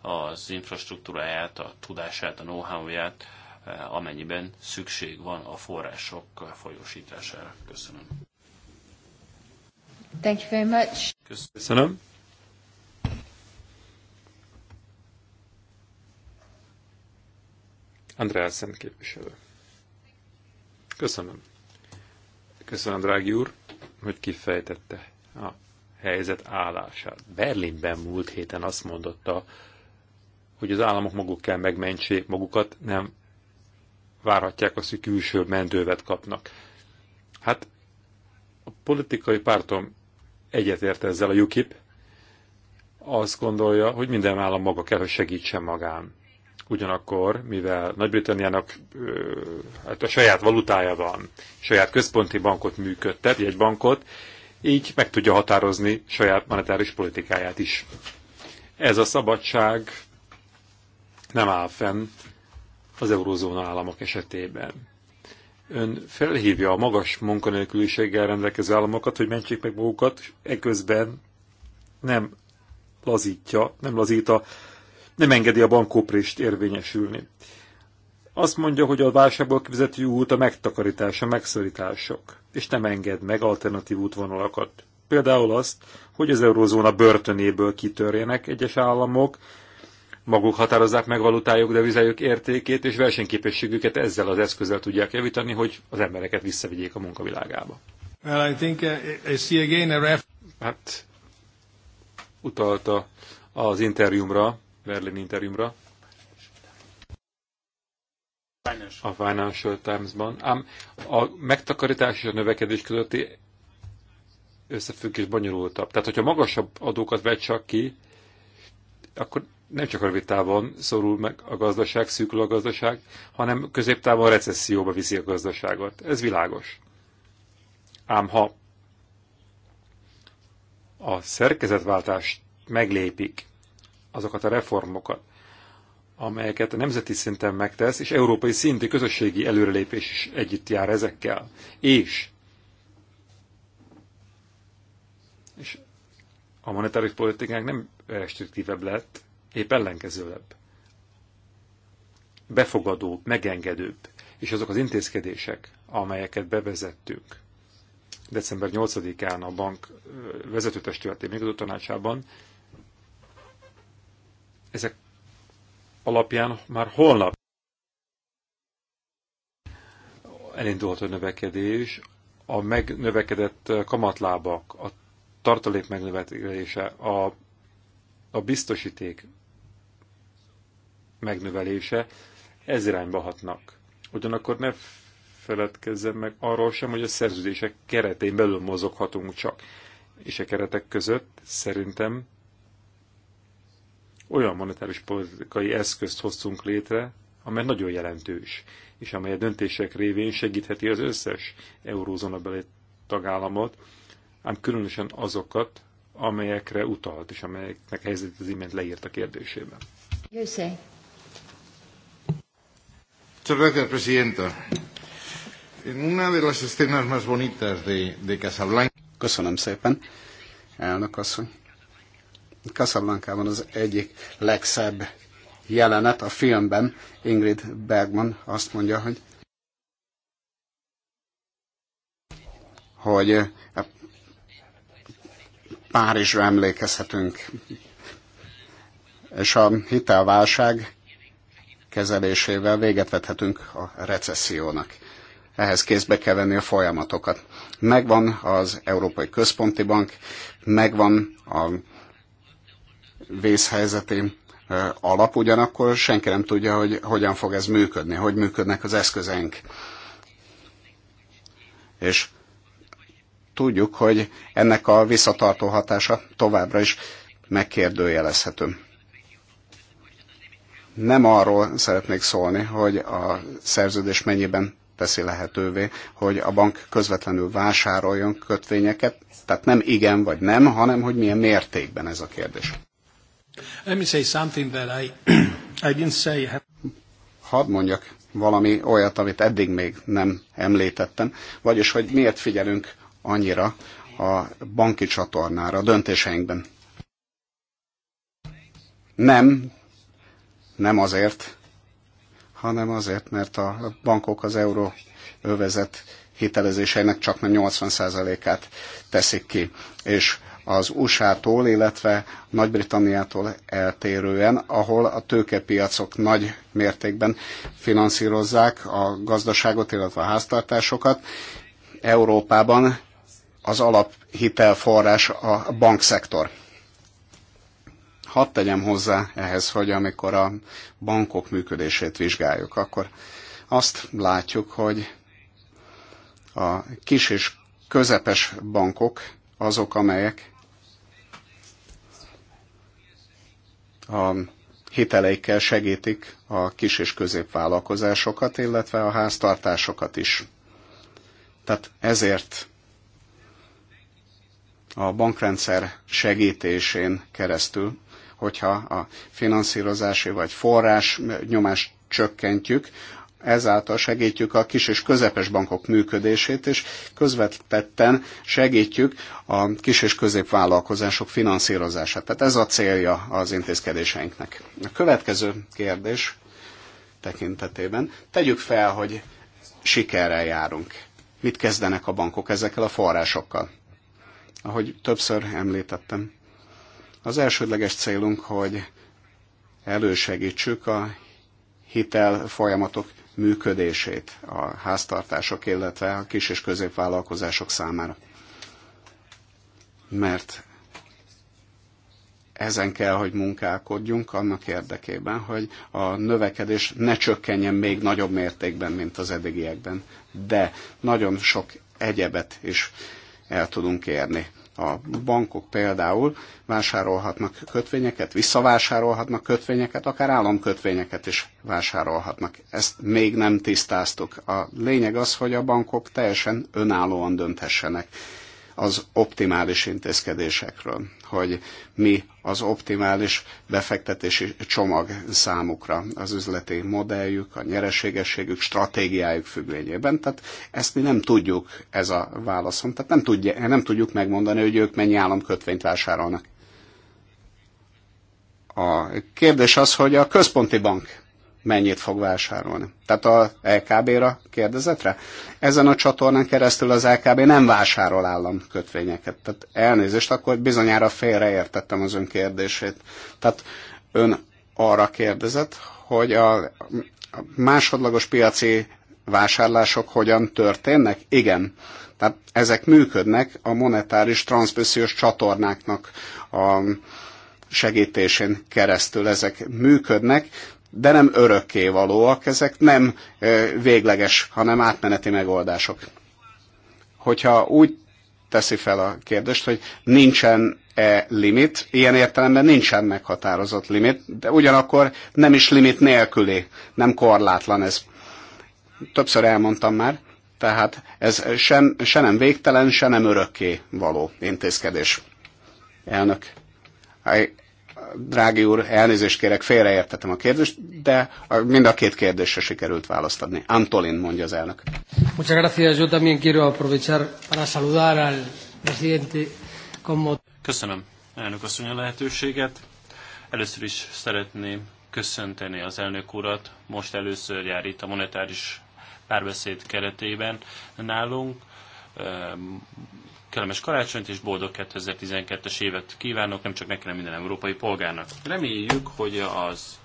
az infrastruktúráját, a tudását, a know-how-ját, amennyiben szükség van a források folyósítására. Köszönöm. Thank you very much. Köszönöm. Szent képviselő. Köszönöm. Köszönöm, drági úr, hogy kifejtette a helyzet állását. Berlinben múlt héten azt mondotta, hogy az államok maguk kell megmentsék magukat, nem várhatják azt, hogy külső mentővet kapnak. Hát a politikai pártom egyetért ezzel a UKIP, azt gondolja, hogy minden állam maga kell, hogy segítsen magán. Ugyanakkor, mivel Nagy-Britanniának hát a saját valutája van, saját központi bankot működtet, egy bankot, így meg tudja határozni saját monetáris politikáját is. Ez a szabadság nem áll fenn az eurózóna államok esetében ön felhívja a magas munkanélküliséggel rendelkező államokat, hogy mentsék meg magukat, és eközben nem lazítja, nem lazít a, nem engedi a bankóprést érvényesülni. Azt mondja, hogy a válságból kivizető út a megtakarítás, a megszorítások, és nem enged meg alternatív útvonalakat. Például azt, hogy az eurózóna börtönéből kitörjenek egyes államok, maguk határozzák meg valutájuk, devizájuk értékét, és versenyképességüket ezzel az eszközzel tudják javítani, hogy az embereket visszavigyék a munkavilágába. Well, I think uh, I see again a ref- hát utalta az interjúmra, Berlin interjúmra, a Financial Times-ban, ám a megtakarítás és a növekedés közötti összefüggés bonyolultabb. Tehát, hogyha magasabb adókat vett csak ki, akkor nem csak rövid távon szorul meg a gazdaság, szűkül a gazdaság, hanem középtávon recesszióba viszi a gazdaságot. Ez világos. Ám ha a szerkezetváltást meglépik, azokat a reformokat, amelyeket a nemzeti szinten megtesz, és európai szintű közösségi előrelépés is együtt jár ezekkel. És, és a monetáris politikánk nem restriktívebb lett, épp ellenkezőlebb. befogadóbb, megengedőbb, és azok az intézkedések, amelyeket bevezettünk december 8-án a bank vezetőtestületi működő tanácsában, ezek alapján már holnap elindulhat a növekedés, a megnövekedett kamatlábak, a tartalék megnövekedése, a, a biztosíték megnövelése ez irányba hatnak. Ugyanakkor ne feledkezzen meg arról sem, hogy a szerződések keretén belül mozoghatunk csak. És a keretek között szerintem olyan monetáris politikai eszközt hoztunk létre, amely nagyon jelentős, és amely a döntések révén segítheti az összes eurózona belé tagállamot, ám különösen azokat, amelyekre utalt, és amelyeknek helyzet az imént leírt a kérdésében. José. Muchas gracias, Presidenta. En una de las escenas más bonitas de, de Casablanca... Köszönöm szépen, elnök asszony. Casablanca-ban az egyik legszebb jelenet a filmben. Ingrid Bergman azt mondja, hogy hogy eh, Párizsra emlékezhetünk. És a hitelválság kezelésével véget vethetünk a recessziónak. Ehhez kézbe kell venni a folyamatokat. Megvan az Európai Központi Bank, megvan a vészhelyzeti alap, ugyanakkor senki nem tudja, hogy hogyan fog ez működni, hogy működnek az eszközeink. És tudjuk, hogy ennek a visszatartó hatása továbbra is megkérdőjelezhető nem arról szeretnék szólni, hogy a szerződés mennyiben teszi lehetővé, hogy a bank közvetlenül vásároljon kötvényeket, tehát nem igen vagy nem, hanem hogy milyen mértékben ez a kérdés. Let me say something that I, I didn't say. Hadd mondjak valami olyat, amit eddig még nem említettem, vagyis hogy miért figyelünk annyira a banki csatornára a döntéseinkben. Nem nem azért, hanem azért, mert a bankok az euróövezet hitelezéseinek csak nem 80%-át teszik ki. És az USA-tól, illetve Nagy-Britanniától eltérően, ahol a tőkepiacok nagy mértékben finanszírozzák a gazdaságot, illetve a háztartásokat. Európában az alaphitelforrás a bankszektor. Hadd tegyem hozzá ehhez, hogy amikor a bankok működését vizsgáljuk, akkor azt látjuk, hogy a kis és közepes bankok azok, amelyek a hiteleikkel segítik a kis és középvállalkozásokat, illetve a háztartásokat is. Tehát ezért a bankrendszer segítésén keresztül hogyha a finanszírozási vagy forrás nyomást csökkentjük, ezáltal segítjük a kis és közepes bankok működését, és közvetetten segítjük a kis és középvállalkozások finanszírozását. Tehát ez a célja az intézkedéseinknek. A következő kérdés tekintetében tegyük fel, hogy sikerrel járunk. Mit kezdenek a bankok ezekkel a forrásokkal? Ahogy többször említettem, az elsődleges célunk, hogy elősegítsük a hitel folyamatok működését a háztartások, illetve a kis- és középvállalkozások számára. Mert ezen kell, hogy munkálkodjunk annak érdekében, hogy a növekedés ne csökkenjen még nagyobb mértékben, mint az eddigiekben. De nagyon sok egyebet is el tudunk érni a bankok például vásárolhatnak kötvényeket, visszavásárolhatnak kötvényeket, akár államkötvényeket is vásárolhatnak. Ezt még nem tisztáztuk. A lényeg az, hogy a bankok teljesen önállóan dönthessenek az optimális intézkedésekről, hogy mi az optimális befektetési csomag számukra, az üzleti modelljük, a nyereségességük, stratégiájuk függvényében. Tehát ezt mi nem tudjuk, ez a válaszom. Tehát nem, tudja, nem tudjuk megmondani, hogy ők mennyi államkötvényt vásárolnak. A kérdés az, hogy a központi bank mennyit fog vásárolni. Tehát a LKB-ra kérdezetre? Ezen a csatornán keresztül az LKB nem vásárol állam kötvényeket. Tehát elnézést, akkor bizonyára félreértettem az ön kérdését. Tehát ön arra kérdezett, hogy a másodlagos piaci vásárlások hogyan történnek? Igen. Tehát ezek működnek a monetáris transzpressziós csatornáknak a segítésén keresztül ezek működnek, de nem örökké valóak, ezek nem végleges, hanem átmeneti megoldások. Hogyha úgy teszi fel a kérdést, hogy nincsen e limit, ilyen értelemben nincsen meghatározott limit, de ugyanakkor nem is limit nélküli, nem korlátlan ez. Többször elmondtam már, tehát ez sem, se nem végtelen, se nem örökké való intézkedés. Elnök, Drági úr, elnézést kérek, félreértettem a kérdést, de mind a két kérdésre sikerült választ adni. Antolin mondja az elnök. Muchas gracias. Yo también quiero aprovechar para saludar al presidente como... Köszönöm, elnök asszony a lehetőséget. Először is szeretném köszönteni az elnök urat. Most először jár itt a monetáris párbeszéd keretében nálunk ehm, kellemes karácsonyt és boldog 2012-es évet kívánok, nem csak nekem, minden európai polgárnak. Reméljük, hogy az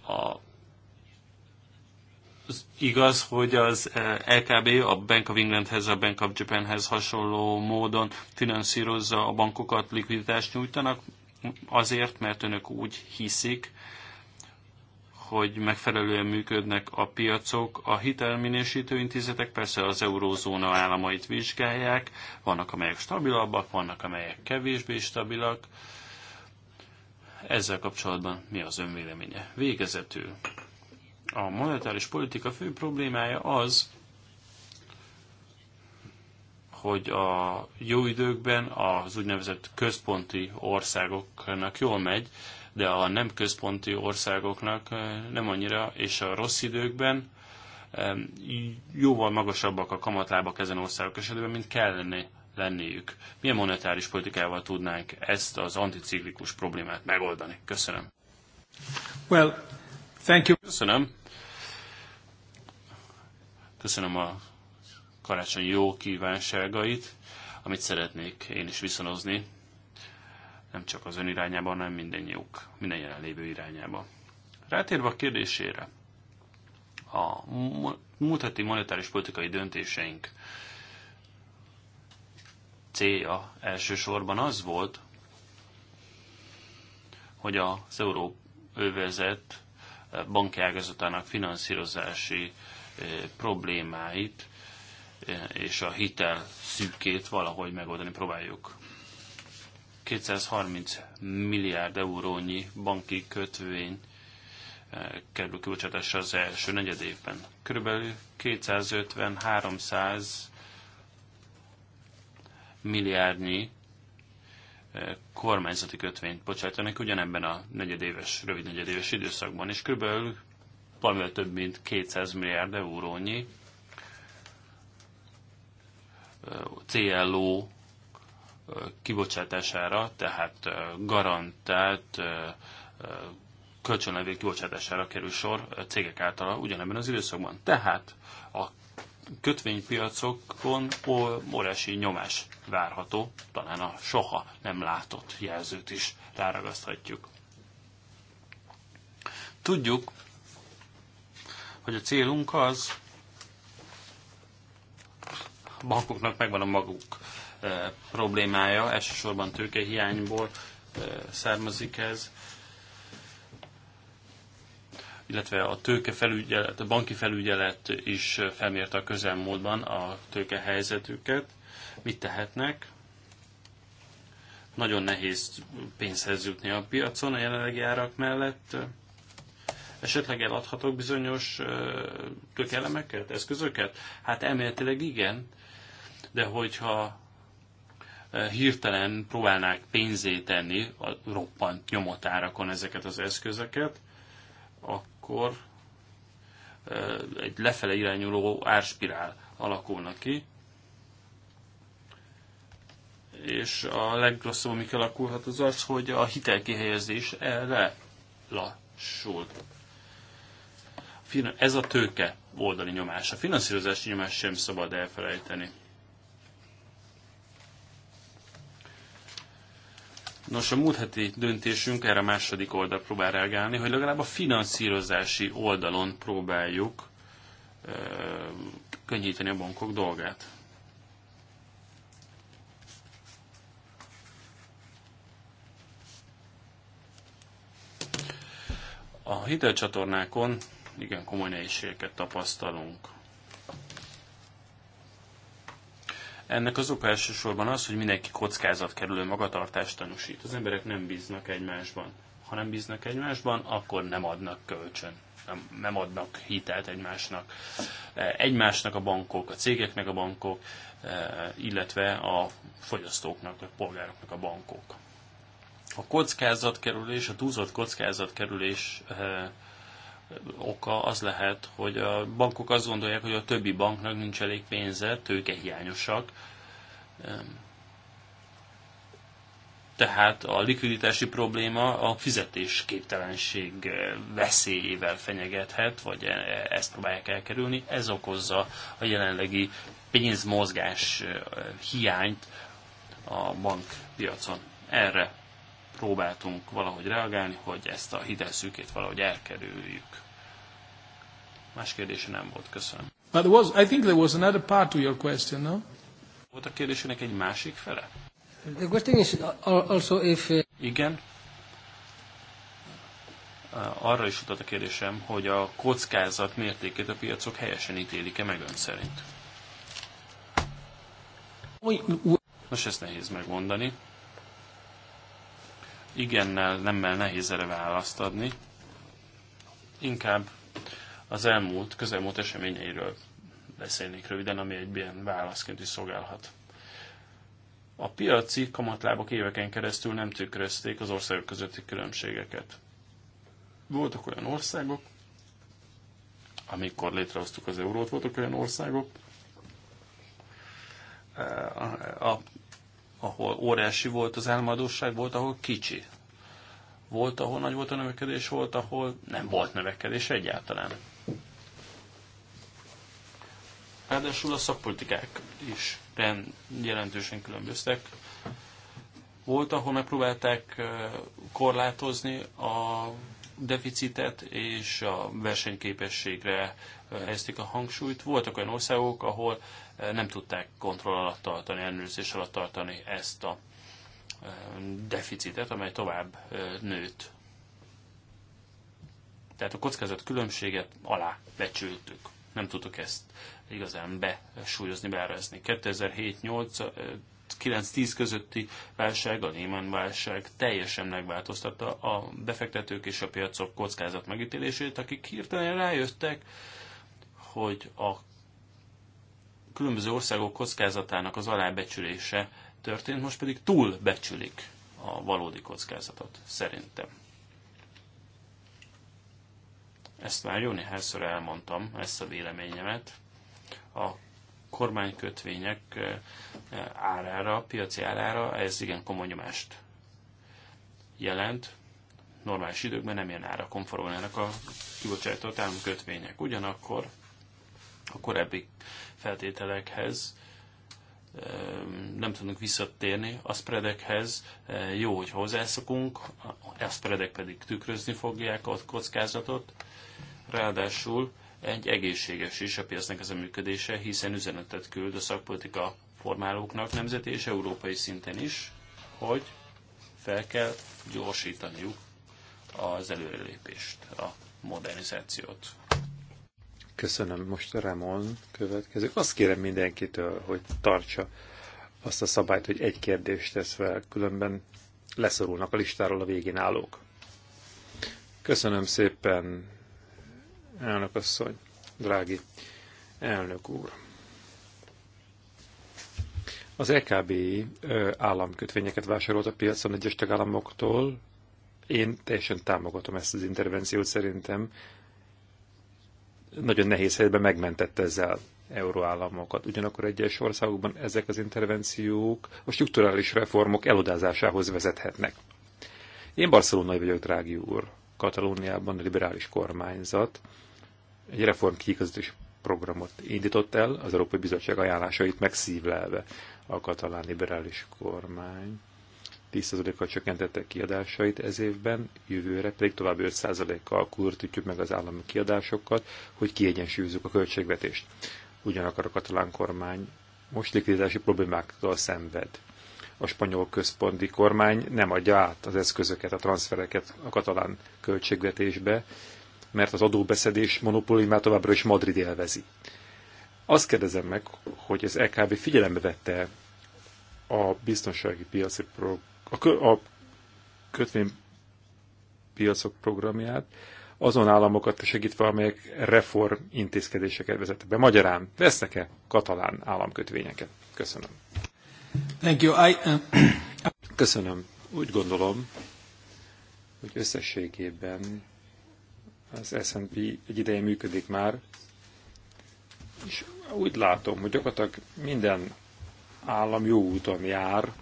eh, a, az igaz, hogy az eh, LKB a Bank of Englandhez, a Bank of Japanhez hasonló módon finanszírozza a bankokat, likviditást nyújtanak, azért, mert önök úgy hiszik, hogy megfelelően működnek a piacok. A hitelminősítő intézetek persze az eurózóna államait vizsgálják, vannak amelyek stabilabbak, vannak amelyek kevésbé stabilak. Ezzel kapcsolatban mi az önvéleménye? Végezetül. A monetáris politika fő problémája az, hogy a jó időkben az úgynevezett központi országoknak jól megy, de a nem központi országoknak eh, nem annyira, és a rossz időkben jóval magasabbak a kamatlábak ezen országok esetében, mint kellene lenniük. Milyen monetáris politikával tudnánk ezt az anticiklikus problémát megoldani? Köszönöm. Well, thank you. Köszönöm. Köszönöm a karácsony jó kívánságait, amit szeretnék én is viszonozni, nem csak az ön irányába, hanem mindennyiuk, minden jelenlévő irányába. Rátérve a kérdésére, a múlt heti monetáris politikai döntéseink célja elsősorban az volt, hogy az Európa banki ágazatának finanszírozási eh, problémáit és a hitel szűkét valahogy megoldani próbáljuk. 230 milliárd eurónyi banki kötvény eh, kerül kibocsátásra az első negyed évben. Körülbelül 250-300 milliárdnyi eh, kormányzati kötvényt bocsájtanak ugyanebben a negyedéves, rövid negyedéves időszakban, és körülbelül valamivel több mint 200 milliárd eurónyi CLO kibocsátására, tehát garantált kölcsönlevél kibocsátására kerül sor cégek által ugyanebben az időszakban. Tehát a kötvénypiacokon óriási nyomás várható, talán a soha nem látott jelzőt is ráragaszthatjuk. Tudjuk, hogy a célunk az, bankoknak megvan a maguk problémája, elsősorban tőkehiányból származik ez, illetve a tőke felügyelet, a banki felügyelet is felmérte a közelmúltban a tőke helyzetüket. Mit tehetnek? Nagyon nehéz pénzhez jutni a piacon a jelenlegi árak mellett. Esetleg eladhatok bizonyos tőkelemeket, eszközöket? Hát elméletileg igen, de hogyha e, hirtelen próbálnák pénzé tenni a roppant nyomott árakon ezeket az eszközöket, akkor e, egy lefele irányuló árspirál alakulna ki, és a legrosszabb, ami alakulhat, az az, hogy a hitelkihelyezés erre lassul. Ez a tőke oldali nyomás. A finanszírozási nyomás sem szabad elfelejteni. Nos, a múlt heti döntésünk erre a második oldal próbál reagálni, hogy legalább a finanszírozási oldalon próbáljuk ö, könnyíteni a bankok dolgát. A hitelcsatornákon igen komoly nehézségeket tapasztalunk. Ennek az oka elsősorban az, hogy mindenki kockázatkerülő magatartást tanúsít. Az emberek nem bíznak egymásban. Ha nem bíznak egymásban, akkor nem adnak kölcsön. Nem, nem adnak hitelt egymásnak. E, egymásnak a bankok, a cégeknek a bankok, e, illetve a fogyasztóknak, a polgároknak a bankok. A kockázatkerülés, a túlzott kockázatkerülés e, oka az lehet, hogy a bankok azt gondolják, hogy a többi banknak nincs elég pénze, hiányosak. Tehát a likviditási probléma a fizetésképtelenség eh, veszélyével fenyegethet, vagy e, e, ezt próbálják elkerülni. Ez okozza a jelenlegi pénzmozgás eh, hiányt a bankpiacon. Erre próbáltunk valahogy reagálni, hogy ezt a hitelszűkét valahogy elkerüljük. Más kérdése nem volt, köszönöm. But there was, I think there was another part to your question, no? Volt a kérdésének egy másik fele? The question is uh, also if... Uh, Igen. Uh, arra is utat a kérdésem, hogy a kockázat mértékét a piacok helyesen ítélik-e meg ön szerint? Nos, ezt nehéz megmondani igennel, nemmel nehéz erre választ adni. Inkább az elmúlt, közelmúlt eseményeiről beszélnék röviden, ami egy ilyen válaszként is szolgálhat. A piaci kamatlábok éveken keresztül nem tükrözték az országok közötti különbségeket. Voltak olyan országok, amikor létrehoztuk az eurót, voltak olyan országok, a ahol óriási volt az elmaradóság, volt, ahol kicsi. Volt, ahol nagy volt a növekedés, volt, ahol nem volt növekedés egyáltalán. Ráadásul a szakpolitikák is jelentősen különböztek. Volt, ahol megpróbálták korlátozni a deficitet és a versenyképességre helyezték a hangsúlyt. Voltak olyan országok, ahol nem tudták kontroll alatt tartani, ellenőrzés alatt tartani ezt a deficitet, amely tovább nőtt. Tehát a kockázat különbséget alá becsültük. Nem tudtuk ezt igazán besúlyozni, beárazni. 2007-8-9-10 közötti válság, a Lehman válság teljesen megváltoztatta a befektetők és a piacok kockázat megítélését, akik hirtelen rájöttek, hogy a különböző országok kockázatának az alábecsülése történt, most pedig túlbecsülik a valódi kockázatot, szerintem. Ezt már jó néhányszor elmondtam, ezt a véleményemet. A kormánykötvények eh, eh, árára, piaci árára ez igen komoly nyomást jelent. Normális időkben nem ilyen ára konforolnának a kibocsátott államkötvények. Ugyanakkor a korábbi feltételekhez nem tudunk visszatérni. A spreadekhez jó, hogy hozzászokunk, a spreadek pedig tükrözni fogják a kockázatot. Ráadásul egy egészséges is a piacnak ez a működése, hiszen üzenetet küld a szakpolitika formálóknak nemzeti és európai szinten is, hogy fel kell gyorsítaniuk az előrelépést, a modernizációt. Köszönöm. Most Ramon következő. Azt kérem mindenkitől, hogy tartsa azt a szabályt, hogy egy kérdést tesz fel, különben leszorulnak a listáról a végén állók. Köszönöm szépen, elnök asszony, drági elnök úr. Az EKB államkötvényeket vásárolt a piacon egyes tagállamoktól. Én teljesen támogatom ezt az intervenciót szerintem nagyon nehéz helyzetben megmentett ezzel euróállamokat. Ugyanakkor egyes országokban ezek az intervenciók a strukturális reformok elodázásához vezethetnek. Én barcelonai vagyok, drági úr. Katalóniában a liberális kormányzat egy reform programot indított el, az Európai Bizottság ajánlásait megszívlelve a katalán liberális kormány 10%-kal csökkentette kiadásait ez évben, jövőre pedig tovább 5%-kal kurtítjuk meg az állami kiadásokat, hogy kiegyensúlyozzuk a költségvetést. Ugyanakkor a katalán kormány most likviditási problémákkal szenved. A spanyol központi kormány nem adja át az eszközöket, a transfereket a katalán költségvetésbe, mert az adóbeszedés monopóliumát továbbra is Madrid élvezi. Azt kérdezem meg, hogy az EKB figyelembe vette a biztonsági piaci a, kö, a kötvénypiacok programját azon államokat segítve, amelyek reform intézkedéseket vezettek be. Magyarán vesznek-e katalán államkötvényeket? Köszönöm. Thank you. I, uh... Köszönöm. Úgy gondolom, hogy összességében az S&P egy ideje működik már, és úgy látom, hogy gyakorlatilag minden állam jó úton jár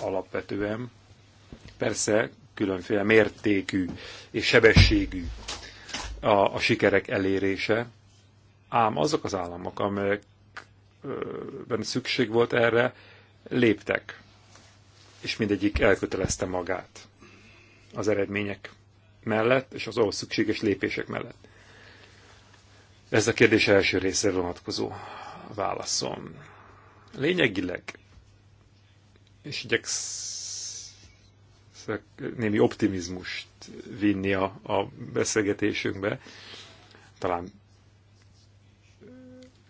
alapvetően. Persze különféle mértékű és sebességű a, a sikerek elérése, ám azok az államok, amelyekben szükség volt erre, léptek, és mindegyik elkötelezte magát az eredmények mellett, és az ahhoz szükséges lépések mellett. Ez a kérdés első részre vonatkozó válaszom. Lényegileg és igyekszek némi optimizmust vinni a, a beszélgetésünkbe. Talán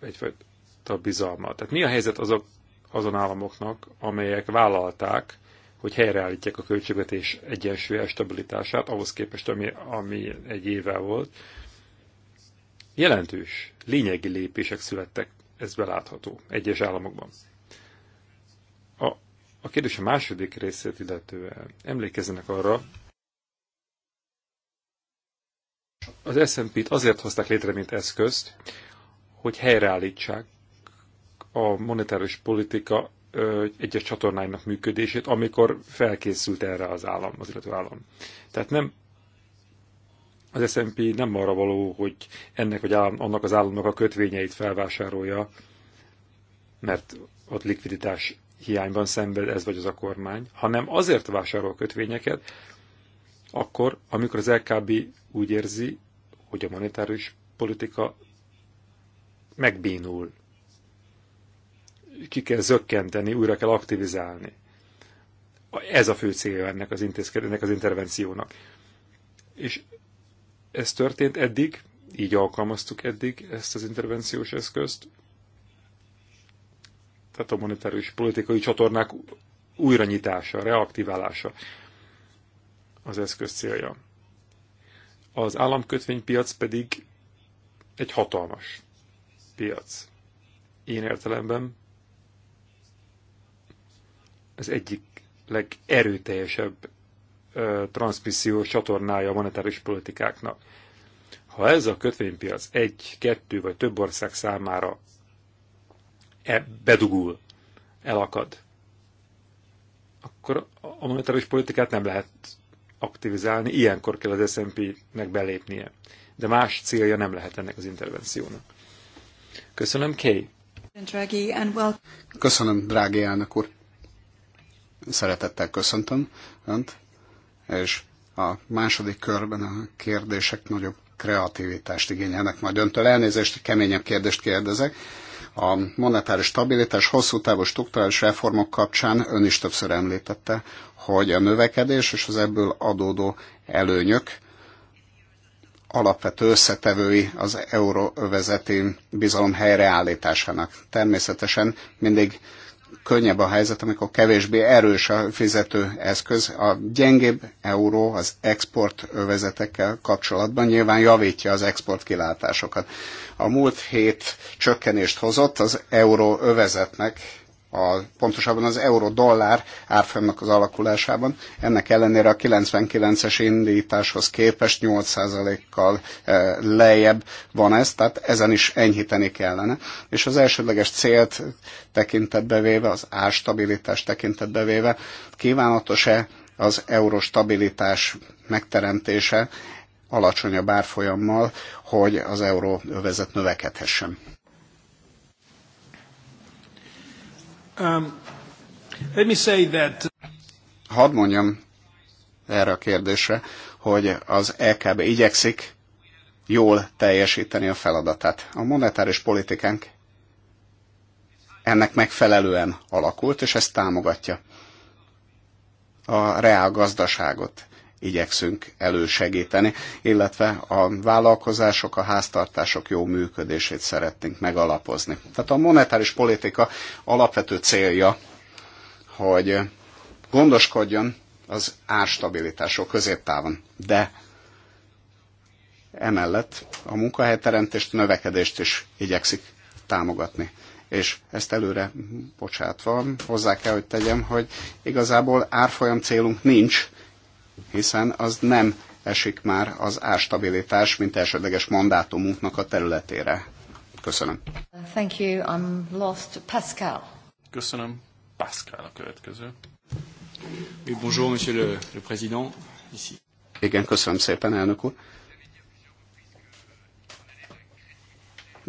egyfajta bizalmat. Tehát mi a helyzet azok, azon államoknak, amelyek vállalták, hogy helyreállítják a költségvetés egyensúlyás stabilitását, ahhoz képest, ami, ami egy éve volt. Jelentős, lényegi lépések születtek, ez belátható egyes államokban. A kérdés a második részét illetően emlékezzenek arra, az S&P-t azért hozták létre, mint eszközt, hogy helyreállítsák a monetáris politika egyes csatornáinak működését, amikor felkészült erre az állam, az illető állam. Tehát nem az S&P nem arra való, hogy ennek vagy állam, annak az államnak a kötvényeit felvásárolja, mert ott likviditás hiányban szenved ez vagy az a kormány, hanem azért vásárol kötvényeket, akkor, amikor az LKB úgy érzi, hogy a monetáris politika megbínul, ki kell zökkenteni, újra kell aktivizálni. Ez a fő célja ennek az, ennek az intervenciónak. És ez történt eddig, így alkalmaztuk eddig ezt az intervenciós eszközt, a monetáris politikai csatornák újranyitása, reaktiválása az eszköz célja. Az államkötvénypiac pedig egy hatalmas piac. Én értelemben az egyik legerőteljesebb ö, transmissziós csatornája a monetáris politikáknak. Ha ez a kötvénypiac egy, kettő vagy több ország számára e bedugul, elakad, akkor a monetáris politikát nem lehet aktivizálni, ilyenkor kell az smp nek belépnie. De más célja nem lehet ennek az intervenciónak. Köszönöm, Kay. Köszönöm, drági elnök úr. Szeretettel köszöntöm önt, és a második körben a kérdések nagyobb kreativitást igényelnek majd öntől. Elnézést, keményebb kérdést kérdezek a monetáris stabilitás hosszú távú struktúrális reformok kapcsán ön is többször említette, hogy a növekedés és az ebből adódó előnyök alapvető összetevői az euróövezeti bizalom helyreállításának. Természetesen mindig könnyebb a helyzet, amikor kevésbé erős a fizető eszköz. A gyengébb euró az export övezetekkel kapcsolatban nyilván javítja az export kilátásokat. A múlt hét csökkenést hozott az euró övezetnek a, pontosabban az euró-dollár árfolyamnak az alakulásában. Ennek ellenére a 99-es indításhoz képest 8%-kal e, eh, lejjebb van ez, tehát ezen is enyhíteni kellene. És az elsődleges célt tekintetbe véve, az árstabilitás tekintetbe véve, kívánatos-e az euró stabilitás megteremtése alacsonyabb árfolyammal, hogy az euró övezet növekedhessen. Um, uh, Hadd mondjam erre a kérdésre, hogy az LKB e igyekszik jól teljesíteni a feladatát. A monetáris politikánk ennek megfelelően alakult, és ezt támogatja. A reál gazdaságot igyekszünk elősegíteni, illetve a vállalkozások, a háztartások jó működését szeretnénk megalapozni. Tehát a monetáris politika alapvető célja, hogy gondoskodjon az árstabilitásról középtávon, de emellett a munkahelyteremtést, növekedést is igyekszik támogatni. És ezt előre bocsátva hozzá kell, hogy tegyem, hogy igazából árfolyam célunk nincs, hiszen az nem esik már az árstabilitás, mint elsődleges mandátumunknak a területére. Köszönöm. Thank you. I'm lost. Pascal. Köszönöm. Pascal a következő. Oui, bonjour, monsieur le, le président. Ici. Igen, köszönöm szépen, elnök úr.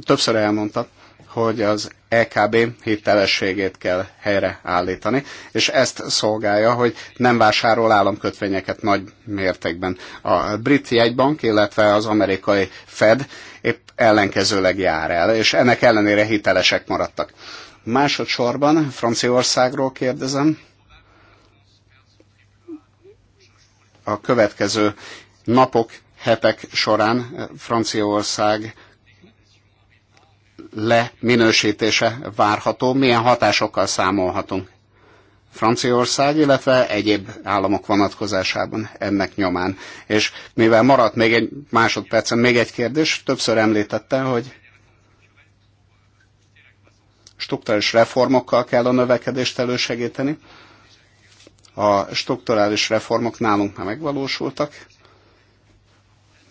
Többször elmondtam hogy az EKB hitelességét kell helyreállítani, és ezt szolgálja, hogy nem vásárol államkötvényeket nagy mértékben. A brit jegybank, illetve az amerikai Fed épp ellenkezőleg jár el, és ennek ellenére hitelesek maradtak. Másodszorban Franciaországról kérdezem. A következő napok, hetek során Franciaország leminősítése várható, milyen hatásokkal számolhatunk Franciaország, illetve egyéb államok vonatkozásában ennek nyomán. És mivel maradt még egy másodpercen még egy kérdés, többször említette, hogy strukturális reformokkal kell a növekedést elősegíteni. A strukturális reformok nálunk már megvalósultak,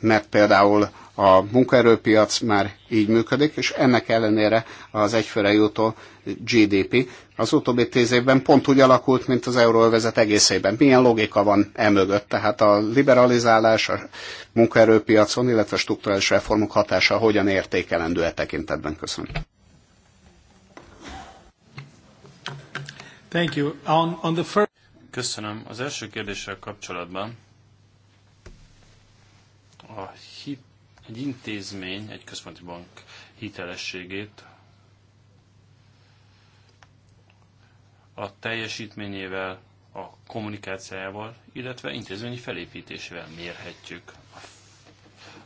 mert például a munkaerőpiac már így működik, és ennek ellenére az egyfőre jutó GDP az utóbbi tíz évben pont úgy alakult, mint az euróövezet egészében. Milyen logika van e mögött? Tehát a liberalizálás a munkaerőpiacon, illetve a strukturális reformok hatása hogyan értékelendő e tekintetben? Köszönöm. Thank you. On, on the first... Köszönöm. Az első kérdéssel kapcsolatban a egy intézmény, egy központi bank hitelességét a teljesítményével, a kommunikációjával, illetve intézményi felépítésével mérhetjük.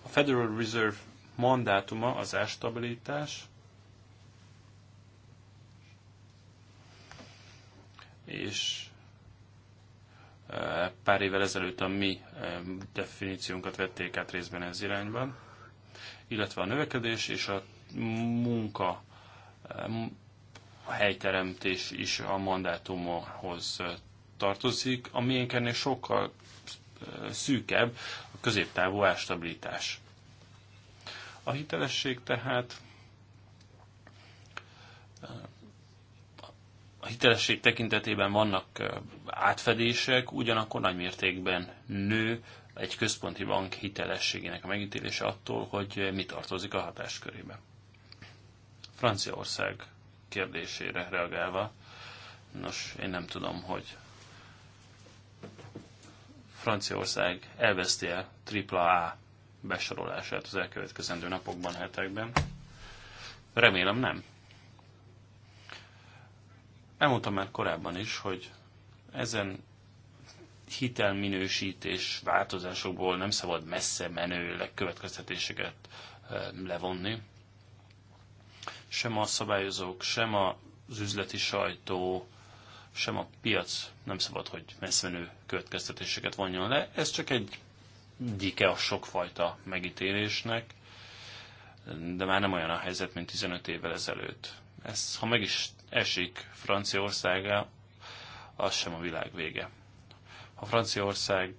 A Federal Reserve mandátuma az ástabilitás és eh, pár évvel ezelőtt a mi eh, definíciónkat vették át részben ez irányban illetve a növekedés és a munka a helyteremtés is a mandátumhoz tartozik, a miénkernél sokkal szűkebb a középtávú ástabilitás. A hitelesség tehát a hitelesség tekintetében vannak átfedések, ugyanakkor nagy mértékben nő egy központi bank hitelességének a megítélése attól, hogy mi tartozik a hatáskörébe. Franciaország kérdésére reagálva, nos, én nem tudom, hogy Franciaország elveszti el AAA besorolását az elkövetkezendő napokban, hetekben. Remélem nem. Elmondtam már korábban is, hogy ezen hitelminősítés változásokból nem szabad messze menő következtetéseket eh, levonni. Sem a szabályozók, sem az üzleti sajtó, sem a piac nem szabad, hogy menő következtetéseket vonjon le. Ez csak egy dike a sokfajta megítélésnek, de már nem olyan a helyzet, mint 15 évvel ezelőtt. Ez, ha meg is esik Franciaországa, az sem a világ vége ha Franciaország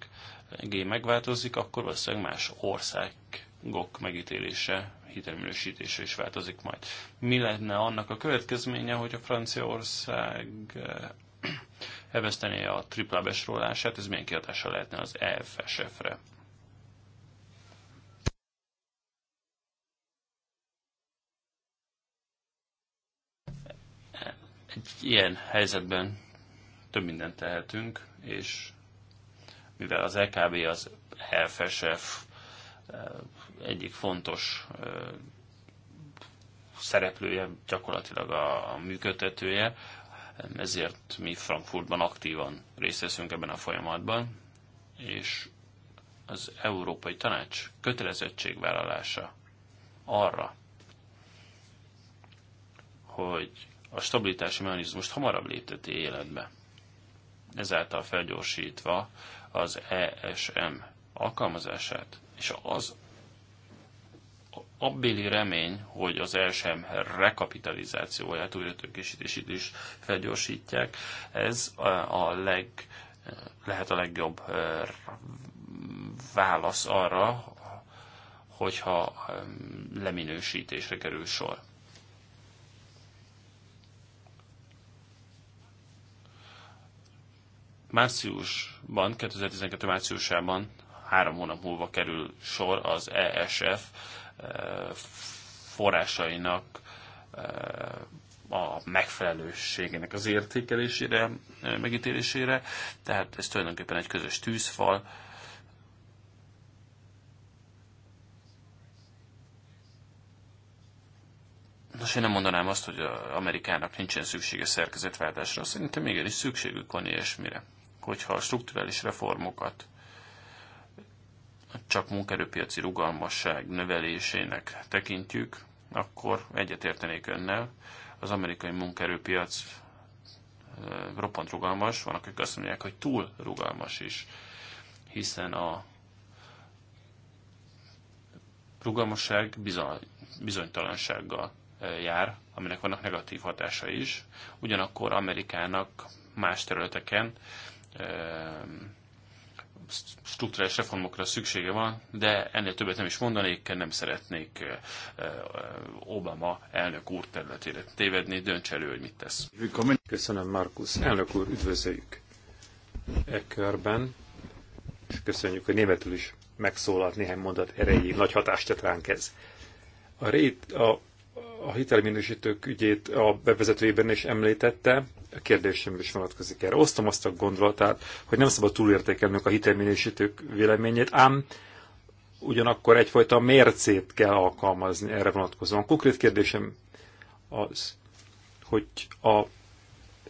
megváltozik, akkor valószínűleg más országok megítélése, hitelminősítése is változik majd. Mi lenne annak a következménye, hogy a Franciaország eh, elvesztené a tripla besorolását, ez milyen kihatással lehetne az EFSF-re? Egy ilyen helyzetben több mindent tehetünk, és mivel az EKB az FSF eh, egyik fontos eh, szereplője, gyakorlatilag a működtetője, ezért mi Frankfurtban aktívan részt veszünk ebben a folyamatban, és az Európai Tanács kötelezettségvállalása arra, hogy a stabilitási mechanizmust hamarabb lépteti életbe, ezáltal felgyorsítva az ESM alkalmazását, és az abbéli remény, hogy az ESM rekapitalizációját, újratőkésítését is felgyorsítják, ez a leg, lehet a legjobb válasz arra, hogyha leminősítésre kerül sor. Márciusban, 2012 márciusában, három hónap múlva kerül sor az ESF eh, forrásainak eh, a megfelelőségének az értékelésére, eh, megítélésére, tehát ez tulajdonképpen egy közös tűzfal, Nos, én nem mondanám azt, hogy az Amerikának nincsen szüksége szerkezetváltásra. Szerintem igenis szükségük van ilyesmire hogyha a strukturális reformokat csak munkerőpiaci rugalmasság növelésének tekintjük, akkor egyetértenék önnel, az amerikai munkerőpiac roppant rugalmas, van, akik azt mondják, hogy túl rugalmas is, hiszen a rugalmasság bizony, bizonytalansággal jár, aminek vannak negatív hatása is. Ugyanakkor Amerikának más területeken struktúrális reformokra szüksége van, de ennél többet nem is mondanék, nem szeretnék Obama elnök úr területére tévedni, dönts elő, hogy mit tesz. Köszönöm, Markus. Elnök úr, üdvözöljük e körben, és köszönjük, hogy németül is megszólalt néhány mondat erejéig, nagy hatást tett ránk ez. A, rét, a a hitelminősítők ügyét a bevezetőjében is említette, a kérdésem is vonatkozik erre. Osztom azt a gondolatát, hogy nem szabad túlértékelnünk a hitelminősítők véleményét, ám ugyanakkor egyfajta mércét kell alkalmazni erre vonatkozóan. Konkrét kérdésem az, hogy a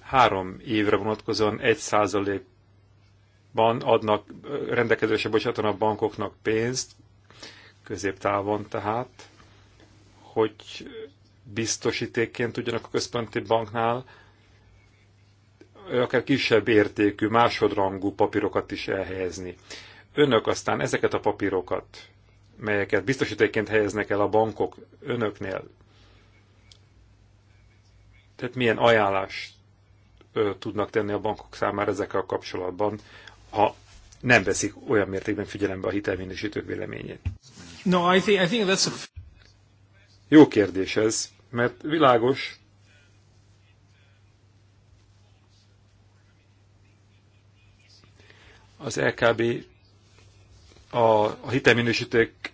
három évre vonatkozóan egy százalékban adnak rendelkezésre bocsátanak a bankoknak pénzt, középtávon tehát, hogy biztosítékként ugyanak a központi banknál akár kisebb értékű, másodrangú papírokat is elhelyezni. Önök aztán ezeket a papírokat, melyeket biztosítékként helyeznek el a bankok önöknél, tehát milyen ajánlást ö, tudnak tenni a bankok számára ezekkel a kapcsolatban, ha nem veszik olyan mértékben figyelembe a hitelminősítők véleményét? No, I think, I think that's a... Jó kérdés ez mert világos, az LKB a, a hitelminősítők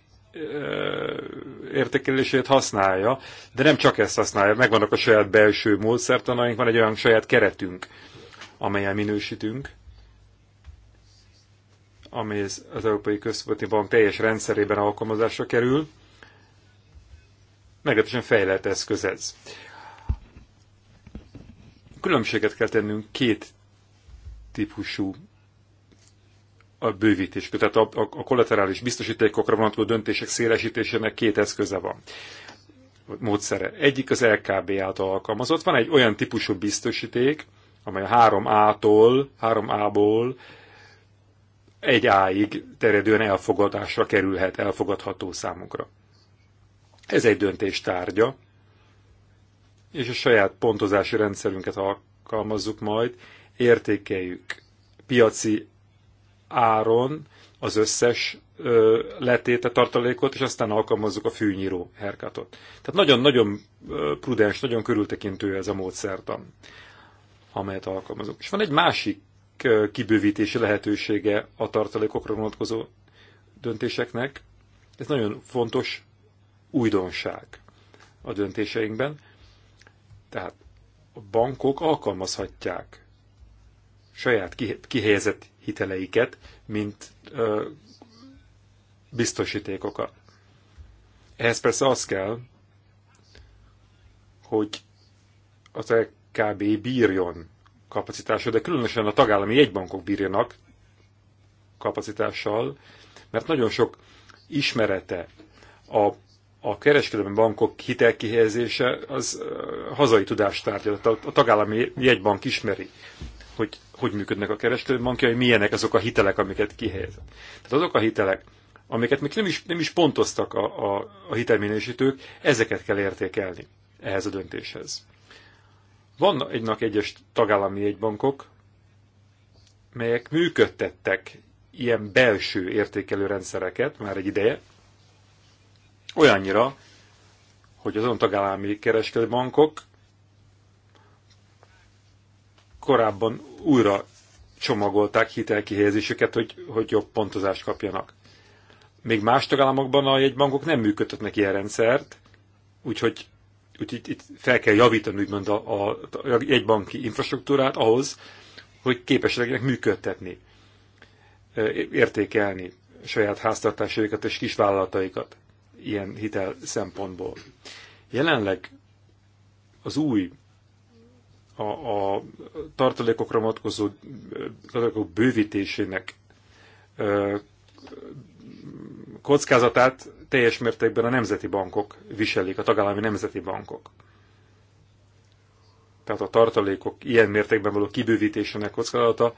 értékelését használja, de nem csak ezt használja, megvannak a saját belső módszertanaink, van egy olyan saját keretünk, amelyen minősítünk, amely az Európai Központi Bank teljes rendszerében alkalmazásra kerül, meglehetősen fejlett eszköz ez. Különbséget kell tennünk két típusú a bővítés, tehát a, a, a kollaterális biztosítékokra vonatkozó döntések szélesítésének két eszköze van módszere. Egyik az LKB által alkalmazott. Van egy olyan típusú biztosíték, amely a 3A-tól, 3A-ból egy A-ig terjedően elfogadásra kerülhet, elfogadható számunkra. Ez egy döntés tárgya, és a saját pontozási rendszerünket alkalmazzuk majd, értékeljük piaci áron az összes letéte tartalékot, és aztán alkalmazzuk a fűnyíró herkatot. Tehát nagyon-nagyon prudens, nagyon körültekintő ez a módszertan, amelyet alkalmazunk. És van egy másik kibővítési lehetősége a tartalékokra vonatkozó döntéseknek. Ez nagyon fontos újdonság a döntéseinkben. Tehát a bankok alkalmazhatják saját kihelyezett hiteleiket, mint ö, biztosítékokat. Ehhez persze az kell, hogy az LKB bírjon kapacitással, de különösen a tagállami jegybankok bírjanak kapacitással, mert nagyon sok ismerete a a kereskedelmi bankok hitelkihelyezése az hazai tudástárgya. A tagállami jegybank ismeri, hogy hogy működnek a kereskedelmi bankjai, milyenek azok a hitelek, amiket kihelyez. Tehát azok a hitelek, amiket még nem is, nem is pontoztak a, a, a hitelminősítők, ezeket kell értékelni ehhez a döntéshez. Vannak egyes tagállami jegybankok, melyek működtettek ilyen belső értékelő rendszereket már egy ideje, Olyannyira, hogy azon tagállami kereskedő bankok korábban újra csomagolták hitelkihelyezésüket, hogy, hogy jobb pontozást kapjanak. Még más tagállamokban a jegybankok nem működtetnek ilyen rendszert, úgyhogy, úgyhogy itt, itt fel kell javítani úgymond a, a, a jegybanki infrastruktúrát ahhoz, hogy képes legyenek működtetni, értékelni saját háztartásaikat és kisvállalataikat ilyen hitel szempontból. Jelenleg az új a, a tartalékokra vonatkozó tartalékok bővítésének ö, kockázatát teljes mértékben a nemzeti bankok viselik, a tagállami nemzeti bankok. Tehát a tartalékok ilyen mértékben való kibővítésének kockázata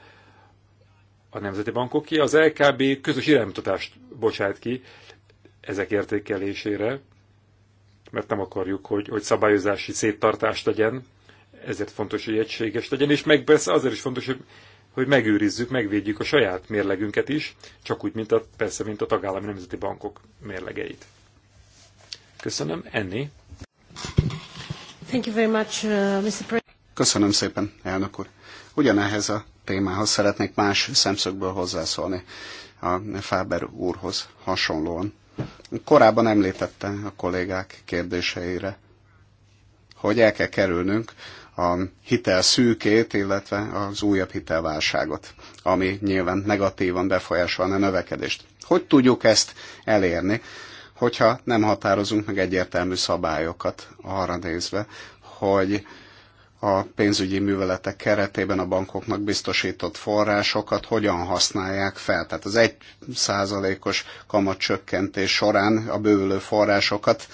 a nemzeti ki, az LKB közös iránymutatást bocsát ki ezek értékelésére, mert nem akarjuk, hogy, hogy szabályozási széttartást legyen, ezért fontos, hogy egységes legyen, és meg persze azért is fontos, hogy, hogy megőrizzük, megvédjük a saját mérlegünket is, csak úgy, mint a, persze, mint a tagállami nemzeti bankok mérlegeit. Köszönöm. Enni. Thank you very much, uh, Mr. President. Köszönöm szépen, elnök úr. Ugyanehhez a témához szeretnék más szemszögből hozzászólni a Fáber úrhoz hasonlóan Korábban említette a kollégák kérdéseire, hogy el kell kerülnünk a hitel szűkét, illetve az újabb hitelválságot, ami nyilván negatívan befolyásolna a növekedést. Hogy tudjuk ezt elérni, hogyha nem határozunk meg egyértelmű szabályokat arra nézve, hogy a pénzügyi műveletek keretében a bankoknak biztosított forrásokat hogyan használják fel. Tehát az egy százalékos kamatcsökkentés során a bővülő forrásokat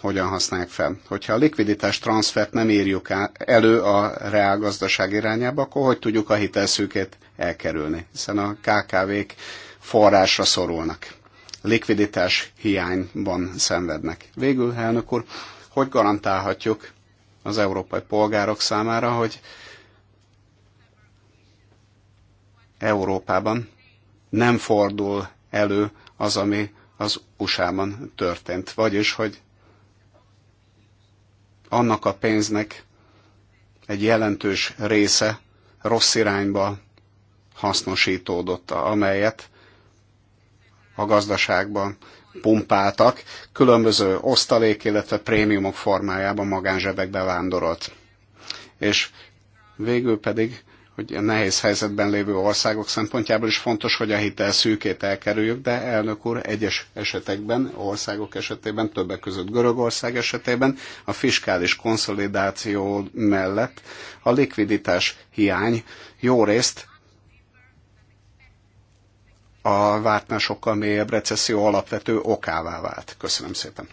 hogyan használják fel. Hogyha a likviditás transfert nem írjuk elő a reálgazdaság irányába, akkor hogy tudjuk a hitelszűkét elkerülni, hiszen a KKV-k forrásra szorulnak. Likviditás hiányban szenvednek. Végül, elnök úr, hogy garantálhatjuk az európai polgárok számára, hogy Európában nem fordul elő az, ami az USA-ban történt. Vagyis, hogy annak a pénznek egy jelentős része rossz irányba hasznosítódott, amelyet a gazdaságban pumpáltak, különböző osztalék, illetve prémiumok formájában magánzsebekbe vándorolt. És végül pedig hogy a nehéz helyzetben lévő országok szempontjából is fontos, hogy a hitel szűkét elkerüljük, de elnök úr egyes esetekben, országok esetében, többek között Görögország esetében a fiskális konszolidáció mellett a likviditás hiány jó részt a vártnál sokkal mélyebb recesszió alapvető okává vált. Köszönöm szépen.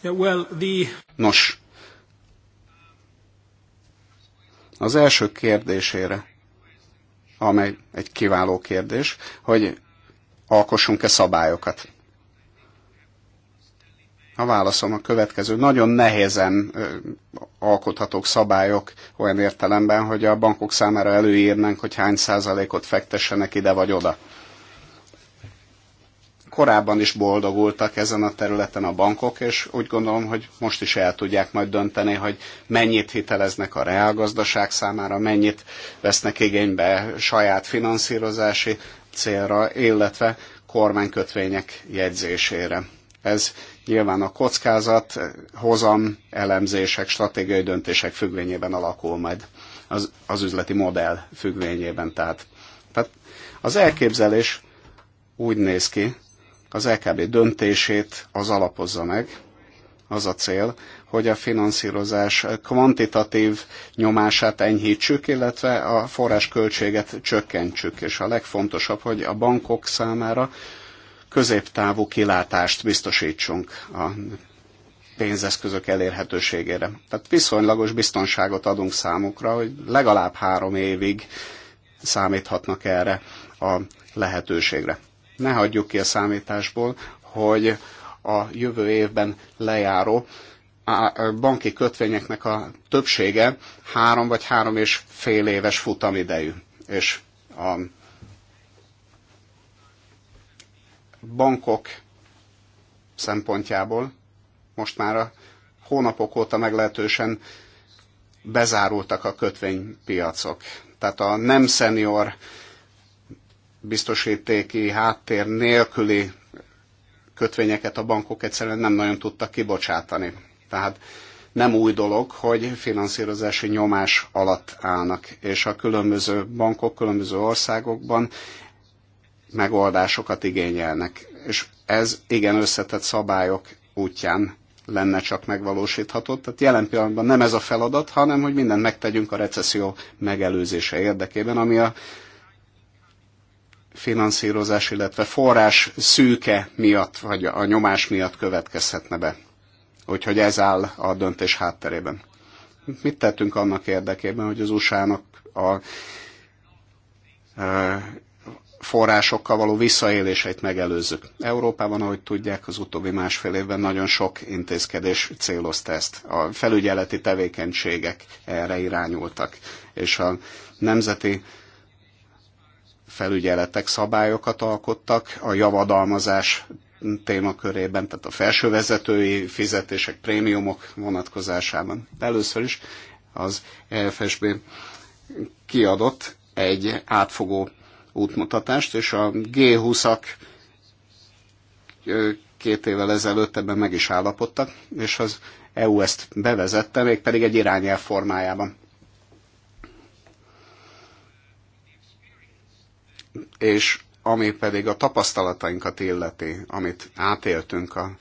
Yeah, well, the... Nos, az első kérdésére, amely egy kiváló kérdés, hogy alkossunk-e szabályokat. A válaszom a következő. Nagyon nehézen alkothatók szabályok olyan értelemben, hogy a bankok számára előírnánk, hogy hány százalékot fektessenek ide vagy oda. Korábban is boldogultak ezen a területen a bankok, és úgy gondolom, hogy most is el tudják majd dönteni, hogy mennyit hiteleznek a reálgazdaság számára, mennyit vesznek igénybe saját finanszírozási célra, illetve kormánykötvények jegyzésére. Ez nyilván a kockázat, hozam, elemzések, stratégiai döntések függvényében alakul majd az, az üzleti modell függvényében. Tehát, tehát az elképzelés úgy néz ki, az LKB döntését az alapozza meg, az a cél, hogy a finanszírozás kvantitatív nyomását enyhítsük, illetve a forrásköltséget csökkentsük. És a legfontosabb, hogy a bankok számára középtávú kilátást biztosítsunk a pénzeszközök elérhetőségére. Tehát viszonylagos biztonságot adunk számukra, hogy legalább három évig számíthatnak erre a lehetőségre. Ne hagyjuk ki a számításból, hogy a jövő évben lejáró a banki kötvényeknek a többsége három vagy három és fél éves futamidejű, és a bankok szempontjából most már a hónapok óta meglehetősen bezárultak a kötvénypiacok. Tehát a nem szenior biztosítéki háttér nélküli kötvényeket a bankok egyszerűen nem nagyon tudtak kibocsátani. Tehát nem új dolog, hogy finanszírozási nyomás alatt állnak, és a különböző bankok különböző országokban megoldásokat igényelnek, és ez igen összetett szabályok útján lenne csak megvalósítható. Tehát jelen pillanatban nem ez a feladat, hanem hogy mindent megtegyünk a recesszió megelőzése érdekében, ami a finanszírozás, illetve forrás szűke miatt, vagy a nyomás miatt következhetne be. Úgyhogy ez áll a döntés hátterében. Mit tettünk annak érdekében, hogy az USA-nak a forrásokkal való visszaéléseit megelőzzük. Európában, ahogy tudják, az utóbbi másfél évben nagyon sok intézkedés célozta ezt. A felügyeleti tevékenységek erre irányultak, és a nemzeti felügyeletek szabályokat alkottak, a javadalmazás témakörében, tehát a felsővezetői fizetések, prémiumok vonatkozásában. Először is az EFSB kiadott egy átfogó útmutatást, és a G20-ak két évvel ezelőtt ebben meg is állapodtak, és az EU ezt bevezette, még pedig egy irányelv formájában. És ami pedig a tapasztalatainkat illeti, amit átéltünk a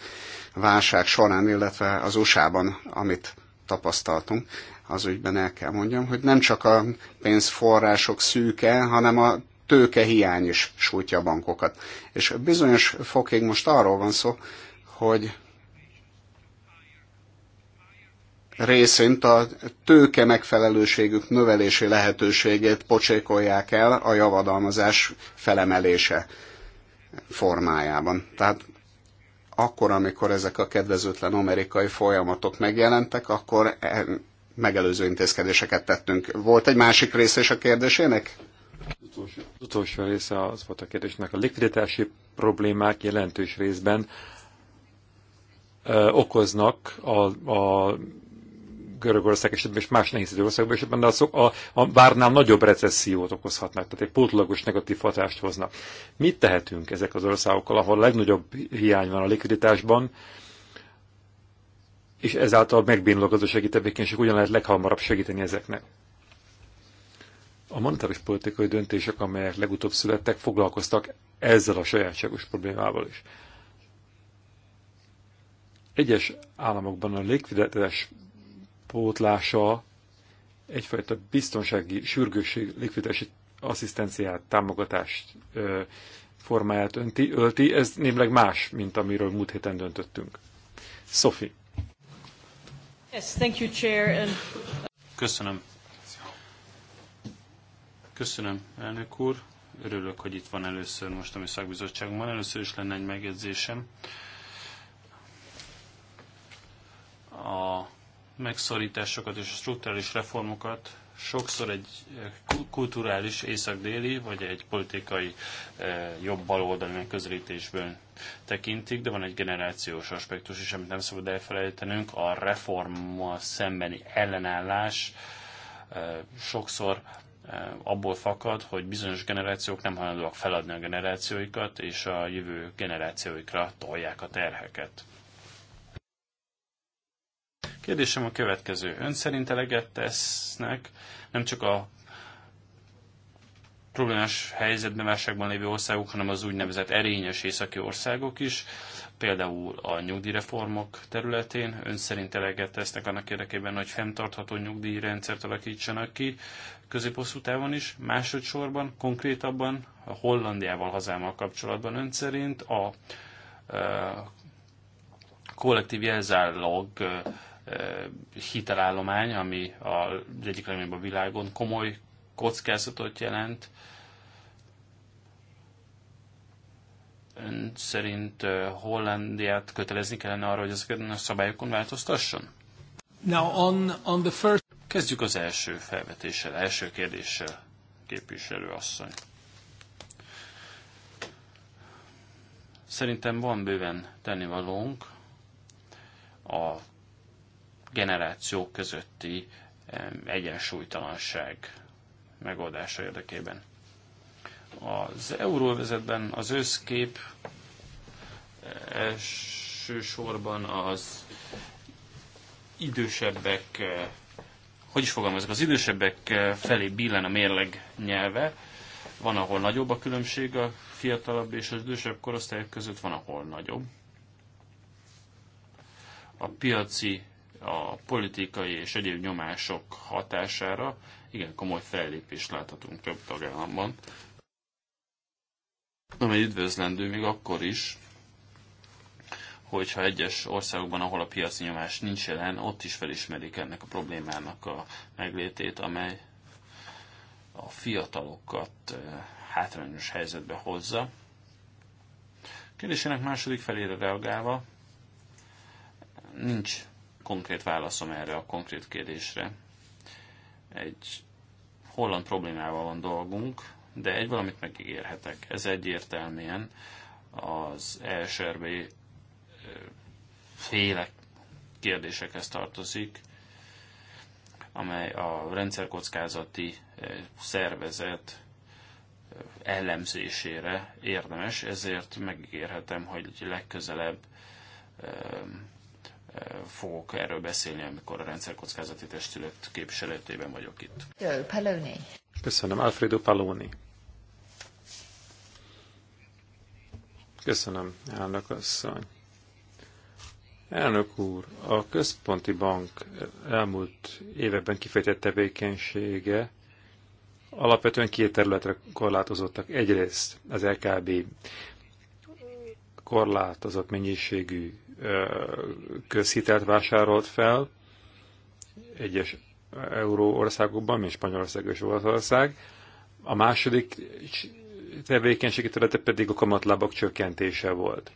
válság során, illetve az USA-ban, amit tapasztaltunk, az ügyben el kell mondjam, hogy nem csak a pénzforrások szűke, hanem a tőkehiány is sújtja a bankokat. És bizonyos fokig most arról van szó, hogy részint a tőke megfelelőségük növelési lehetőségét pocsékolják el a javadalmazás felemelése formájában. Tehát akkor, amikor ezek a kedvezőtlen amerikai folyamatok megjelentek, akkor e- megelőző intézkedéseket tettünk. Volt egy másik része is a kérdésének? Utolsó. Az utolsó része az volt a kérdésnek. A likviditási problémák jelentős részben ö, okoznak a, a Görögország esetben és más nehéz országban esetben, de azok a, a várnál nagyobb recessziót okozhatnak, tehát egy pótlagos negatív hatást hoznak. Mit tehetünk ezek az országokkal, ahol a legnagyobb hiány van a likviditásban, és ezáltal megbénul a gazdasági tevékenység, ugyan lehet leghamarabb segíteni ezeknek? A monetáris politikai döntések, amelyek legutóbb születtek, foglalkoztak ezzel a sajátságos problémával is. Egyes államokban a likviditás pótlása egyfajta biztonsági, sürgősség, likviditási asszisztenciát, támogatást ö, formáját önti, ölti, ez némileg más, mint amiről múlt héten döntöttünk. Sophie. Yes, thank you, Chair. And... Köszönöm, Köszönöm, elnök úr. Örülök, hogy itt van először most a mi szakbizottságunkban. Először is lenne egy megjegyzésem. A megszorításokat és a strukturális reformokat sokszor egy eh, kulturális észak-déli, vagy egy politikai eh, jobb-baloldali megközelítésből tekintik, de van egy generációs aspektus is, amit nem szabad elfelejtenünk, a reformmal szembeni ellenállás eh, sokszor Eh, abból fakad, hogy bizonyos generációk nem hajlandóak feladni a generációikat, és a jövő generációikra tolják a terheket. Kérdésem a következő. Ön szerint eleget tesznek nem csak a problémás helyzetben, válságban lévő országok, hanem az úgynevezett erényes északi országok is, például a nyugdíjreformok területén. Ön szerint eleget tesznek annak érdekében, hogy fenntartható nyugdíjrendszert alakítsanak ki középosztú távon is. Másodszorban, konkrétabban a Hollandiával, hazámmal kapcsolatban ön szerint a, a e, kollektív jelzálog e, e, hitelállomány, ami a, az egyik legnagyobb a világon komoly kockázatot jelent. Ön szerint Hollandiát kötelezni kellene arra, hogy ezeket a szabályokon változtasson? Now on, on the first... Kezdjük az első felvetéssel, első kérdéssel, képviselő asszony. Szerintem van bőven tennivalónk a generációk közötti egyensúlytalanság megoldása érdekében. Az euróvezetben az összkép eh, elsősorban az idősebbek, eh, hogy is fogalmazok, az idősebbek eh, felé billen a mérleg nyelve. Van, ahol nagyobb a különbség a fiatalabb és az idősebb korosztályok között, van, ahol nagyobb. A piaci, a politikai és egyéb nyomások hatására igen komoly fellépést láthatunk több tagállamban, amely üdvözlendő még akkor is, hogyha egyes országokban, ahol a piaci nyomás nincs jelen, ott is felismerik ennek a problémának a meglétét, amely a fiatalokat eh, hátrányos helyzetbe hozza. Kérdésének második felére reagálva, nincs konkrét válaszom erre a konkrét kérdésre egy holland problémával van dolgunk, de egy valamit megígérhetek. Ez egyértelműen az ESRB féle kérdésekhez tartozik, amely a rendszerkockázati szervezet ellenzésére érdemes, ezért megígérhetem, hogy legközelebb fogok erről beszélni, amikor a rendszerkockázati testület képviseletében vagyok itt. Paloni. Köszönöm, Alfredo Paloni. Köszönöm, elnök asszony. Elnök úr, a központi bank elmúlt években kifejtett tevékenysége alapvetően két területre korlátozottak. Egyrészt az LKB korlátozott mennyiségű közhitelt vásárolt fel egyes euró országokban, mint Spanyolország és Olaszország. A második tevékenységi területe pedig a kamatlábak csökkentése volt.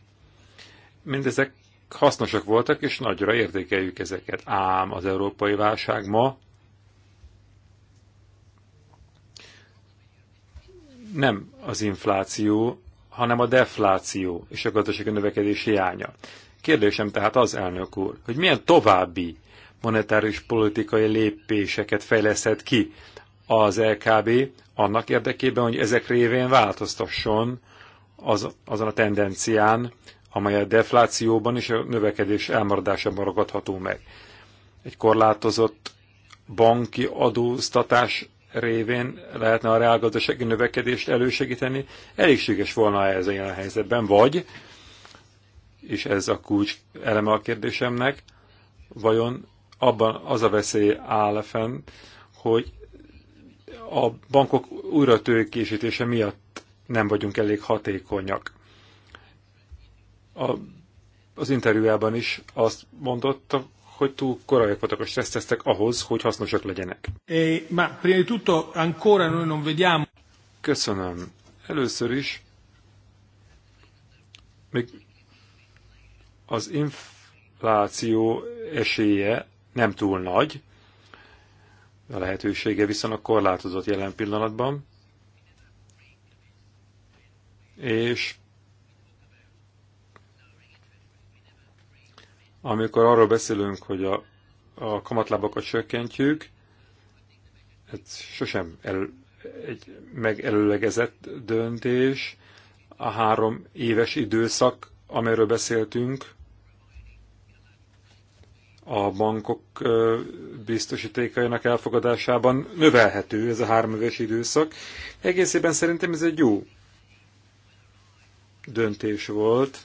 Mindezek hasznosak voltak, és nagyra értékeljük ezeket. Ám az európai válság ma nem az infláció, hanem a defláció és a gazdasági növekedés hiánya. Kérdésem tehát az, elnök úr, hogy milyen további monetáris politikai lépéseket fejleszthet ki az LKB annak érdekében, hogy ezek révén változtasson az, azon a tendencián, amely a deflációban és a növekedés elmaradásában ragadható meg. Egy korlátozott banki adóztatás révén lehetne a reálgazdasági növekedést elősegíteni, elégséges volna ez a jelen helyzetben, vagy és ez a kulcs eleme a kérdésemnek, vajon abban az a veszély áll fenn, hogy a bankok tőkésítése miatt nem vagyunk elég hatékonyak. A, az interjújában is azt mondotta, hogy túl koraiak voltak a stressztesztek ahhoz, hogy hasznosak legyenek. É, e, ma prima di tutto ancora noi non vediamo. Köszönöm. Először is még az infláció esélye nem túl nagy, a lehetősége viszont a korlátozott jelen pillanatban, és amikor arról beszélünk, hogy a, a kamatlábakat csökkentjük, ez sosem el, egy megelőlegezett döntés. A három éves időszak, amelyről beszéltünk, a bankok biztosítékainak elfogadásában növelhető ez a három éves időszak. Egészében szerintem ez egy jó döntés volt.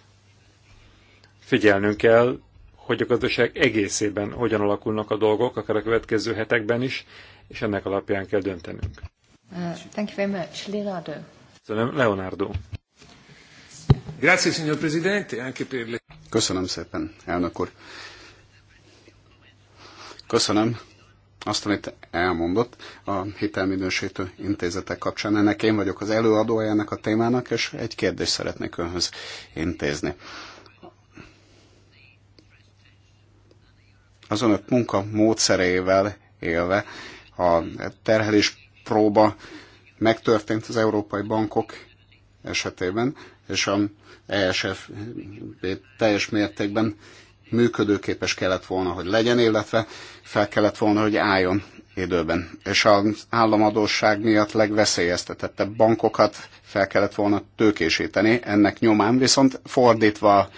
Figyelnünk kell, hogy a gazdaság egészében hogyan alakulnak a dolgok, akár a következő hetekben is, és ennek alapján kell döntenünk. Uh, thank you very much. Leonardo. Köszönöm, Leonardo. Grazie, signor Presidente, anche per le... Köszönöm szépen, elnök úr. Köszönöm azt, amit elmondott a hitelminősítő intézetek kapcsán. Ennek én vagyok az előadója ennek a témának, és egy kérdést szeretnék önhöz intézni. Az önök munka módszerével élve a terhelés próba megtörtént az európai bankok esetében, és a ESF teljes mértékben működőképes kellett volna, hogy legyen, illetve fel kellett volna, hogy álljon időben. És az államadóság miatt legveszélyeztetettebb bankokat fel kellett volna tőkésíteni, ennek nyomán viszont fordítva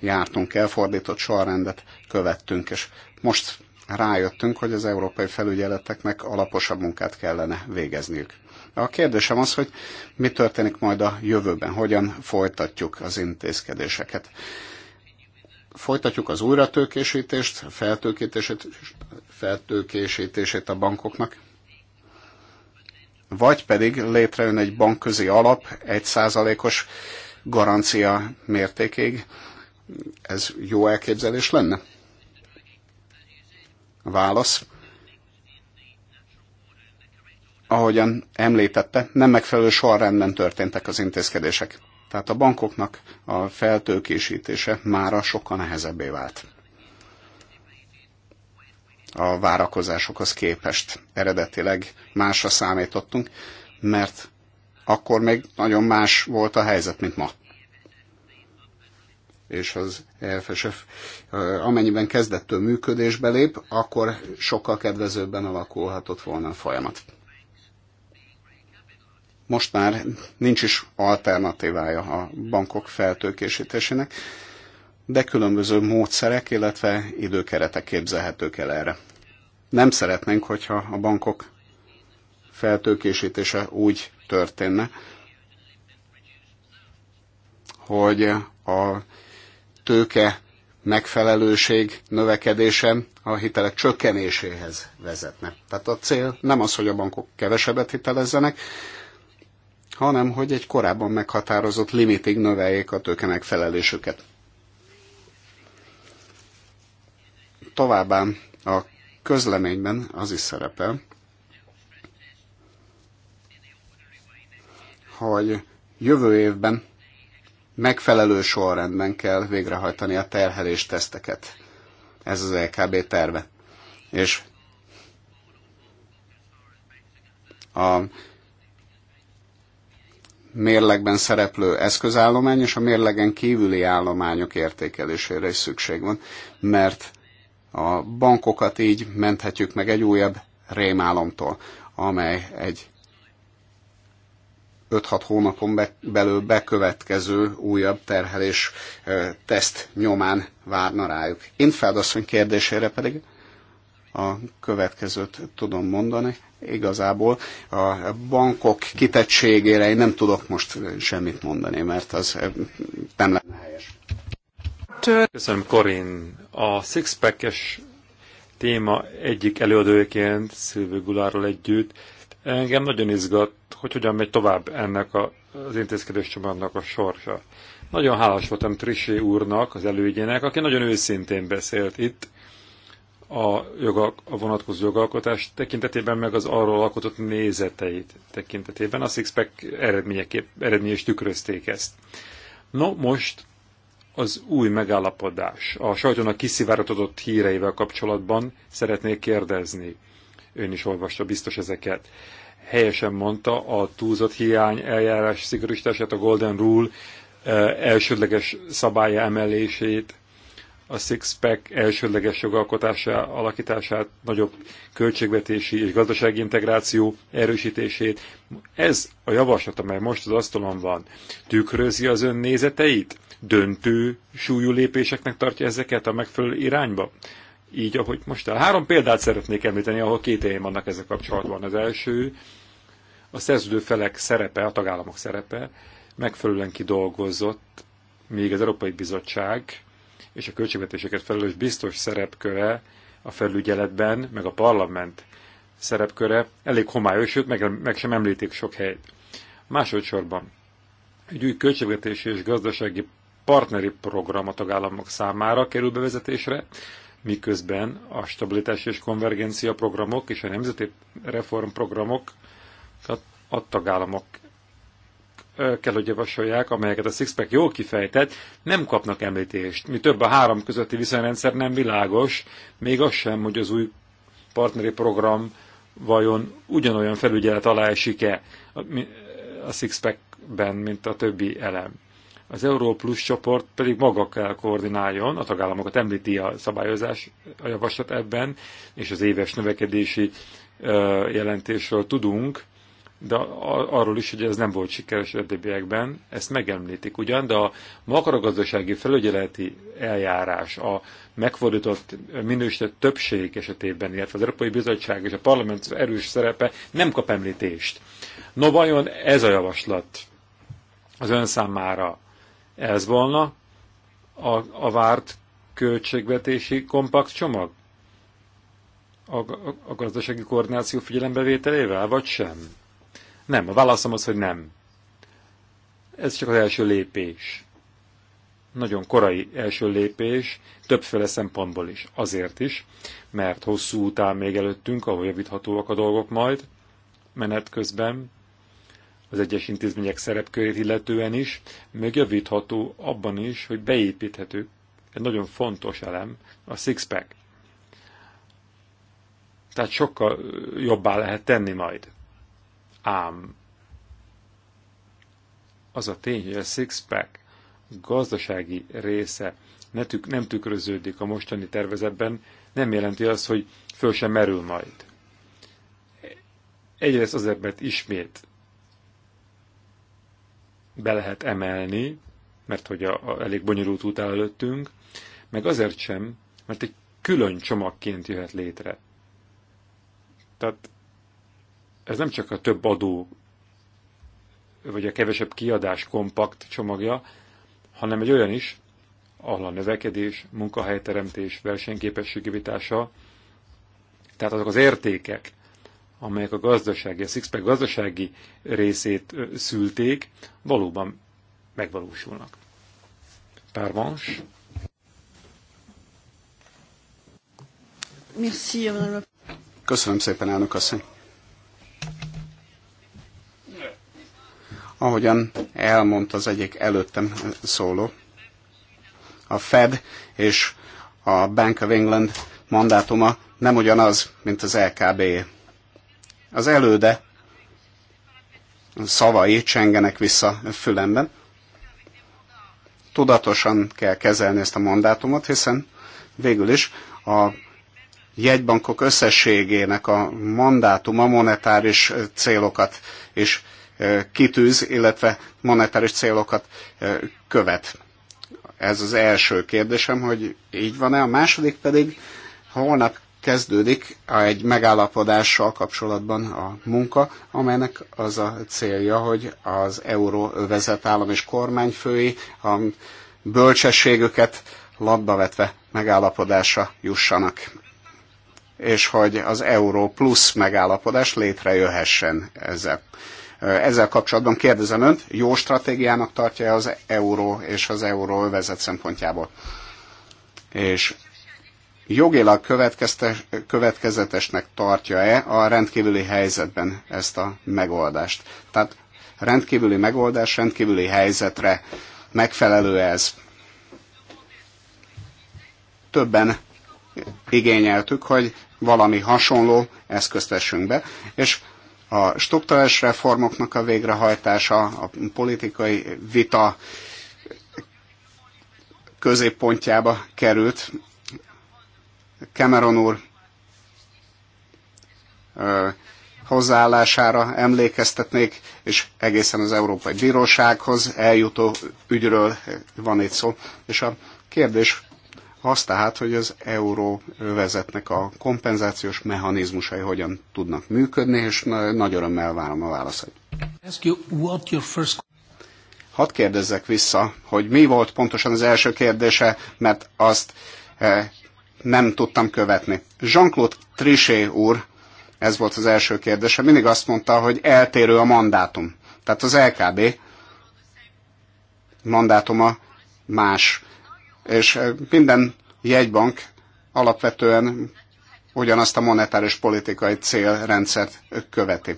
jártunk el, fordított sorrendet követtünk, és most rájöttünk, hogy az európai felügyeleteknek alaposabb munkát kellene végezniük. A kérdésem az, hogy mi történik majd a jövőben, hogyan folytatjuk az intézkedéseket folytatjuk az újratőkésítést, feltőkésítését, feltőkésítését a bankoknak, vagy pedig létrejön egy bankközi alap egy os garancia mértékig. Ez jó elképzelés lenne? Válasz. Ahogyan említette, nem megfelelő sorrendben történtek az intézkedések tehát a bankoknak a feltőkésítése mára sokkal nehezebbé vált a várakozásokhoz képest. Eredetileg másra számítottunk, mert akkor még nagyon más volt a helyzet, mint ma. És az EFSF amennyiben kezdettől működésbe lép, akkor sokkal kedvezőbben alakulhatott volna a folyamat most már nincs is alternatívája a bankok feltőkésítésének, de különböző módszerek, illetve időkeretek képzelhetők el erre. Nem szeretnénk, hogyha a bankok feltőkésítése úgy történne, hogy a tőke megfelelőség növekedése a hitelek csökkenéséhez vezetne. Tehát a cél nem az, hogy a bankok kevesebbet hitelezzenek, hanem hogy egy korábban meghatározott limitig növeljék a tőke megfelelésüket. Továbbá a közleményben az is szerepel, hogy jövő évben megfelelő sorrendben kell végrehajtani a terhelés teszteket. Ez az LKB terve. És a mérlegben szereplő eszközállomány és a mérlegen kívüli állományok értékelésére is szükség van, mert a bankokat így menthetjük meg egy újabb rémálomtól, amely egy 5-6 hónapon be, belül bekövetkező újabb terhelés teszt nyomán várna rájuk. Infeld asszony kérdésére pedig a következőt tudom mondani. Igazából a bankok kitettségére én nem tudok most semmit mondani, mert az eh, nem lenne helyes. Köszönöm, Korin. A Sixpackes es téma egyik előadójaként, Szilvő Gulárral együtt, engem nagyon izgat, hogy hogyan megy tovább ennek a, az intézkedés csomagnak a sorsa. Nagyon hálás voltam Trisé úrnak, az elődjének, aki nagyon őszintén beszélt itt, a, jogalk, a vonatkozó jogalkotás tekintetében, meg az arról alkotott nézeteit tekintetében. A Sixpack eredmények is tükrözték ezt. No, most az új megállapodás. A sajtónak kiszivárgatott híreivel kapcsolatban szeretnék kérdezni. Ön is olvasta biztos ezeket. Helyesen mondta a túlzott hiány eljárás szigorítását, a Golden Rule eh, elsődleges szabálya emelését, a Sixpack elsődleges jogalkotásá alakítását, nagyobb költségvetési és gazdasági integráció erősítését. Ez a javaslat, amely most az asztalon van, tükrözi az ön nézeteit? Döntő súlyú lépéseknek tartja ezeket a megfelelő irányba? Így, ahogy most el. Három példát szeretnék említeni, ahol két éjjel vannak ezzel kapcsolatban. Az első, a szerződő felek szerepe, a tagállamok szerepe megfelelően kidolgozott, még az Európai Bizottság és a költségvetéseket felelős biztos szerepköre a felügyeletben, meg a parlament szerepköre elég homályos, sőt meg, meg sem említik sok helyt. Másodszorban egy új költségvetési és gazdasági partneri program a tagállamok számára kerül bevezetésre, miközben a stabilitás és konvergencia programok és a nemzeti reformprogramok a tagállamok kell, hogy javasolják, amelyeket a Sixpack jól kifejtett, nem kapnak említést. Mi több a három közötti viszonyrendszer nem világos, még az sem, hogy az új partneri program vajon ugyanolyan felügyelet alá esik-e a Sixpack-ben, mint a többi elem. Az Euró Plus csoport pedig maga kell koordináljon, a tagállamokat említi a szabályozás, a javaslat ebben, és az éves növekedési jelentésről tudunk, de arról is, hogy ez nem volt sikeres eddigiekben, ezt megemlítik ugyan, de a makrogazdasági felügyeleti eljárás a megfordított minősített többség esetében, illetve az Európai Bizottság és a parlament erős szerepe nem kap említést. No vajon ez a javaslat az ön számára ez volna a, a várt költségvetési kompakt csomag? A, a, a gazdasági koordináció figyelembevételével, vagy sem? Nem, a válaszom az, hogy nem. Ez csak az első lépés. Nagyon korai első lépés, többféle szempontból is. Azért is, mert hosszú után még előttünk, ahol javíthatóak a dolgok majd, menet közben, az egyes intézmények szerepkörét illetően is, javítható abban is, hogy beépíthető egy nagyon fontos elem, a six-pack. Tehát sokkal jobbá lehet tenni majd Ám az a tény, hogy a six-pack gazdasági része ne tük, nem tükröződik a mostani tervezetben, nem jelenti azt, hogy föl sem merül majd. Egyrészt azért, mert ismét be lehet emelni, mert hogy a, a elég bonyolult út áll előttünk, meg azért sem, mert egy külön csomagként jöhet létre. Tehát ez nem csak a több adó vagy a kevesebb kiadás kompakt csomagja, hanem egy olyan is, ahol a növekedés, munkahelyteremtés, vitása, tehát azok az értékek, amelyek a gazdasági, a Sixpack gazdasági részét szülték, valóban megvalósulnak. Párvans. Köszönöm szépen, elnök asszony. Ahogyan elmondta az egyik előttem szóló, a Fed és a Bank of England mandátuma nem ugyanaz, mint az LKB. Az előde szavai csengenek vissza fülemben. Tudatosan kell kezelni ezt a mandátumot, hiszen végül is a jegybankok összességének a mandátuma monetáris célokat és kitűz, illetve monetáris célokat követ. Ez az első kérdésem, hogy így van-e. A második pedig holnap kezdődik egy megállapodással kapcsolatban a munka, amelynek az a célja, hogy az euróvezet állam és kormányfői a bölcsességüket labba vetve megállapodásra jussanak és hogy az Euró plusz megállapodás létrejöhessen ezzel. Ezzel kapcsolatban kérdezem Önt, jó stratégiának tartja az euró és az euró övezet szempontjából? És jogilag következetesnek tartja-e a rendkívüli helyzetben ezt a megoldást? Tehát rendkívüli megoldás, rendkívüli helyzetre megfelelő ez. Többen igényeltük, hogy valami hasonló eszközt vessünk be, és a struktúrás reformoknak a végrehajtása, a politikai vita középpontjába került. Cameron úr hozzáállására emlékeztetnék, és egészen az Európai Bírósághoz eljutó ügyről van itt szó. És a kérdés az tehát, hogy az euróvezetnek a kompenzációs mechanizmusai hogyan tudnak működni, és nagy örömmel várom a válaszait. Hadd kérdezzek vissza, hogy mi volt pontosan az első kérdése, mert azt eh, nem tudtam követni. Jean-Claude Trichet úr, ez volt az első kérdése, mindig azt mondta, hogy eltérő a mandátum. Tehát az LKB mandátuma más és eh, minden jegybank alapvetően ugyanazt a monetáris politikai célrendszert követi.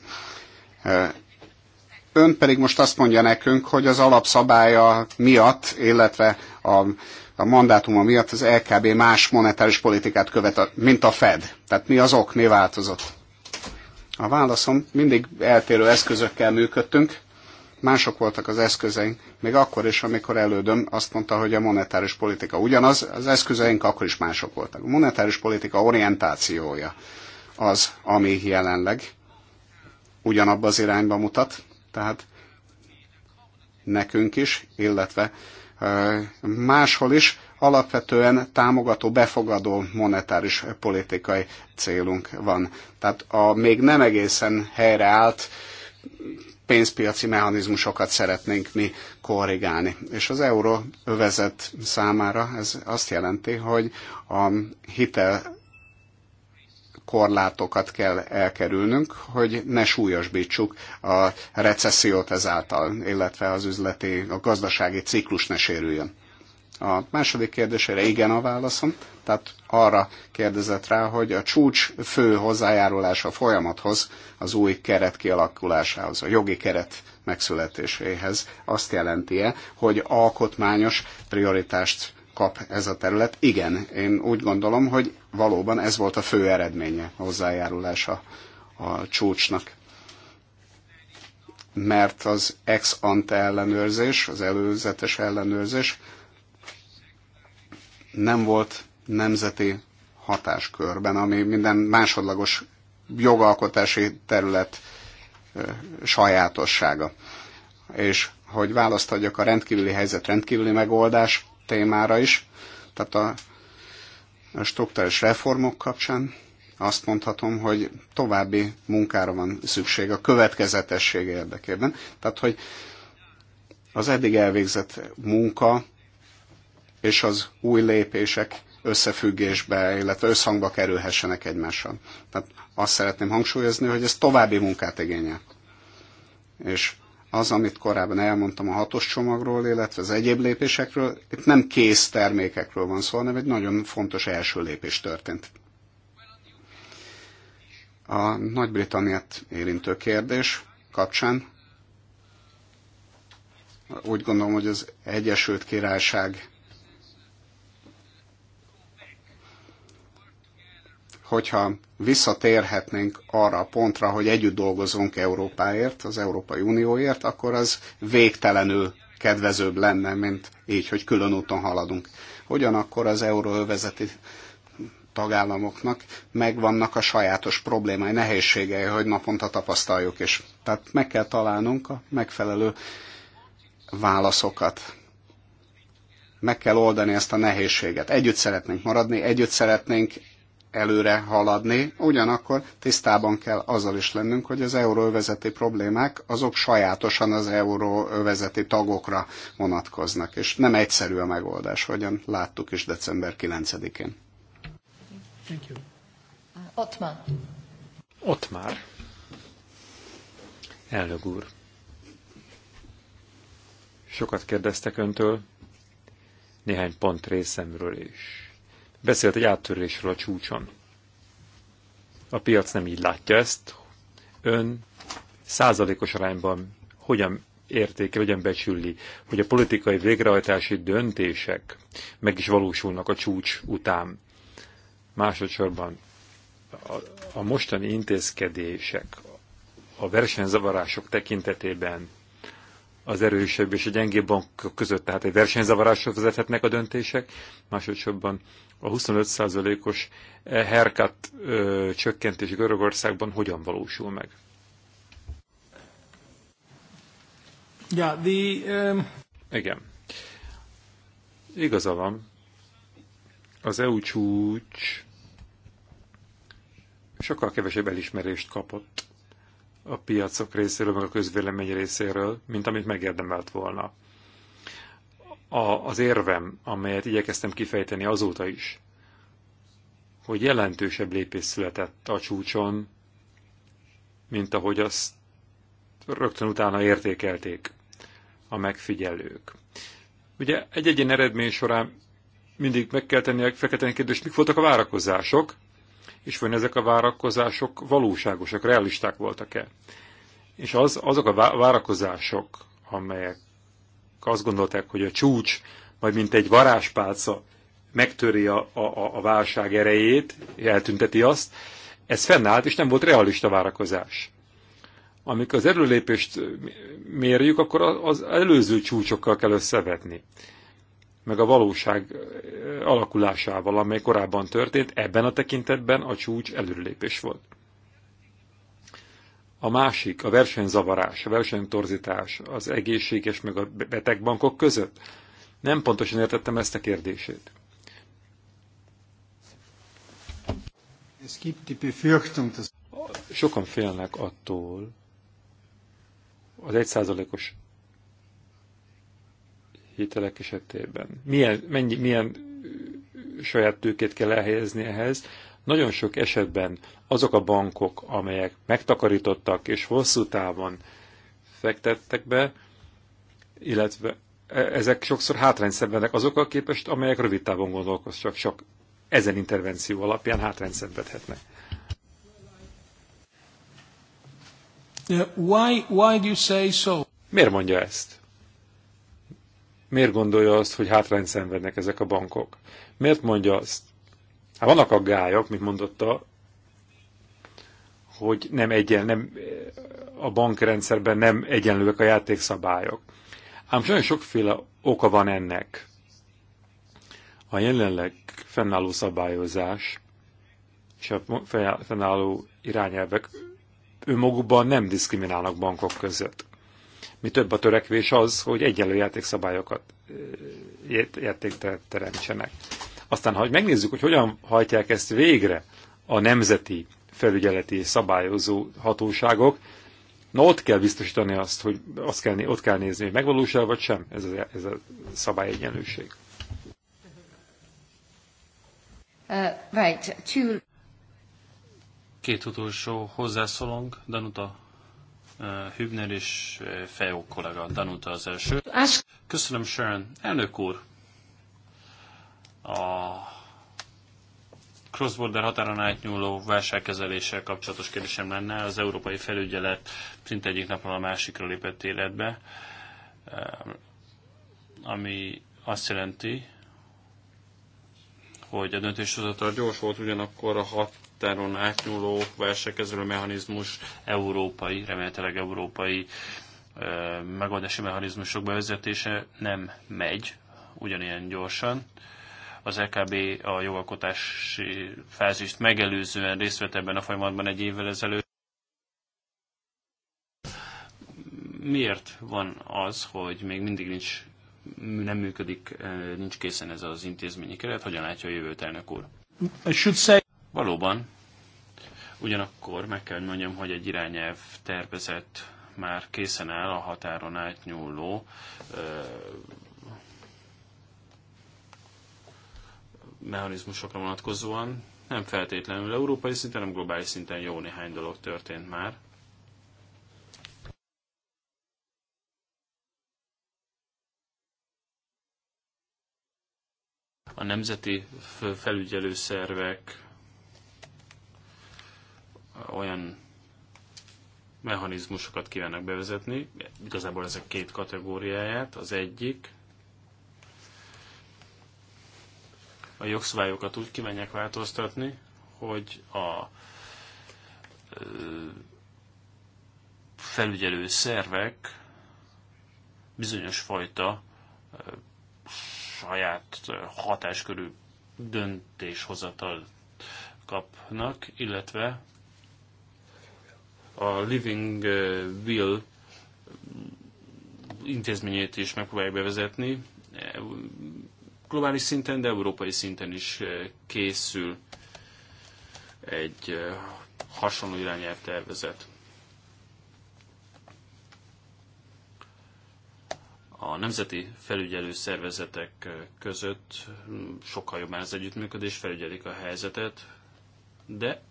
Eh, ön pedig most azt mondja nekünk, hogy az alapszabálya miatt, illetve a, a mandátuma miatt az LKB más monetáris politikát követ, mint a Fed. Tehát mi az ok, mi változott? A válaszom, mindig eltérő eszközökkel működtünk, mások voltak az eszközeink, még akkor is, amikor elődöm azt mondta, hogy a monetáris politika ugyanaz, az eszközeink akkor is mások voltak. A monetáris politika orientációja az, ami jelenleg ugyanabba az irányba mutat, tehát nekünk is, illetve máshol is alapvetően támogató, befogadó monetáris politikai célunk van. Tehát a még nem egészen helyreállt pénzpiaci mechanizmusokat szeretnénk mi korrigálni. És az euró övezet számára ez azt jelenti, hogy a hitel korlátokat kell elkerülnünk, hogy ne súlyosbítsuk a recessziót ezáltal, illetve az üzleti, a gazdasági ciklus ne sérüljön. A második kérdésére igen a válaszom, tehát arra kérdezett rá, hogy a csúcs fő hozzájárulása a folyamathoz, az új keret kialakulásához, a jogi keret megszületéséhez azt jelenti-e, hogy alkotmányos prioritást kap ez a terület. Igen, én úgy gondolom, hogy valóban ez volt a fő eredménye, a hozzájárulása a csúcsnak. Mert az ex ante ellenőrzés, az előzetes ellenőrzés nem volt nemzeti hatáskörben, ami minden másodlagos jogalkotási terület sajátossága. És hogy választ a rendkívüli helyzet rendkívüli megoldás témára is, tehát a, a struktúrális reformok kapcsán azt mondhatom, hogy további munkára van szükség a következetesség érdekében. Tehát, hogy az eddig elvégzett munka és az új lépések összefüggésbe, illetve összhangba kerülhessenek egymással. Tehát azt szeretném hangsúlyozni, hogy ez további munkát igényel. És az, amit korábban elmondtam a hatos csomagról, illetve az egyéb lépésekről, itt nem kész termékekről van szó, hanem egy nagyon fontos első lépés történt. A Nagy-Britanniát érintő kérdés kapcsán úgy gondolom, hogy az Egyesült Királyság hogyha visszatérhetnénk arra a pontra, hogy együtt dolgozunk Európáért, az Európai Unióért, akkor az végtelenül kedvezőbb lenne, mint így, hogy külön úton haladunk. Ugyanakkor az euróövezeti tagállamoknak megvannak a sajátos problémái, nehézségei, hogy naponta tapasztaljuk is. Tehát meg kell találnunk a megfelelő válaszokat. Meg kell oldani ezt a nehézséget. Együtt szeretnénk maradni, együtt szeretnénk előre haladni, ugyanakkor tisztában kell azzal is lennünk, hogy az euróövezeti problémák azok sajátosan az euróövezeti tagokra vonatkoznak, és nem egyszerű a megoldás, hogyan láttuk is december 9-én. Thank you. Uh, Ottmar. Ottmar. Elnök úr. Sokat kérdeztek öntől, néhány pont részemről is. Beszélt egy áttörésről a csúcson. A piac nem így látja ezt. Ön százalékos arányban hogyan értékel, hogyan becsüli, hogy a politikai végrehajtási döntések meg is valósulnak a csúcs után. Másodszorban a, a mostani intézkedések a versenyzavarások tekintetében az erősebb és a gyengébb bankok között, tehát egy versenyzavarásra vezethetnek a döntések, másodszorban a 25%-os herkat csökkentés Görögországban hogyan valósul meg? Yeah, the, um... Igen. Igaza van. Az EU csúcs sokkal kevesebb elismerést kapott a piacok részéről, meg a közvélemény részéről, mint amit megérdemelt volna. A, az érvem, amelyet igyekeztem kifejteni azóta is, hogy jelentősebb lépés született a csúcson, mint ahogy azt rögtön utána értékelték a megfigyelők. Ugye egy-egy eredmény során mindig meg kell tenni a feketeni kérdést, mik voltak a várakozások, és vajon ezek a várakozások valóságosak, realisták voltak-e. És az, azok a várakozások, amelyek azt gondolták, hogy a csúcs majd mint egy varázspálca megtöri a, a, a válság erejét, eltünteti azt, ez fennállt, és nem volt realista várakozás. Amikor az előlépést mérjük, akkor az előző csúcsokkal kell összevetni meg a valóság eh, alakulásával, amely korábban történt, ebben a tekintetben a csúcs előrelépés volt. A másik, a versenyzavarás, a versenytorzítás az egészséges meg a betegbankok között. Nem pontosan értettem ezt a kérdését. Sokan félnek attól, az egyszázalékos hitelek esetében. Milyen, mennyi, milyen saját tőkét kell elhelyezni ehhez? Nagyon sok esetben azok a bankok, amelyek megtakarítottak és hosszú távon fektettek be, illetve e, ezek sokszor hátrány szenvednek azokkal képest, amelyek rövid távon gondolkoztak, csak ezen intervenció alapján hátrány szenvedhetnek. Why, why do you say so? Miért mondja ezt? miért gondolja azt, hogy hátrány szenvednek ezek a bankok? Miért mondja azt? Hát vannak a gályok, mint mondotta, hogy nem egyen, nem, a bankrendszerben nem egyenlőek a játékszabályok. Ám nagyon sokféle oka van ennek. A jelenleg fennálló szabályozás és a fennálló irányelvek önmagukban nem diszkriminálnak bankok között mi több a törekvés az, hogy egyenlő játékszabályokat játékteret teremtsenek. Aztán, ha megnézzük, hogy hogyan hajtják ezt végre a nemzeti felügyeleti szabályozó hatóságok, na ott kell biztosítani azt, hogy azt kell, ott kell nézni, hogy megvalósul vagy sem ez a, ez a szabályegyenlőség. Uh, right. Two... Két utolsó hozzászólónk, Danuta Eh, Hübner és eh, Fejó kollega Danuta az első. Köszönöm, Sharon. Elnök úr, a cross-border határon átnyúló válságkezeléssel kapcsolatos kérdésem lenne. Az európai felügyelet szinte egyik napról a másikra lépett életbe, eh, ami azt jelenti, hogy a döntéshozatal gyors volt, ugyanakkor a hat határon átnyúló válságkezelő mechanizmus európai, remélhetőleg európai megoldási mechanizmusok bevezetése nem megy ugyanilyen gyorsan. Az LKB e a jogalkotási fázist megelőzően részt vett ebben a folyamatban egy évvel ezelőtt. Miért van az, hogy még mindig nincs, nem működik, nincs készen ez az intézményi keret? Hogyan látja a jövőt, elnök úr? I should say... Valóban, ugyanakkor meg kell mondjam, hogy egy irányelv tervezett már készen áll a határon átnyúló mechanizmusokra vonatkozóan. Nem feltétlenül európai szinten, hanem globális szinten jó néhány dolog történt már. A nemzeti felügyelőszervek olyan mechanizmusokat kívánnak bevezetni, igazából ezek két kategóriáját, az egyik a jogszabályokat úgy kívánják változtatni, hogy a felügyelő szervek bizonyos fajta saját hatáskörű döntéshozatal kapnak, illetve a Living eh, Will intézményét is megpróbálják bevezetni. Globális szinten, de európai szinten is eh, készül egy eh, hasonló irányelv tervezet. a nemzeti felügyelő szervezetek között hm, sokkal jobban az együttműködés, felügyelik a helyzetet, de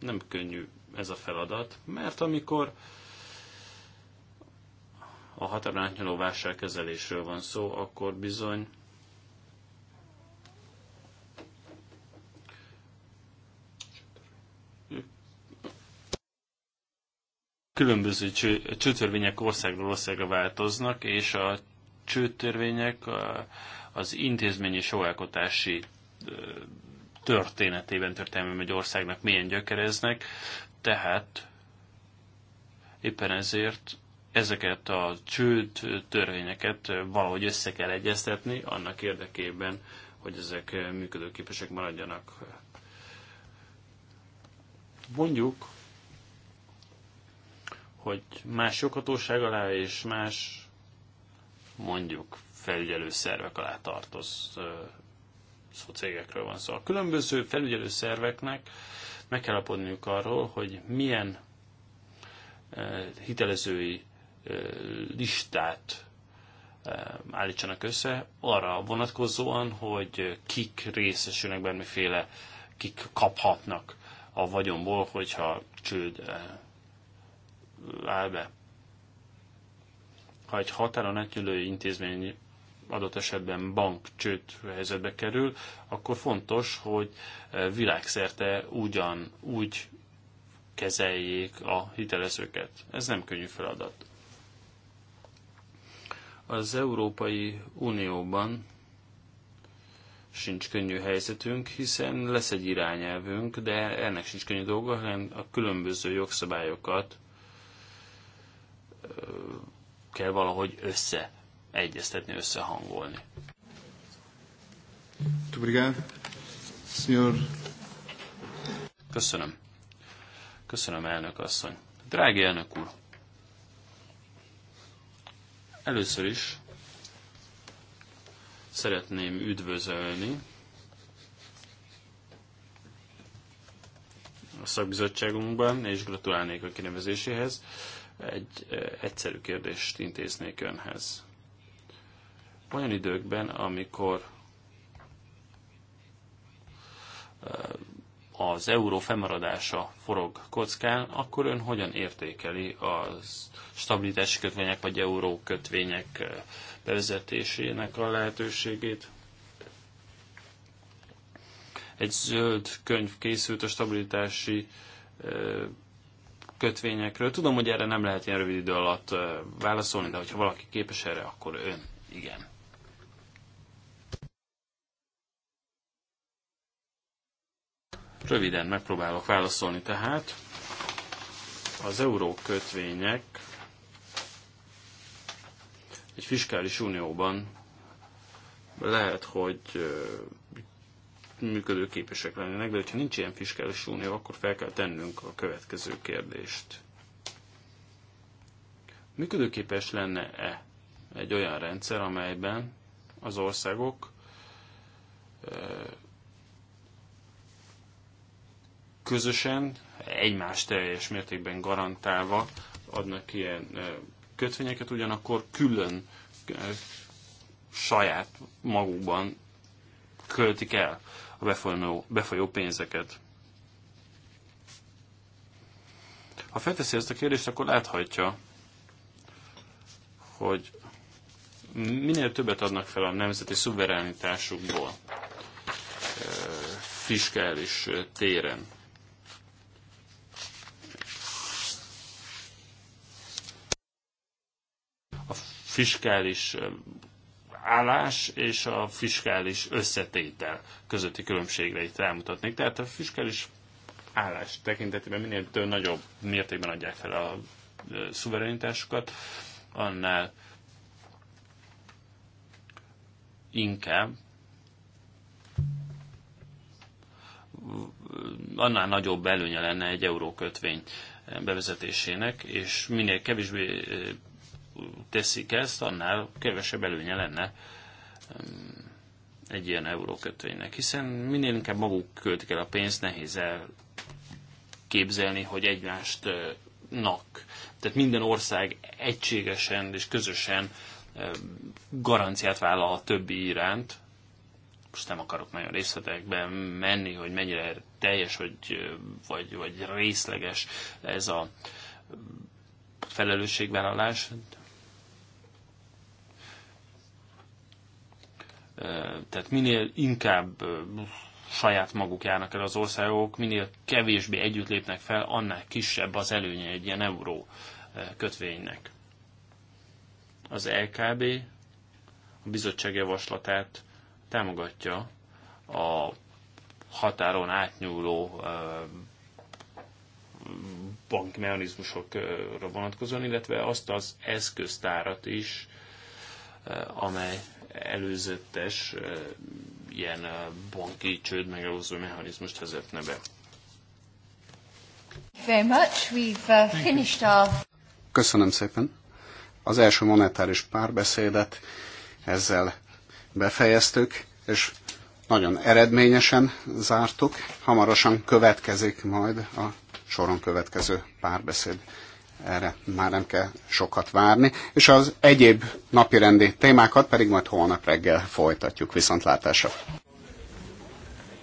nem könnyű ez a feladat, mert amikor a határon válságkezelésről van szó, akkor bizony különböző csőtörvények országról országra változnak, és a csőtörvények az intézményi és történetében, történelmi egy országnak milyen gyökereznek, tehát éppen ezért ezeket a csőd törvényeket valahogy össze kell egyeztetni annak érdekében, hogy ezek működőképesek maradjanak. Mondjuk, hogy más joghatóság alá és más mondjuk felügyelő szervek alá szó cégekről van szó. A különböző felügyelő szerveknek meg kell apodniuk arról, hogy milyen eh, hitelezői eh, listát eh, állítsanak össze, arra vonatkozóan, hogy kik részesülnek bármiféle, kik kaphatnak a vagyonból, hogyha csőd áll be. Ha egy határon átnyúló intézmény adott esetben bank csőd helyzetbe kerül, akkor fontos, hogy e, világszerte ugyan úgy kezeljék a hitelezőket. Ez nem könnyű feladat. Az Európai Unióban sincs könnyű helyzetünk, hiszen lesz egy irányelvünk, de ennek sincs könnyű dolga, hanem a különböző jogszabályokat e, kell valahogy össze egyeztetni, összehangolni. Köszönöm. Köszönöm, elnök asszony. Drági elnök úr, először is szeretném üdvözölni a szakbizottságunkban, és gratulálnék a kinevezéséhez. Egy eh, egyszerű kérdést intéznék önhez. Olyan időkben, amikor az euró fennmaradása forog kockán, akkor ön hogyan értékeli a stabilitási kötvények vagy euró kötvények bevezetésének a lehetőségét? Egy zöld könyv készült a stabilitási kötvényekről. Tudom, hogy erre nem lehet ilyen rövid idő alatt válaszolni, de hogyha valaki képes erre, akkor ön igen. Röviden megpróbálok válaszolni tehát. Az euró kötvények egy fiskális unióban lehet, hogy működőképesek lennének, de hogyha nincs ilyen fiskális unió, akkor fel kell tennünk a következő kérdést. Működőképes lenne-e egy olyan rendszer, amelyben az országok közösen, egymást teljes mértékben garantálva adnak ilyen kötvényeket, ugyanakkor külön saját magukban költik el a befolyó, befolyó pénzeket. Ha felteszi ezt a kérdést, akkor láthatja, hogy minél többet adnak fel a nemzeti szuverenitásukból fiskális téren. fiskális állás és a fiskális összetétel közötti különbségre itt rámutatnék. Tehát a fiskális állás tekintetében minél több nagyobb mértékben adják fel a szuverenitásukat, annál inkább annál nagyobb előnye lenne egy eurókötvény bevezetésének, és minél kevésbé teszik ezt, annál kevesebb előnye lenne um, egy ilyen eurókötvénynek, hiszen minél inkább maguk költik el a pénzt, nehéz el képzelni, hogy egymást nak. Tehát minden ország egységesen és közösen um, garanciát vállal a többi iránt. Most nem akarok nagyon részletekbe menni, hogy mennyire teljes vagy, vagy, vagy részleges ez a um, felelősségvállalás, Tehát minél inkább saját maguk járnak el az országok, minél kevésbé együtt lépnek fel, annál kisebb az előnye egy ilyen euró kötvénynek. Az LKB a bizottság javaslatát támogatja a határon átnyúló banki mechanizmusokra vonatkozóan, illetve azt az eszköztárat is, amely előzetes ilyen banki csőd megelőző mechanizmust vezetne be. Very much. We've uh, finished our... Köszönöm szépen. Az első monetáris párbeszédet ezzel befejeztük, és nagyon eredményesen zártuk. Hamarosan következik majd a soron következő párbeszéd erre már nem kell sokat várni, és az egyéb napi rendi témákat pedig majd holnap reggel folytatjuk viszontlátásra.